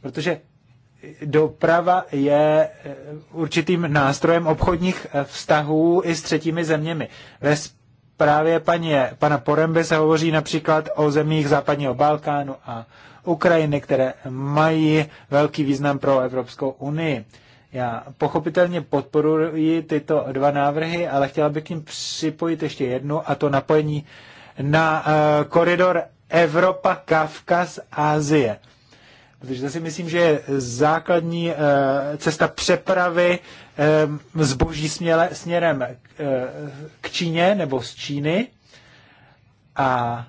Protože doprava je eh, určitým nástrojem obchodních eh, vztahů i s třetími zeměmi. Ve zprávě paně, pana Porembe se hovoří například o zemích západního Balkánu a Ukrajiny, které mají velký význam pro Evropskou unii. Já pochopitelně podporuji tyto dva návrhy, ale chtěla bych k ním připojit ještě jednu, a to napojení na eh, koridor Evropa, Kavkaz, Asie. Protože si myslím, že je základní eh, cesta přepravy eh, zboží směle, směrem eh, k Číně nebo z Číny. A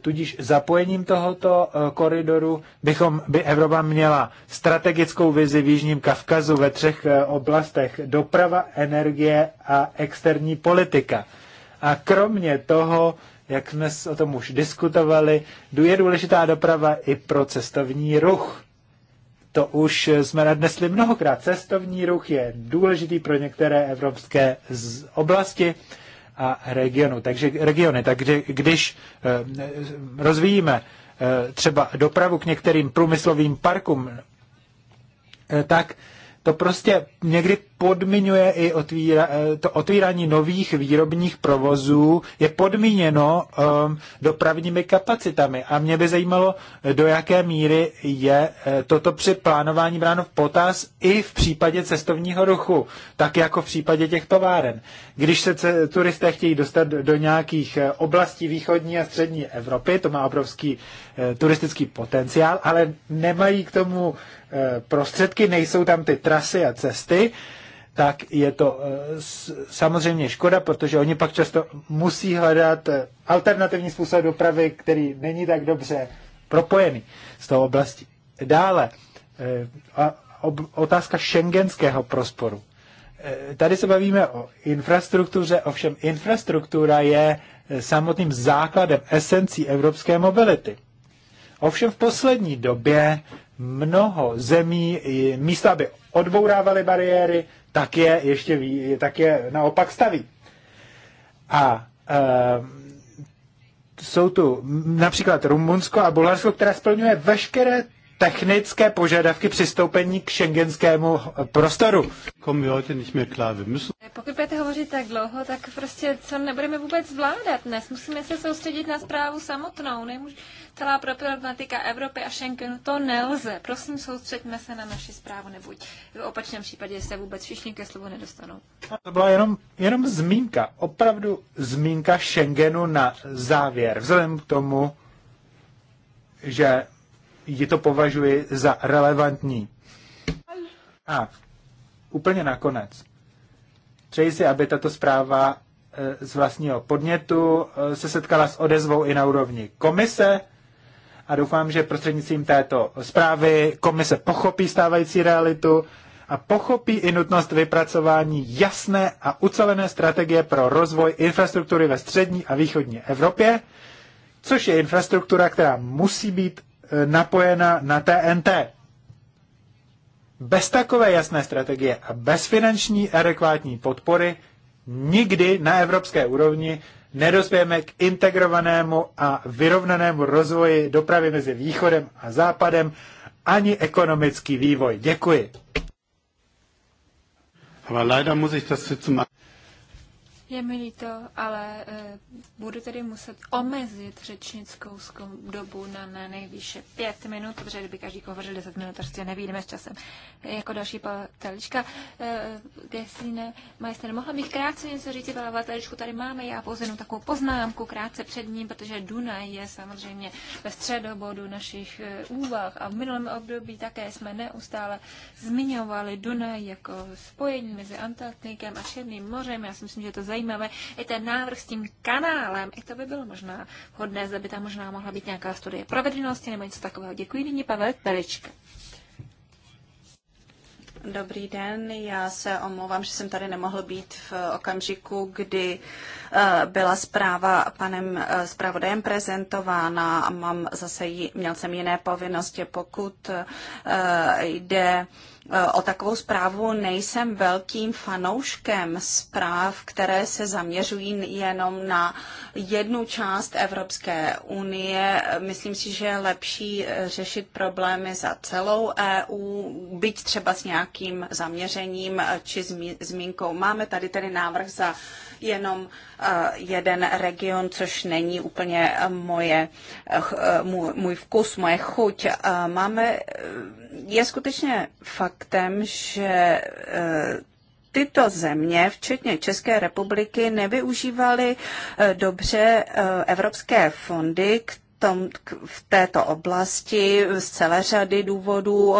tudíž zapojením tohoto koridoru bychom, by Evropa měla strategickou vizi v Jižním Kavkazu ve třech oblastech doprava, energie a externí politika. A kromě toho jak jsme o tom už diskutovali, je důležitá doprava i pro cestovní ruch. To už jsme nadnesli mnohokrát. Cestovní ruch je důležitý pro některé evropské oblasti a regionu. Takže regiony. Takže když eh, rozvíjíme eh, třeba dopravu k některým průmyslovým parkům, eh, tak to prostě někdy podmiňuje i otvíra, eh, to otvírání nových výrobních provozů, je podmíněno um, dopravními kapacitami. A mě by zajímalo, do jaké míry je eh, toto při plánování bráno v potaz i v případě cestovního ruchu, tak jako v případě těch továren. Když se turisté chtějí dostat do nějakých eh, oblastí východní a střední Evropy, to má obrovský turistický potenciál, ale nemají k tomu Eh, prostředky, nejsou tam ty trasy a cesty, tak je to eh, samozřejmě škoda, protože oni pak často musí hledat eh, alternativní způsob dopravy, který není tak dobře propojený z toho oblasti. Dále, otázka šengenského prosporu. Tady se bavíme o infrastruktuře, ovšem infrastruktura je samotným základem esencí evropské mobility. Ovšem v poslední době mnoho zemí, místo aby odbourávaly bariéry, tak je ještě tak je naopak staví. A e, jsou tu například Rumunsko a Bulharsko, které splňuje veškeré technické požadavky přistoupení k šengenskému prostoru. Pokud budete hovořit tak dlouho, tak prostě co nebudeme vůbec zvládat. dnes. Musíme se soustředit na zprávu samotnou. Nemůž... Celá problematika Evropy a Schengenu, to nelze. Prosím, soustředíme se na naši zprávu, nebuď. V opačném případě se vůbec všichni ke slovu nedostanou. To byla jenom, jenom zmínka, opravdu zmínka Schengenu na závěr. Vzhledem k tomu, že je to považuji za relevantní. A úplně nakonec. Přeji si, aby tato zpráva e, z vlastního podnětu e, se setkala s odezvou i na úrovni komise a doufám, že prostřednictvím této zprávy komise pochopí stávající realitu a pochopí i nutnost vypracování jasné a ucelené strategie pro rozvoj infrastruktury ve střední a východní Evropě, což je infrastruktura, která musí být napojena na TNT. Bez takové jasné strategie a bez finanční adekvátní podpory nikdy na evropské úrovni nedospějeme k integrovanému a vyrovnanému rozvoji dopravy mezi východem a západem ani ekonomický vývoj. Děkuji. leider je mi líto, ale e, budu tedy muset omezit řečnickou dobu na, na nejvýše pět minut, protože kdyby každý hovořil deset minut, tak prostě se nevídeme s časem. Jako další pavatelička, e, Gesine Majster, mohla bych krátce něco říct, pavateličku tady máme, já pouze jenom takovou poznámku krátce před ním, protože Dunaj je samozřejmě ve středobodu našich e, úvah a v minulém období také jsme neustále zmiňovali Dunaj jako spojení mezi Antarktikem a Černým mořem. Já si myslím, že to zajímavé zajímavé. I ten návrh s tím kanálem, i to by bylo možná hodné, zda by tam možná mohla být nějaká studie provedenosti, nebo něco takového. Děkuji nyní Pavel Telička. Dobrý den, já se omlouvám, že jsem tady nemohl být v okamžiku, kdy eh, byla zpráva panem eh, zpravodajem prezentována a mám zase, měl jsem jiné povinnosti, pokud eh, jde E, o takovou zprávu nejsem velkým fanouškem zpráv, které se zaměřují jenom na jednu část Evropské unie. Myslím si, že je lepší e, řešit problémy za celou EU, byť třeba s nějakým zaměřením e, či zmínkou. Máme tady tedy návrh za jenom eh, jeden region, což není úplně eh, moje, eh, můj vkus, moje chuť. Máme, je skutečně faktem, že tyto země, včetně České republiky, nevyužívaly dobře evropské fondy, tom, v této oblasti z celé řady důvodů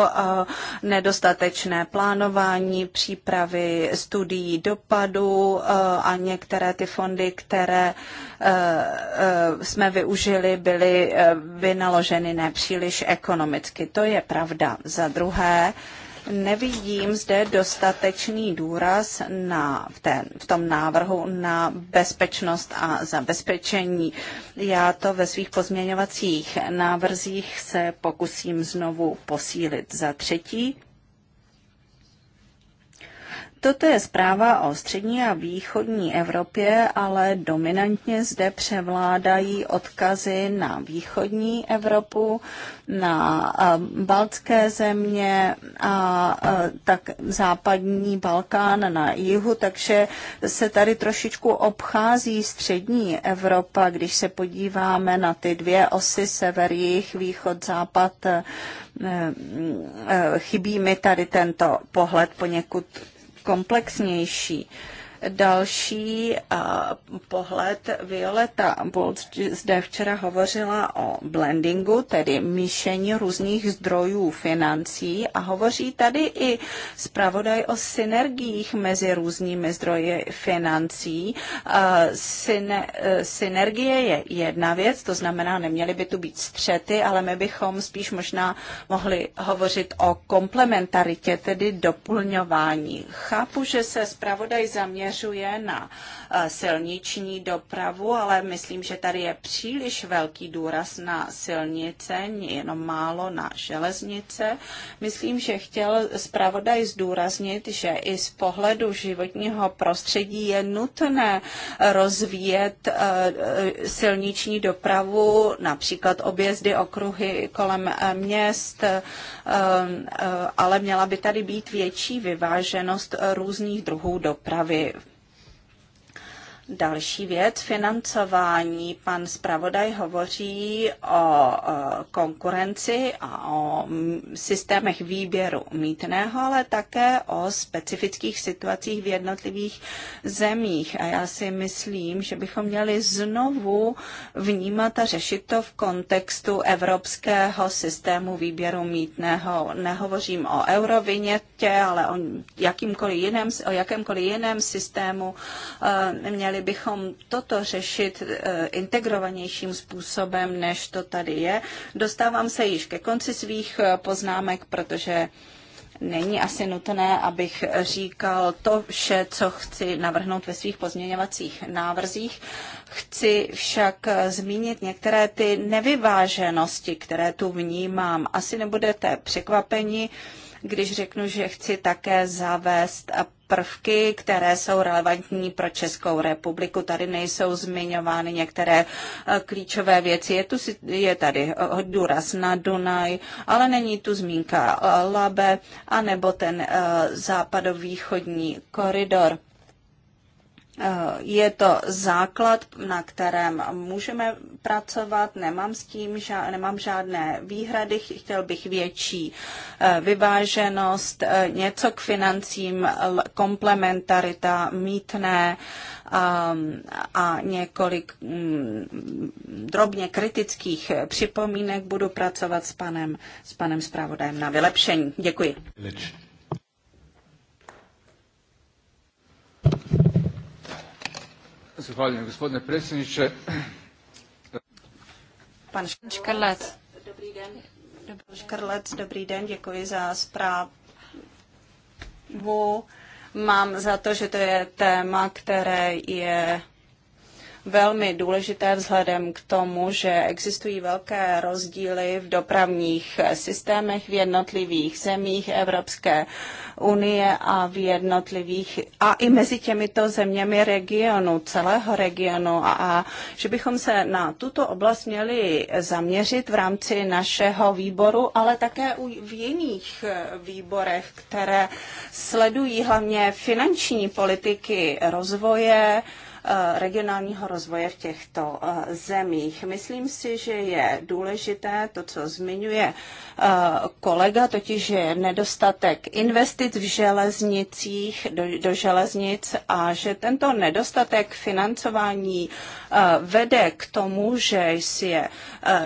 nedostatečné plánování, přípravy studií dopadu a některé ty fondy, které e, e, jsme využili, byly e, vynaloženy nepříliš ekonomicky. To je pravda. Za druhé, Nevidím zde dostatečný důraz na, v, ten, v tom návrhu na bezpečnost a zabezpečení. Já to ve svých pozměňovacích návrzích se pokusím znovu posílit. Za třetí, Toto je zpráva o střední a východní Evropě, ale dominantně zde převládají odkazy na východní Evropu, na baltské země a tak západní Balkán na jihu, takže se tady trošičku obchází střední Evropa, když se podíváme na ty dvě osy sever, jih, východ, západ, e, e, chybí mi tady tento pohled poněkud komplexnější. Další pohled, Violeta Bolt zde včera hovořila o blendingu, tedy míšení různých zdrojů financí a hovoří tady i zpravodaj o synergiích mezi různými zdroji financí. Syne, e, synergie je jedna věc, to znamená, neměly by tu být střety, ale my bychom spíš možná mohli hovořit o komplementaritě, tedy doplňování. Chápu, že se zpravodaj zaměřuje zaměřuje na eh, silniční dopravu, ale myslím, že tady je příliš velký důraz na silnice, jenom málo na železnice. Myslím, že chtěl zpravodaj zdůraznit, že i z pohledu životního prostředí je nutné eh, rozvíjet eh, silniční dopravu, například objezdy okruhy kolem měst, ale měla by tady být větší vyváženost různých druhů dopravy Další věc, financování. Pan zpravodaj hovoří o konkurenci a o systémech výběru mítného, ale také o specifických situacích v jednotlivých zemích. A já si myslím, že bychom měli znovu vnímat a řešit to v kontextu evropského systému výběru mítného. Nehovořím o eurovinětě, ale o, jakýmkoliv jiném, o jakémkoliv jiném systému e, měli bychom toto řešit eh, integrovanějším způsobem, než to tady je. Dostávám se již ke konci svých eh, poznámek, protože není asi nutné, abych říkal to vše, co chci navrhnout ve svých pozměňovacích návrzích. Chci však eh, zmínit některé ty nevyváženosti, které tu vnímám. Asi nebudete překvapeni, uh, když řeknu, že chci také zavést prvky, které jsou relevantní pro Českou republiku. Tady nejsou zmiňovány některé eh, klíčové věci. Je, tu, je tady eh, důraz na Dunaj, ale není tu zmínka Labe, anebo ten eh, západovýchodní koridor. Eh, je to základ, na kterém můžeme pracovat, nemám s tím ža- nemám žádné výhrady, chtěl bych větší eh, vyváženost, eh, něco k financím, komplementarita, mítné a, ehm, a několik mm, drobně kritických připomínek. Budu pracovat s panem, s panem zpravodajem na vylepšení. Děkuji. Vylepšení. Zahvaljujem, gospodine predsjedniče. Pan Škrlec. Dobrý den. Dobrý Škrlec, dobrý den, děkuji za zprávu. Mám za to, že to je téma, které je velmi důležité vzhledem k tomu, že existují velké rozdíly v dopravních systémech v jednotlivých zemích Evropské unie a v jednotlivých a i mezi těmito zeměmi regionu, celého regionu a, a že bychom se na tuto oblast měli zaměřit v rámci našeho výboru, ale také v jiných výborech, které sledují hlavně finanční politiky rozvoje, Eh, regionálního rozvoje v těchto eh, zemích. Myslím si, že je důležité to, co zmiňuje eh, kolega, totiž je nedostatek investic v železnicích, do, do železnic a že tento nedostatek financování vede k tomu, že si je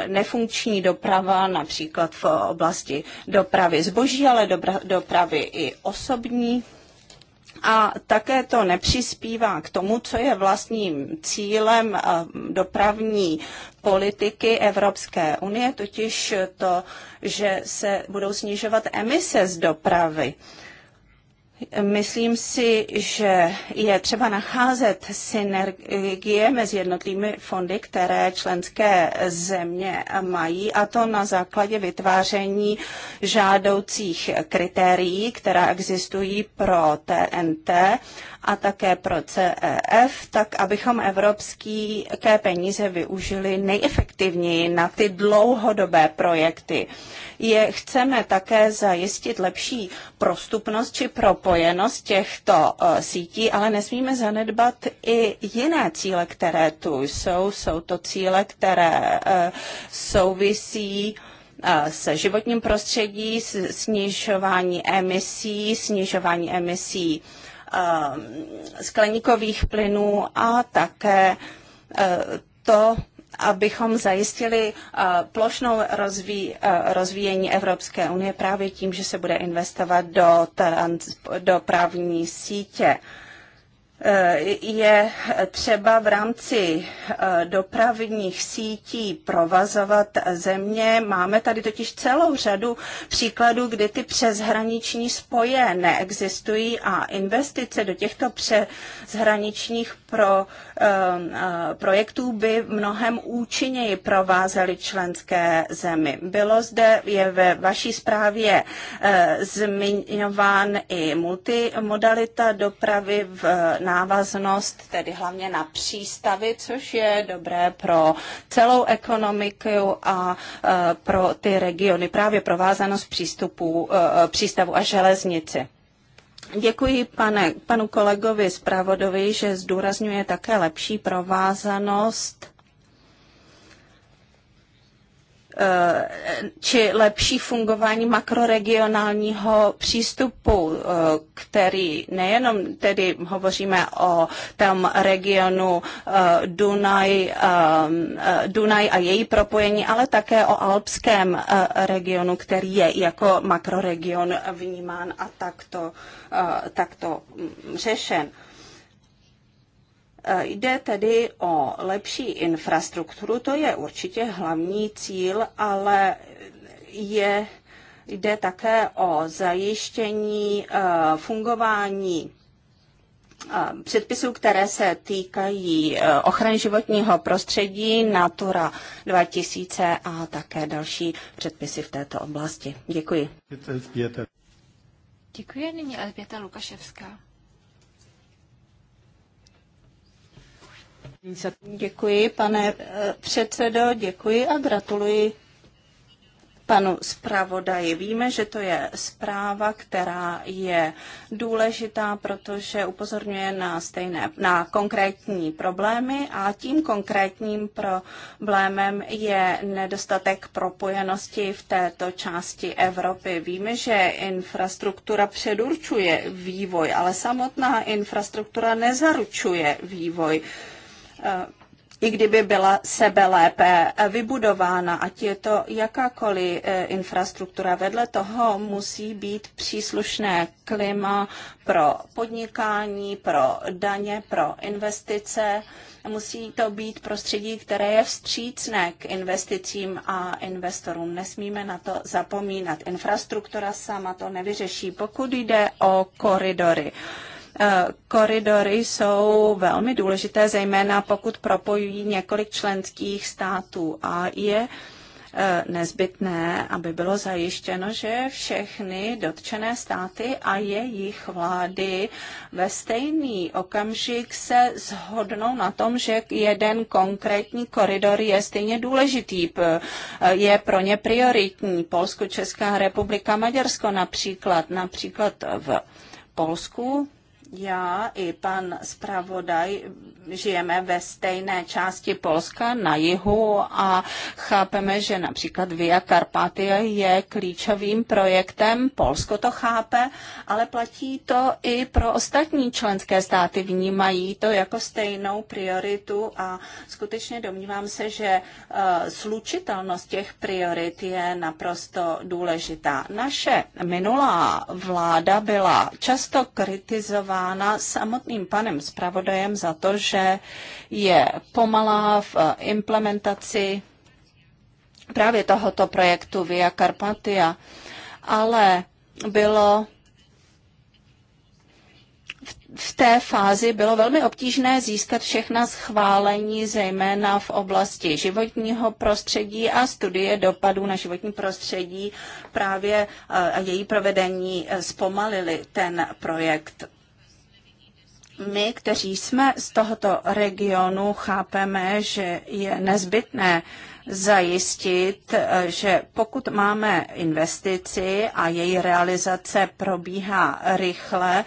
nefunkční doprava například v oblasti dopravy zboží, ale dopravy i osobní a také to nepřispívá k tomu, co je vlastním cílem eh, dopravní politiky Evropské unie, totiž to, že se budou snižovat emise z dopravy. Myslím si, že je třeba nacházet synergie mezi jednotlivými fondy, které členské země mají, a to na základě vytváření žádoucích kritérií, která existují pro TNT a také pro CEF, tak abychom evropské peníze využili nejefektivněji na ty dlouhodobé projekty. Je, chceme také zajistit lepší prostupnost či propojenost těchto uh, sítí, ale nesmíme zanedbat i jiné cíle, které tu jsou. Jsou to cíle, které uh, souvisí eh, se životním prostředí, snižování emisí, snižování emisí Eh, skleníkových plynů a také eh, to, abychom zajistili eh, plošnou rozví, rozvíjení Evropské unie právě tím, že se bude investovat do, trans, do právní sítě. Eh, je třeba v rámci eh, dopravních sítí provazovat země. Máme tady totiž celou řadu příkladů, kdy ty přeshraniční spoje neexistují a investice do těchto přeshraničních pro Um, uh, projektů by mnohem účinněji provázely členské zemi. Bylo zde, je ve vaší zprávě uh, zmiňován i multimodalita dopravy v návaznost, tedy hlavně na přístavy, což je dobré pro celou ekonomiku a uh, pro ty regiony, právě provázanost přístupu, přístavu a železnici. Děkuji pane, panu kolegovi Spravodovi, že zdůrazňuje také lepší provázanost Eh, či lepší fungování makroregionálního přístupu, eh, který nejenom tedy hovoříme o tom regionu eh, Dunaj, Dunaj a její propojení, ale také o alpském regionu, který je jako makroregion vnímán a takto, takto mm, řešen. Eh, jde tedy o lepší infrastrukturu, to je určitě hlavní cíl, ale je, jde také o zajištění eh, fungování eh, předpisů, které se týkají ochrany životního prostředí, Natura 2000 a také další předpisy v této oblasti. Děkuji. Děkuji. Nyní Elběta Lukaševská. Děkuji, pane eh, předsedo, děkuji a gratuluji panu zpravodaji. Víme, že to je zpráva, která je důležitá, protože upozorňuje na stejné, na konkrétní problémy a tím konkrétním problémem je nedostatek propojenosti v této části Evropy. Víme, že infrastruktura předurčuje vývoj, ale samotná infrastruktura nezaručuje vývoj. Eh, i kdyby byla sebe lépe vybudována, ať je to jakákoliv eh, infrastruktura. Vedle toho musí být příslušné klima pro podnikání, pro daně, pro investice. Musí to být prostředí, které je vstřícné k investicím a investorům. Nesmíme na to zapomínat. Infrastruktura sama to nevyřeší, pokud jde o koridory. Uh, Eh, koridory jsou velmi důležité, zejména pokud propojují několik členských států a je eh, nezbytné, aby bylo zajištěno, že všechny dotčené státy a jejich vlády ve stejný okamžik se shodnou na tom, že jeden konkrétní koridor je stejně důležitý, eh, je pro ně prioritní. Polsko, Česká republika, Maďarsko například, například v Polsku já i pan zpravodaj žijeme ve stejné části Polska na jihu a chápeme, že například Via Carpatia je klíčovým projektem. Polsko to chápe, ale platí to i pro ostatní členské státy. Vnímají to jako stejnou prioritu a skutečně domnívám se, že eh, slučitelnost těch priorit je naprosto důležitá. Naše minulá vláda byla často kritizována kritizována samotným panem zpravodajem za to, že je pomalá v eh, implementaci právě tohoto projektu Via Carpatia, ale bylo v té fázi bylo velmi obtížné získat všechna schválení, zejména v oblasti životního prostředí a studie dopadů na životní prostředí právě eh, její provedení eh, zpomalili ten projekt my, kteří jsme z tohoto regionu, chápeme, že je nezbytné zajistit, že pokud máme investici a její realizace probíhá rychle,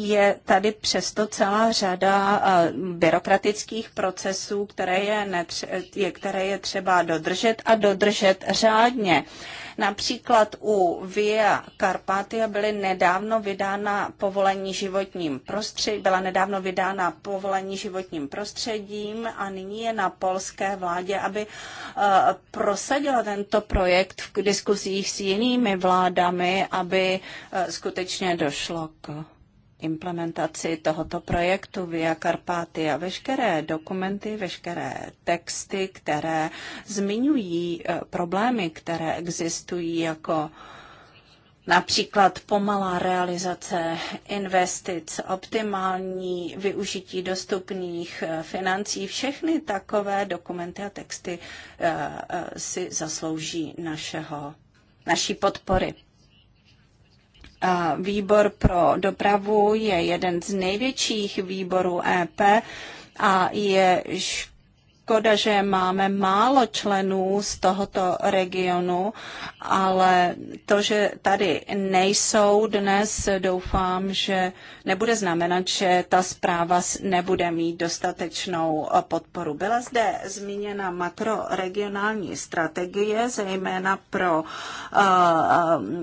je tady přesto celá řada eh, byrokratických procesů, které je, netře- které je třeba dodržet a dodržet řádně. Například u Via Carpatia byly nedávno vydána povolení životním prostředí, byla nedávno vydána povolení životním prostředím a nyní je na polské vládě, aby eh, prosadila tento projekt v diskuzích s jinými vládami, aby eh, skutečně došlo k implementaci tohoto projektu Via a Veškeré dokumenty, veškeré texty, které zmiňují eh, problémy, které existují jako Například pomalá realizace investic, optimální využití dostupných eh, financí, všechny takové dokumenty a texty eh, si zaslouží našeho, naší podpory. Výbor pro dopravu je jeden z největších výborů EP a je škoda, že máme málo členů z tohoto regionu, ale to, že tady nejsou dnes, doufám, že nebude znamenat, že ta zpráva nebude mít dostatečnou podporu. Byla zde zmíněna makroregionální strategie, zejména pro uh,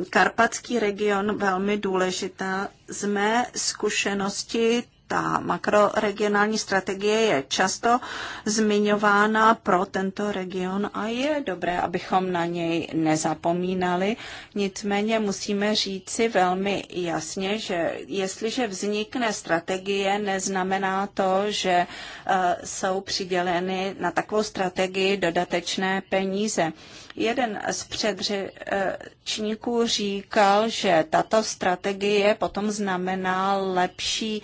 karpatský region velmi důležitá. Z mé zkušenosti ta makroregionální strategie je často zmiňována pro tento region a je dobré, abychom na něj nezapomínali. Nicméně musíme říci velmi jasně, že jestliže vznikne strategie, neznamená to, že eh, jsou přiděleny na takovou strategii dodatečné peníze. Jeden z předřečníků říkal, že tato strategie potom znamená lepší eh,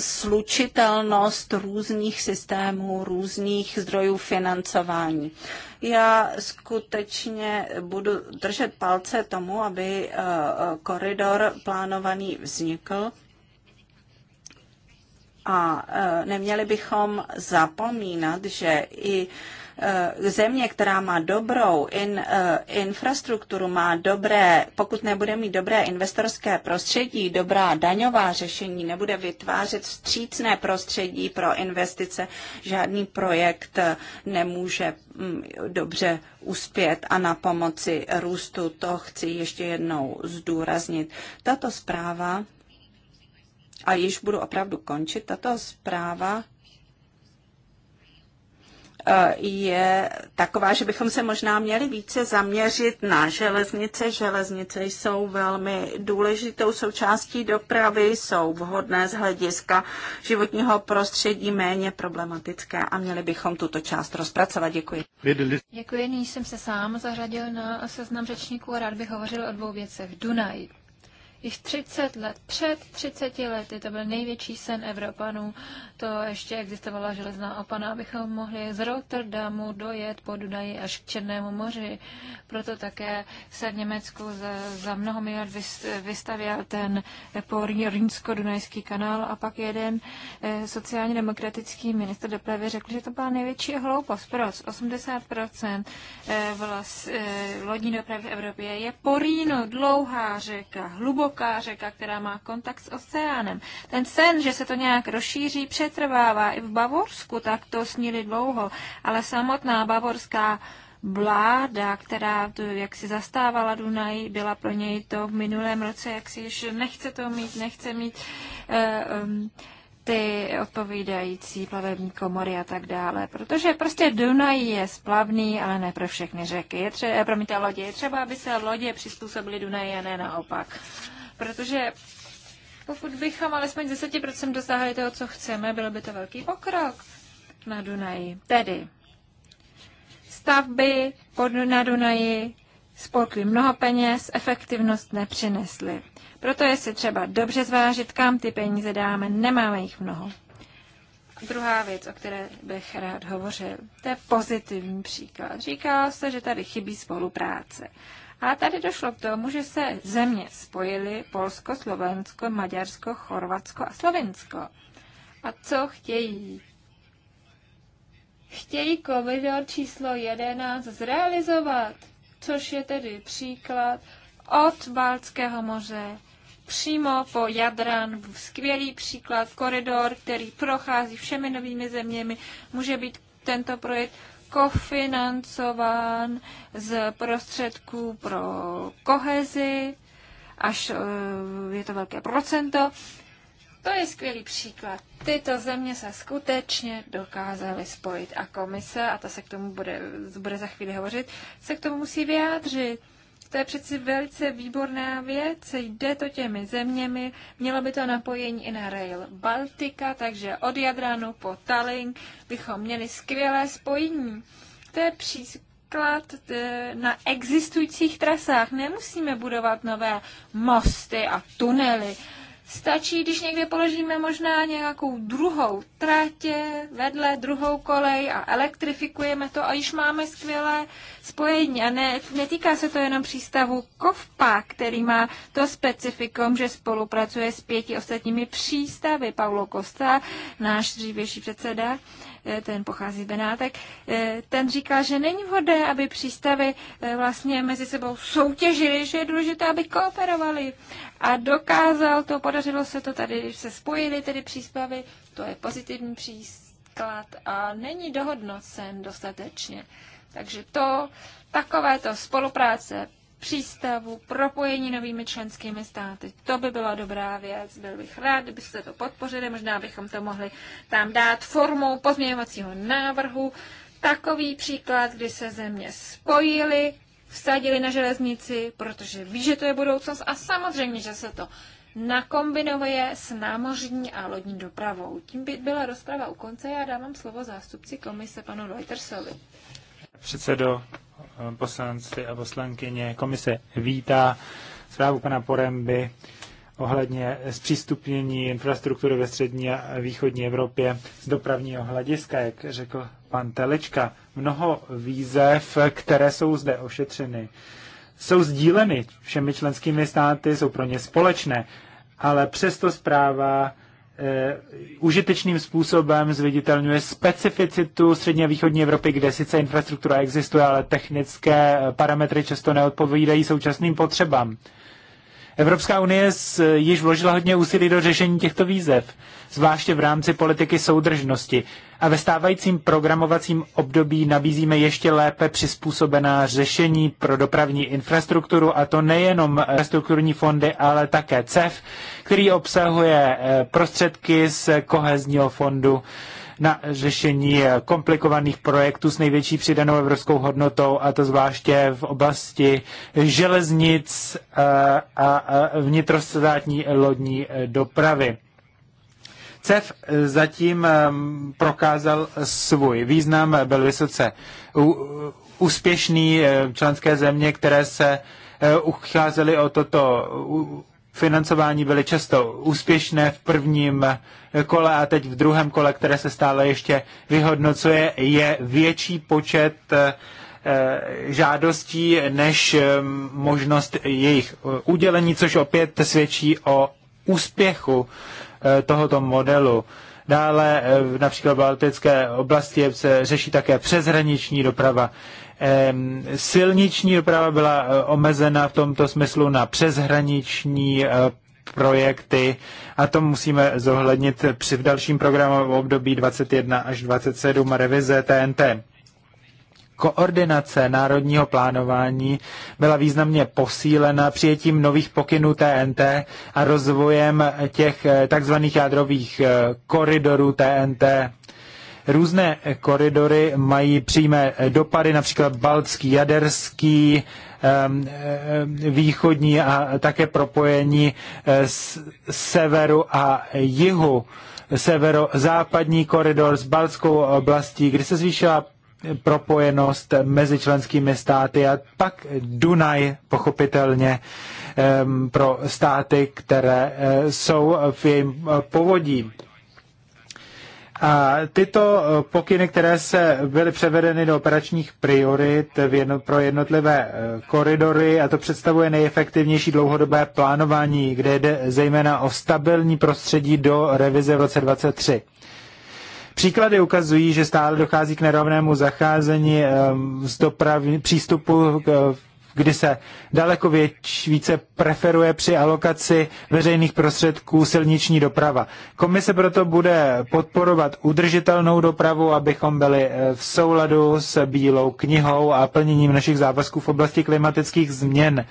slučitelnost různých systémů, různých zdrojů financování. Já skutečně budu držet palce tomu, aby eh, koridor plánovaný vznikl a eh, neměli bychom zapomínat, že i Eh, země, která má dobrou in, eh, infrastrukturu, má dobré, pokud nebude mít dobré investorské prostředí, dobrá daňová řešení, nebude vytvářet vstřícné prostředí pro investice, žádný projekt eh, nemůže mm, dobře uspět a na pomoci růstu. To chci ještě jednou zdůraznit. Tato zpráva a již budu opravdu končit. Tato zpráva je taková, že bychom se možná měli více zaměřit na železnice. Železnice jsou velmi důležitou součástí dopravy, jsou vhodné z hlediska životního prostředí, méně problematické a měli bychom tuto část rozpracovat. Děkuji. Děkuji, nyní jsem se sám zařadil na seznam řečníků a rád bych hovořil o dvou věcech. Dunaj již 30 let, před 30 lety, to byl největší sen Evropanů, to ještě existovala železná opana, abychom mohli z Rotterdamu dojet po Dunaji až k Černému moři. Proto také se v Německu za, za mnoho miliard vystavěl ten po Rýnsko-Dunajský kanál a pak jeden eh, sociálně demokratický minister dopravy řekl, že to byla největší hloupost. Proč? 80% eh, vlas, eh, lodní dopravy v Evropě je po Rýnu, dlouhá řeka, hluboká hluboká řeka, která má kontakt s oceánem. Ten sen, že se to nějak rozšíří, přetrvává. I v Bavorsku tak to snili dlouho, ale samotná bavorská vláda, která tu jak si zastávala Dunaj, byla pro něj to v minulém roce, jak si již nechce to mít, nechce mít uh, um, ty odpovídající plavební komory a tak dále. Protože prostě Dunaj je splavný, ale ne pro všechny řeky. Je třeba, eh, promiňte, lodě. Je třeba, aby se lodě přizpůsobily Dunaji a ne naopak. Uh, protože pokud bychom alespoň 10% dosáhli toho, co chceme, byl by to velký pokrok na Dunaji. Tedy stavby pod, na Dunaji spolkly mnoho peněz, efektivnost nepřinesly. Proto je si třeba dobře zvážit, kam ty peníze dáme, nemáme jich mnoho. Druhá věc, o které bych rád hovořil, to je pozitivní příklad. Říká se, že tady chybí spolupráce. A tady došlo k tomu, že se země spojily Polsko, Slovensko, Maďarsko, Chorvatsko a Slovensko. A co chtějí? Chtějí koridor číslo 11 zrealizovat, což je tedy příklad od Baltského moře přímo po Jadran. Skvělý příklad, koridor, který prochází všemi novými zeměmi, může být tento projekt kofinancován z prostředků pro kohezi, až eh, je to velké procento. To je skvělý příklad. Tyto země se skutečně dokázaly spojit a komise, a ta se k tomu bude, bude za chvíli hovořit, se k tomu musí vyjádřit. To je přeci velice výborná věc, jde to těmi zeměmi, mělo by to napojení i na Rail Baltica, takže od Jadranu po Tallinn bychom měli skvělé spojení. To je příklad e, na existujících trasách. Nemusíme budovat nové mosty a tunely. Stačí, když někde položíme možná nějakou druhou trátě, vedle druhou kolej a elektrifikujeme to a již máme skvělé spojení. A ne, netýká se to jenom přístavu Kovpa, který má to specifikum, že spolupracuje s pěti ostatními přístavy. Paulo Costa, náš dřívější předseda, Eh, ten pochází z Benátek, eh, ten říká, že není vhodné, aby přístavy eh, vlastně mezi sebou soutěžily, že je důležité, aby kooperovali. A dokázal to, podařilo se to, tady se spojili tedy přístavy, to je pozitivní příklad a není dohodnocen dostatečně. Takže to, takovéto spolupráce přístavu, propojení novými členskými státy. To by byla dobrá věc. Byl bych rád, kdybyste to podpořili. Možná bychom to mohli tam dát formou pozměňovacího návrhu. Takový příklad, kdy se země spojily, vsadili na železnici, protože ví, že to je budoucnost a samozřejmě, že se to nakombinuje s námořní a lodní dopravou. Tím by byla rozprava u konce. Já dávám slovo zástupci komise panu Reutersovi předsedo, eh, poslanci a poslankyně. Komise vítá zprávu pana Poremby ohledně zpřístupnění infrastruktury ve střední a východní Evropě z dopravního hlediska, jak řekl pan Telečka. Mnoho výzev, které jsou zde ošetřeny, jsou sdíleny všemi členskými státy, jsou pro ně společné, ale přesto zpráva Eh, užitečným způsobem zviditelňuje specificitu střední a východní Evropy, kde sice infrastruktura existuje, ale technické eh, parametry často neodpovídají současným potřebám. Evropská unie eh, již vložila hodně úsilí do řešení těchto výzev, zvláště v rámci politiky soudržnosti. A ve stávajícím programovacím období nabízíme ještě lépe přizpůsobená řešení pro dopravní infrastrukturu, a to nejenom eh, strukturní fondy, ale také CEF, který obsahuje eh, prostředky z kohezního fondu na řešení komplikovaných projektů s největší přidanou evropskou hodnotou, a to zvláště v oblasti železnic eh, a vnitrostátní lodní eh, dopravy. CEF eh, zatím ehm, prokázal svůj význam, byl vysoce úspěšný členské země, které se ucházely o toto financování byly často úspěšné v prvním kole a teď v druhém kole, které se stále ještě vyhodnocuje, je větší počet eh, žádostí než eh, možnost jejich eh, udělení, což opět svědčí o úspěchu tohoto modelu. Dále například v Baltické oblasti se řeší také přeshraniční doprava silniční doprava byla eh, omezena v tomto smyslu na přeshraniční eh, projekty a to musíme zohlednit při v dalším programu v období 21 až 27 revize TNT. Koordinace národního plánování byla významně posílena přijetím nových pokynů TNT a rozvojem těch eh, takzvaných jádrových koridorů TNT Různé koridory mají přímé dopady, například Baltský, Jaderský, východní a také propojení z eh, severu a jihu. Severozápadní koridor s Baltskou oblastí, kde se zvýšila propojenost mezi členskými státy a pak Dunaj pochopitelně pro státy, které eh, jsou v jejím eh, povodí. A tyto eh, pokyny, které se byly převedeny do operačních priorit v jedno, pro jednotlivé eh, koridory, a to představuje nejefektivnější dlouhodobé plánování, kde jde zejména o stabilní prostředí do revize v roce 2023. Příklady ukazují, že stále dochází k nerovnému zacházení eh, z dopravní, přístupu k kdy se daleko věč, více preferuje při alokaci veřejných prostředků silniční doprava. Komise proto bude podporovat udržitelnou dopravu, abychom byli eh, v souladu s bílou knihou a plněním našich závazků v oblasti klimatických změn.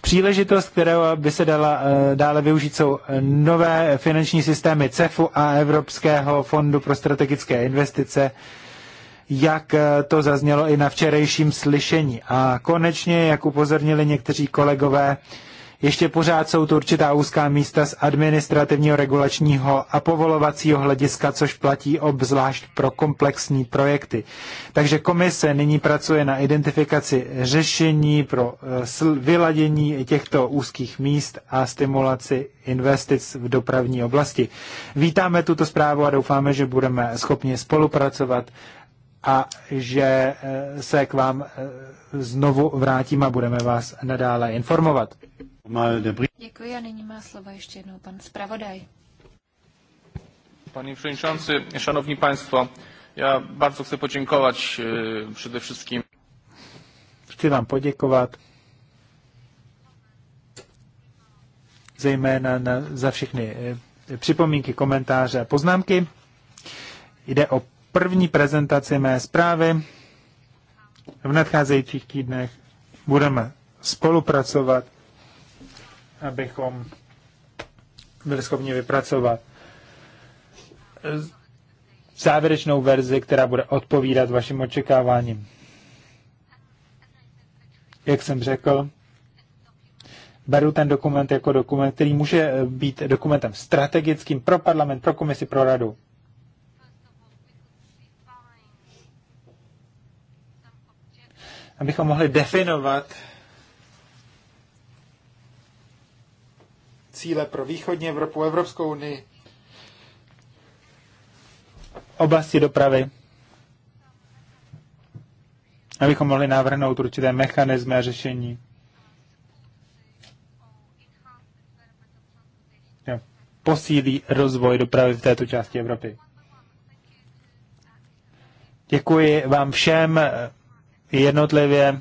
Příležitost, kterou by se dala eh, dále využít, jsou eh, nové finanční systémy CEFu a Evropského fondu pro strategické investice, jak eh, to zaznělo i na včerejším slyšení. A konečně, jak upozornili někteří kolegové, ještě pořád jsou tu určitá úzká místa z administrativního, regulačního a povolovacího hlediska, což platí obzvlášť pro komplexní projekty. Takže komise nyní pracuje na identifikaci řešení pro eh, vyladění těchto úzkých míst a stimulaci investic v dopravní oblasti. Vítáme tuto zprávu a doufáme, že budeme schopni spolupracovat a že eh, se k vám eh, znovu vrátím a budeme vás nadále informovat. Děkuji a nyní má slovo ještě jednou pan zpravodaj. Panie Przewodniczący, Szanowni Państwo, ja bardzo chcę podziękować e, przede wszystkim. Chci vám poděkovat zejména na, za všechny e, připomínky, komentáře a poznámky. Jde o první prezentaci mé zprávy. V nadcházejících týdnech budeme spolupracovat, abychom byli schopni vypracovat závěrečnou verzi, která bude odpovídat vašim očekáváním. Jak jsem řekl, beru ten dokument jako dokument, který může být dokumentem strategickým pro parlament, pro komisi, pro radu. abychom mohli definovat cíle pro východní Evropu, Evropskou unii, oblasti dopravy, abychom mohli navrhnout určité mechanizmy a řešení. Posílí rozvoj dopravy v této části Evropy. Děkuji vám všem jednotlivě.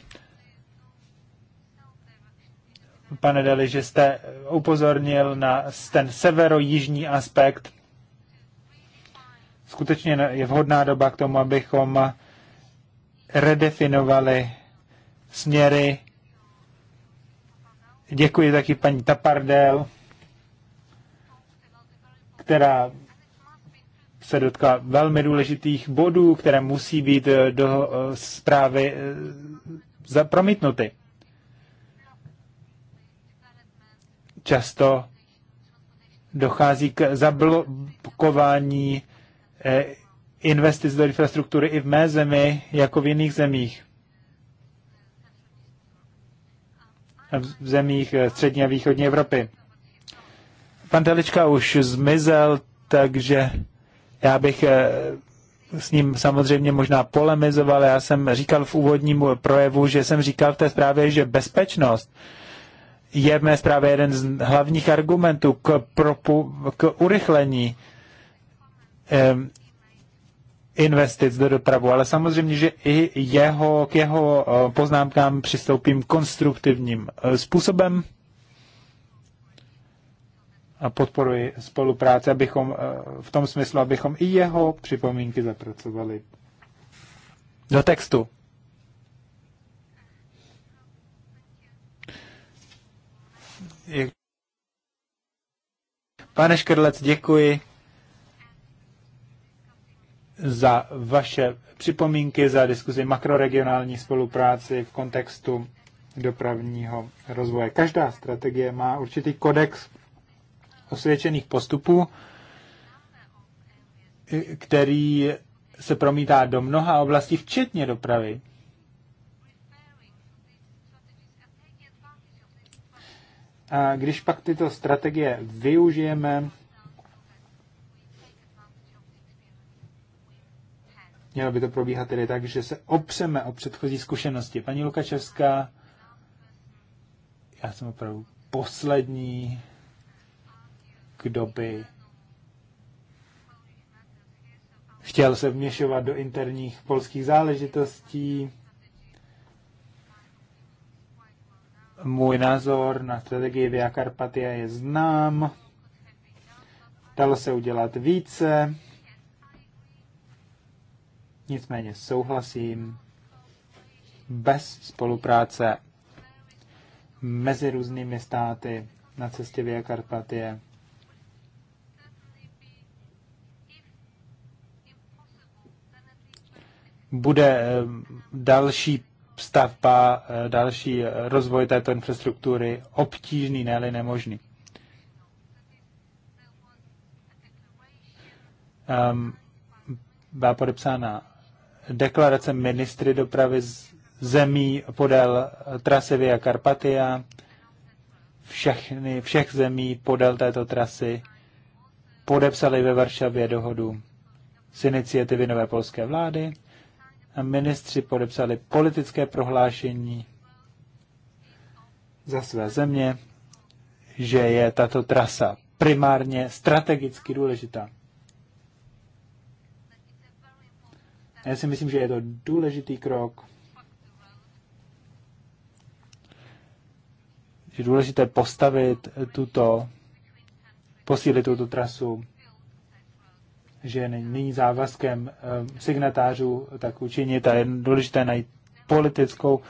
Pane Deli, že jste upozornil na ten severo-jižní aspekt. Skutečně je vhodná doba k tomu, abychom redefinovali směry. Děkuji taky paní Tapardel, která se dotkla velmi důležitých bodů, které musí být eh, do eh, zprávy eh, promítnuty. Často dochází k zablokování investic do infrastruktury i v mé zemi, jako v jiných zemích. V zemích střední a východní Evropy. Pan Telička už zmizel, takže já bych eh, s ním samozřejmě možná polemizoval. Já jsem říkal v úvodním projevu, že jsem říkal v té zprávě, že bezpečnost je v mé zprávě jeden z hlavních argumentů k, propu, k urychlení um, investic do dopravu, ale samozřejmě, že i jeho, k jeho eh, poznámkám přistoupím konstruktivním eh, způsobem podporuji spolupráci, abychom eh, v tom smyslu, abychom i jeho připomínky zapracovali do textu. Pane Škrlec, děkuji za vaše připomínky, za diskuzi makroregionální spolupráci v kontextu dopravního rozvoje. Každá strategie má určitý kodex osvědčených postupů, který se promítá do mnoha oblastí, včetně dopravy. A když pak tyto strategie využijeme, mělo by to probíhat tedy tak, že se opřeme o předchozí zkušenosti. Paní Lukačevská, já jsem opravdu poslední kdo by chtěl se vměšovat do interních polských záležitostí. Můj názor na strategii Via Carpatia je znám. Dalo se udělat více. Nicméně souhlasím. Bez spolupráce mezi různými státy na cestě Via Carpatia bude eh, další stavba, eh, další rozvoj této infrastruktury obtížný, ne nemožný. Um, byla podepsána deklarace ministry dopravy z zemí podél trasy Via Carpatia, všechny, všech zemí podél této trasy podepsali ve Varšavě dohodu z iniciativy nové polské vlády ministři podepsali politické prohlášení za své země, že je tato trasa primárně strategicky důležitá. Já si myslím, že je to důležitý krok, že je důležité postavit tuto, posílit tuto trasu že není závazkem eh, signatářů tak učinit a je důležité najít politickou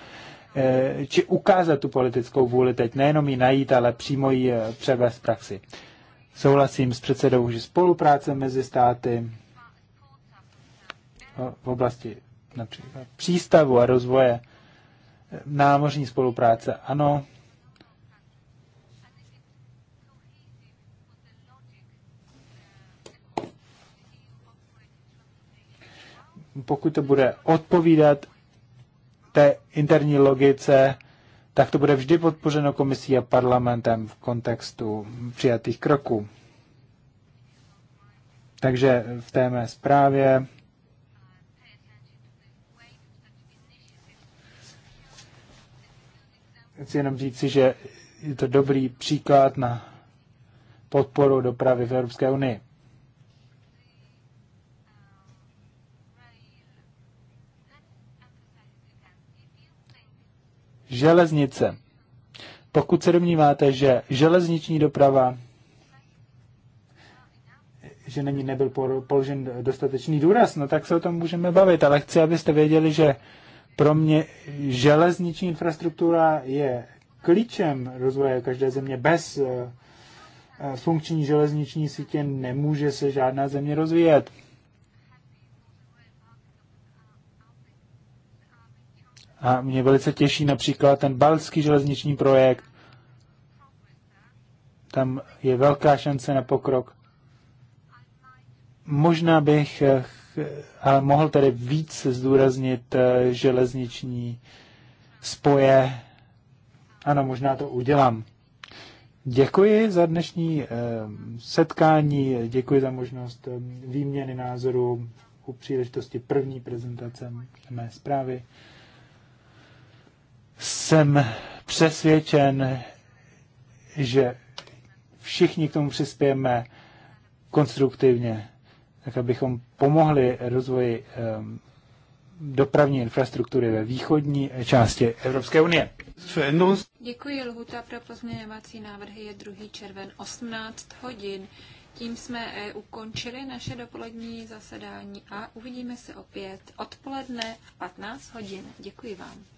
eh, či ukázat tu politickou vůli teď, nejenom ji najít, ale přímo ji eh, převést praxi. Souhlasím s předsedou, že spolupráce mezi státy v oblasti například přístavu a rozvoje námořní spolupráce, ano, pokud to bude odpovídat té interní logice, tak to bude vždy podpořeno komisí a parlamentem v kontextu přijatých kroků. Takže v té mé zprávě chci jenom říct, že je to dobrý příklad na podporu dopravy v Evropské unii. Železnice. Pokud se domníváte, že železniční doprava, že není nebyl položen dostatečný důraz, no tak se o tom můžeme bavit, ale chci, abyste věděli, že pro mě železniční infrastruktura je klíčem rozvoje každé země. Bez eh, eh, funkční železniční sítě nemůže se žádná země rozvíjet. A mě velice těší například ten balský železniční projekt. Tam je velká šance na pokrok. Možná bych eh, ale mohl tedy víc zdůraznit eh, železniční spoje. Ano, možná to udělám. Děkuji za dnešní eh, setkání, děkuji za možnost výměny názorů u příležitosti první prezentace mé zprávy. Jsem přesvědčen, že všichni k tomu přispějeme konstruktivně, tak abychom pomohli rozvoji ehm, dopravní infrastruktury ve východní části Evropské unie. Děkuji. Lhuta pro pozměňovací návrhy je 2. červen 18 hodin. Tím jsme eh, ukončili naše dopolední zasedání a uvidíme se opět odpoledne v 15 hodin. Děkuji vám.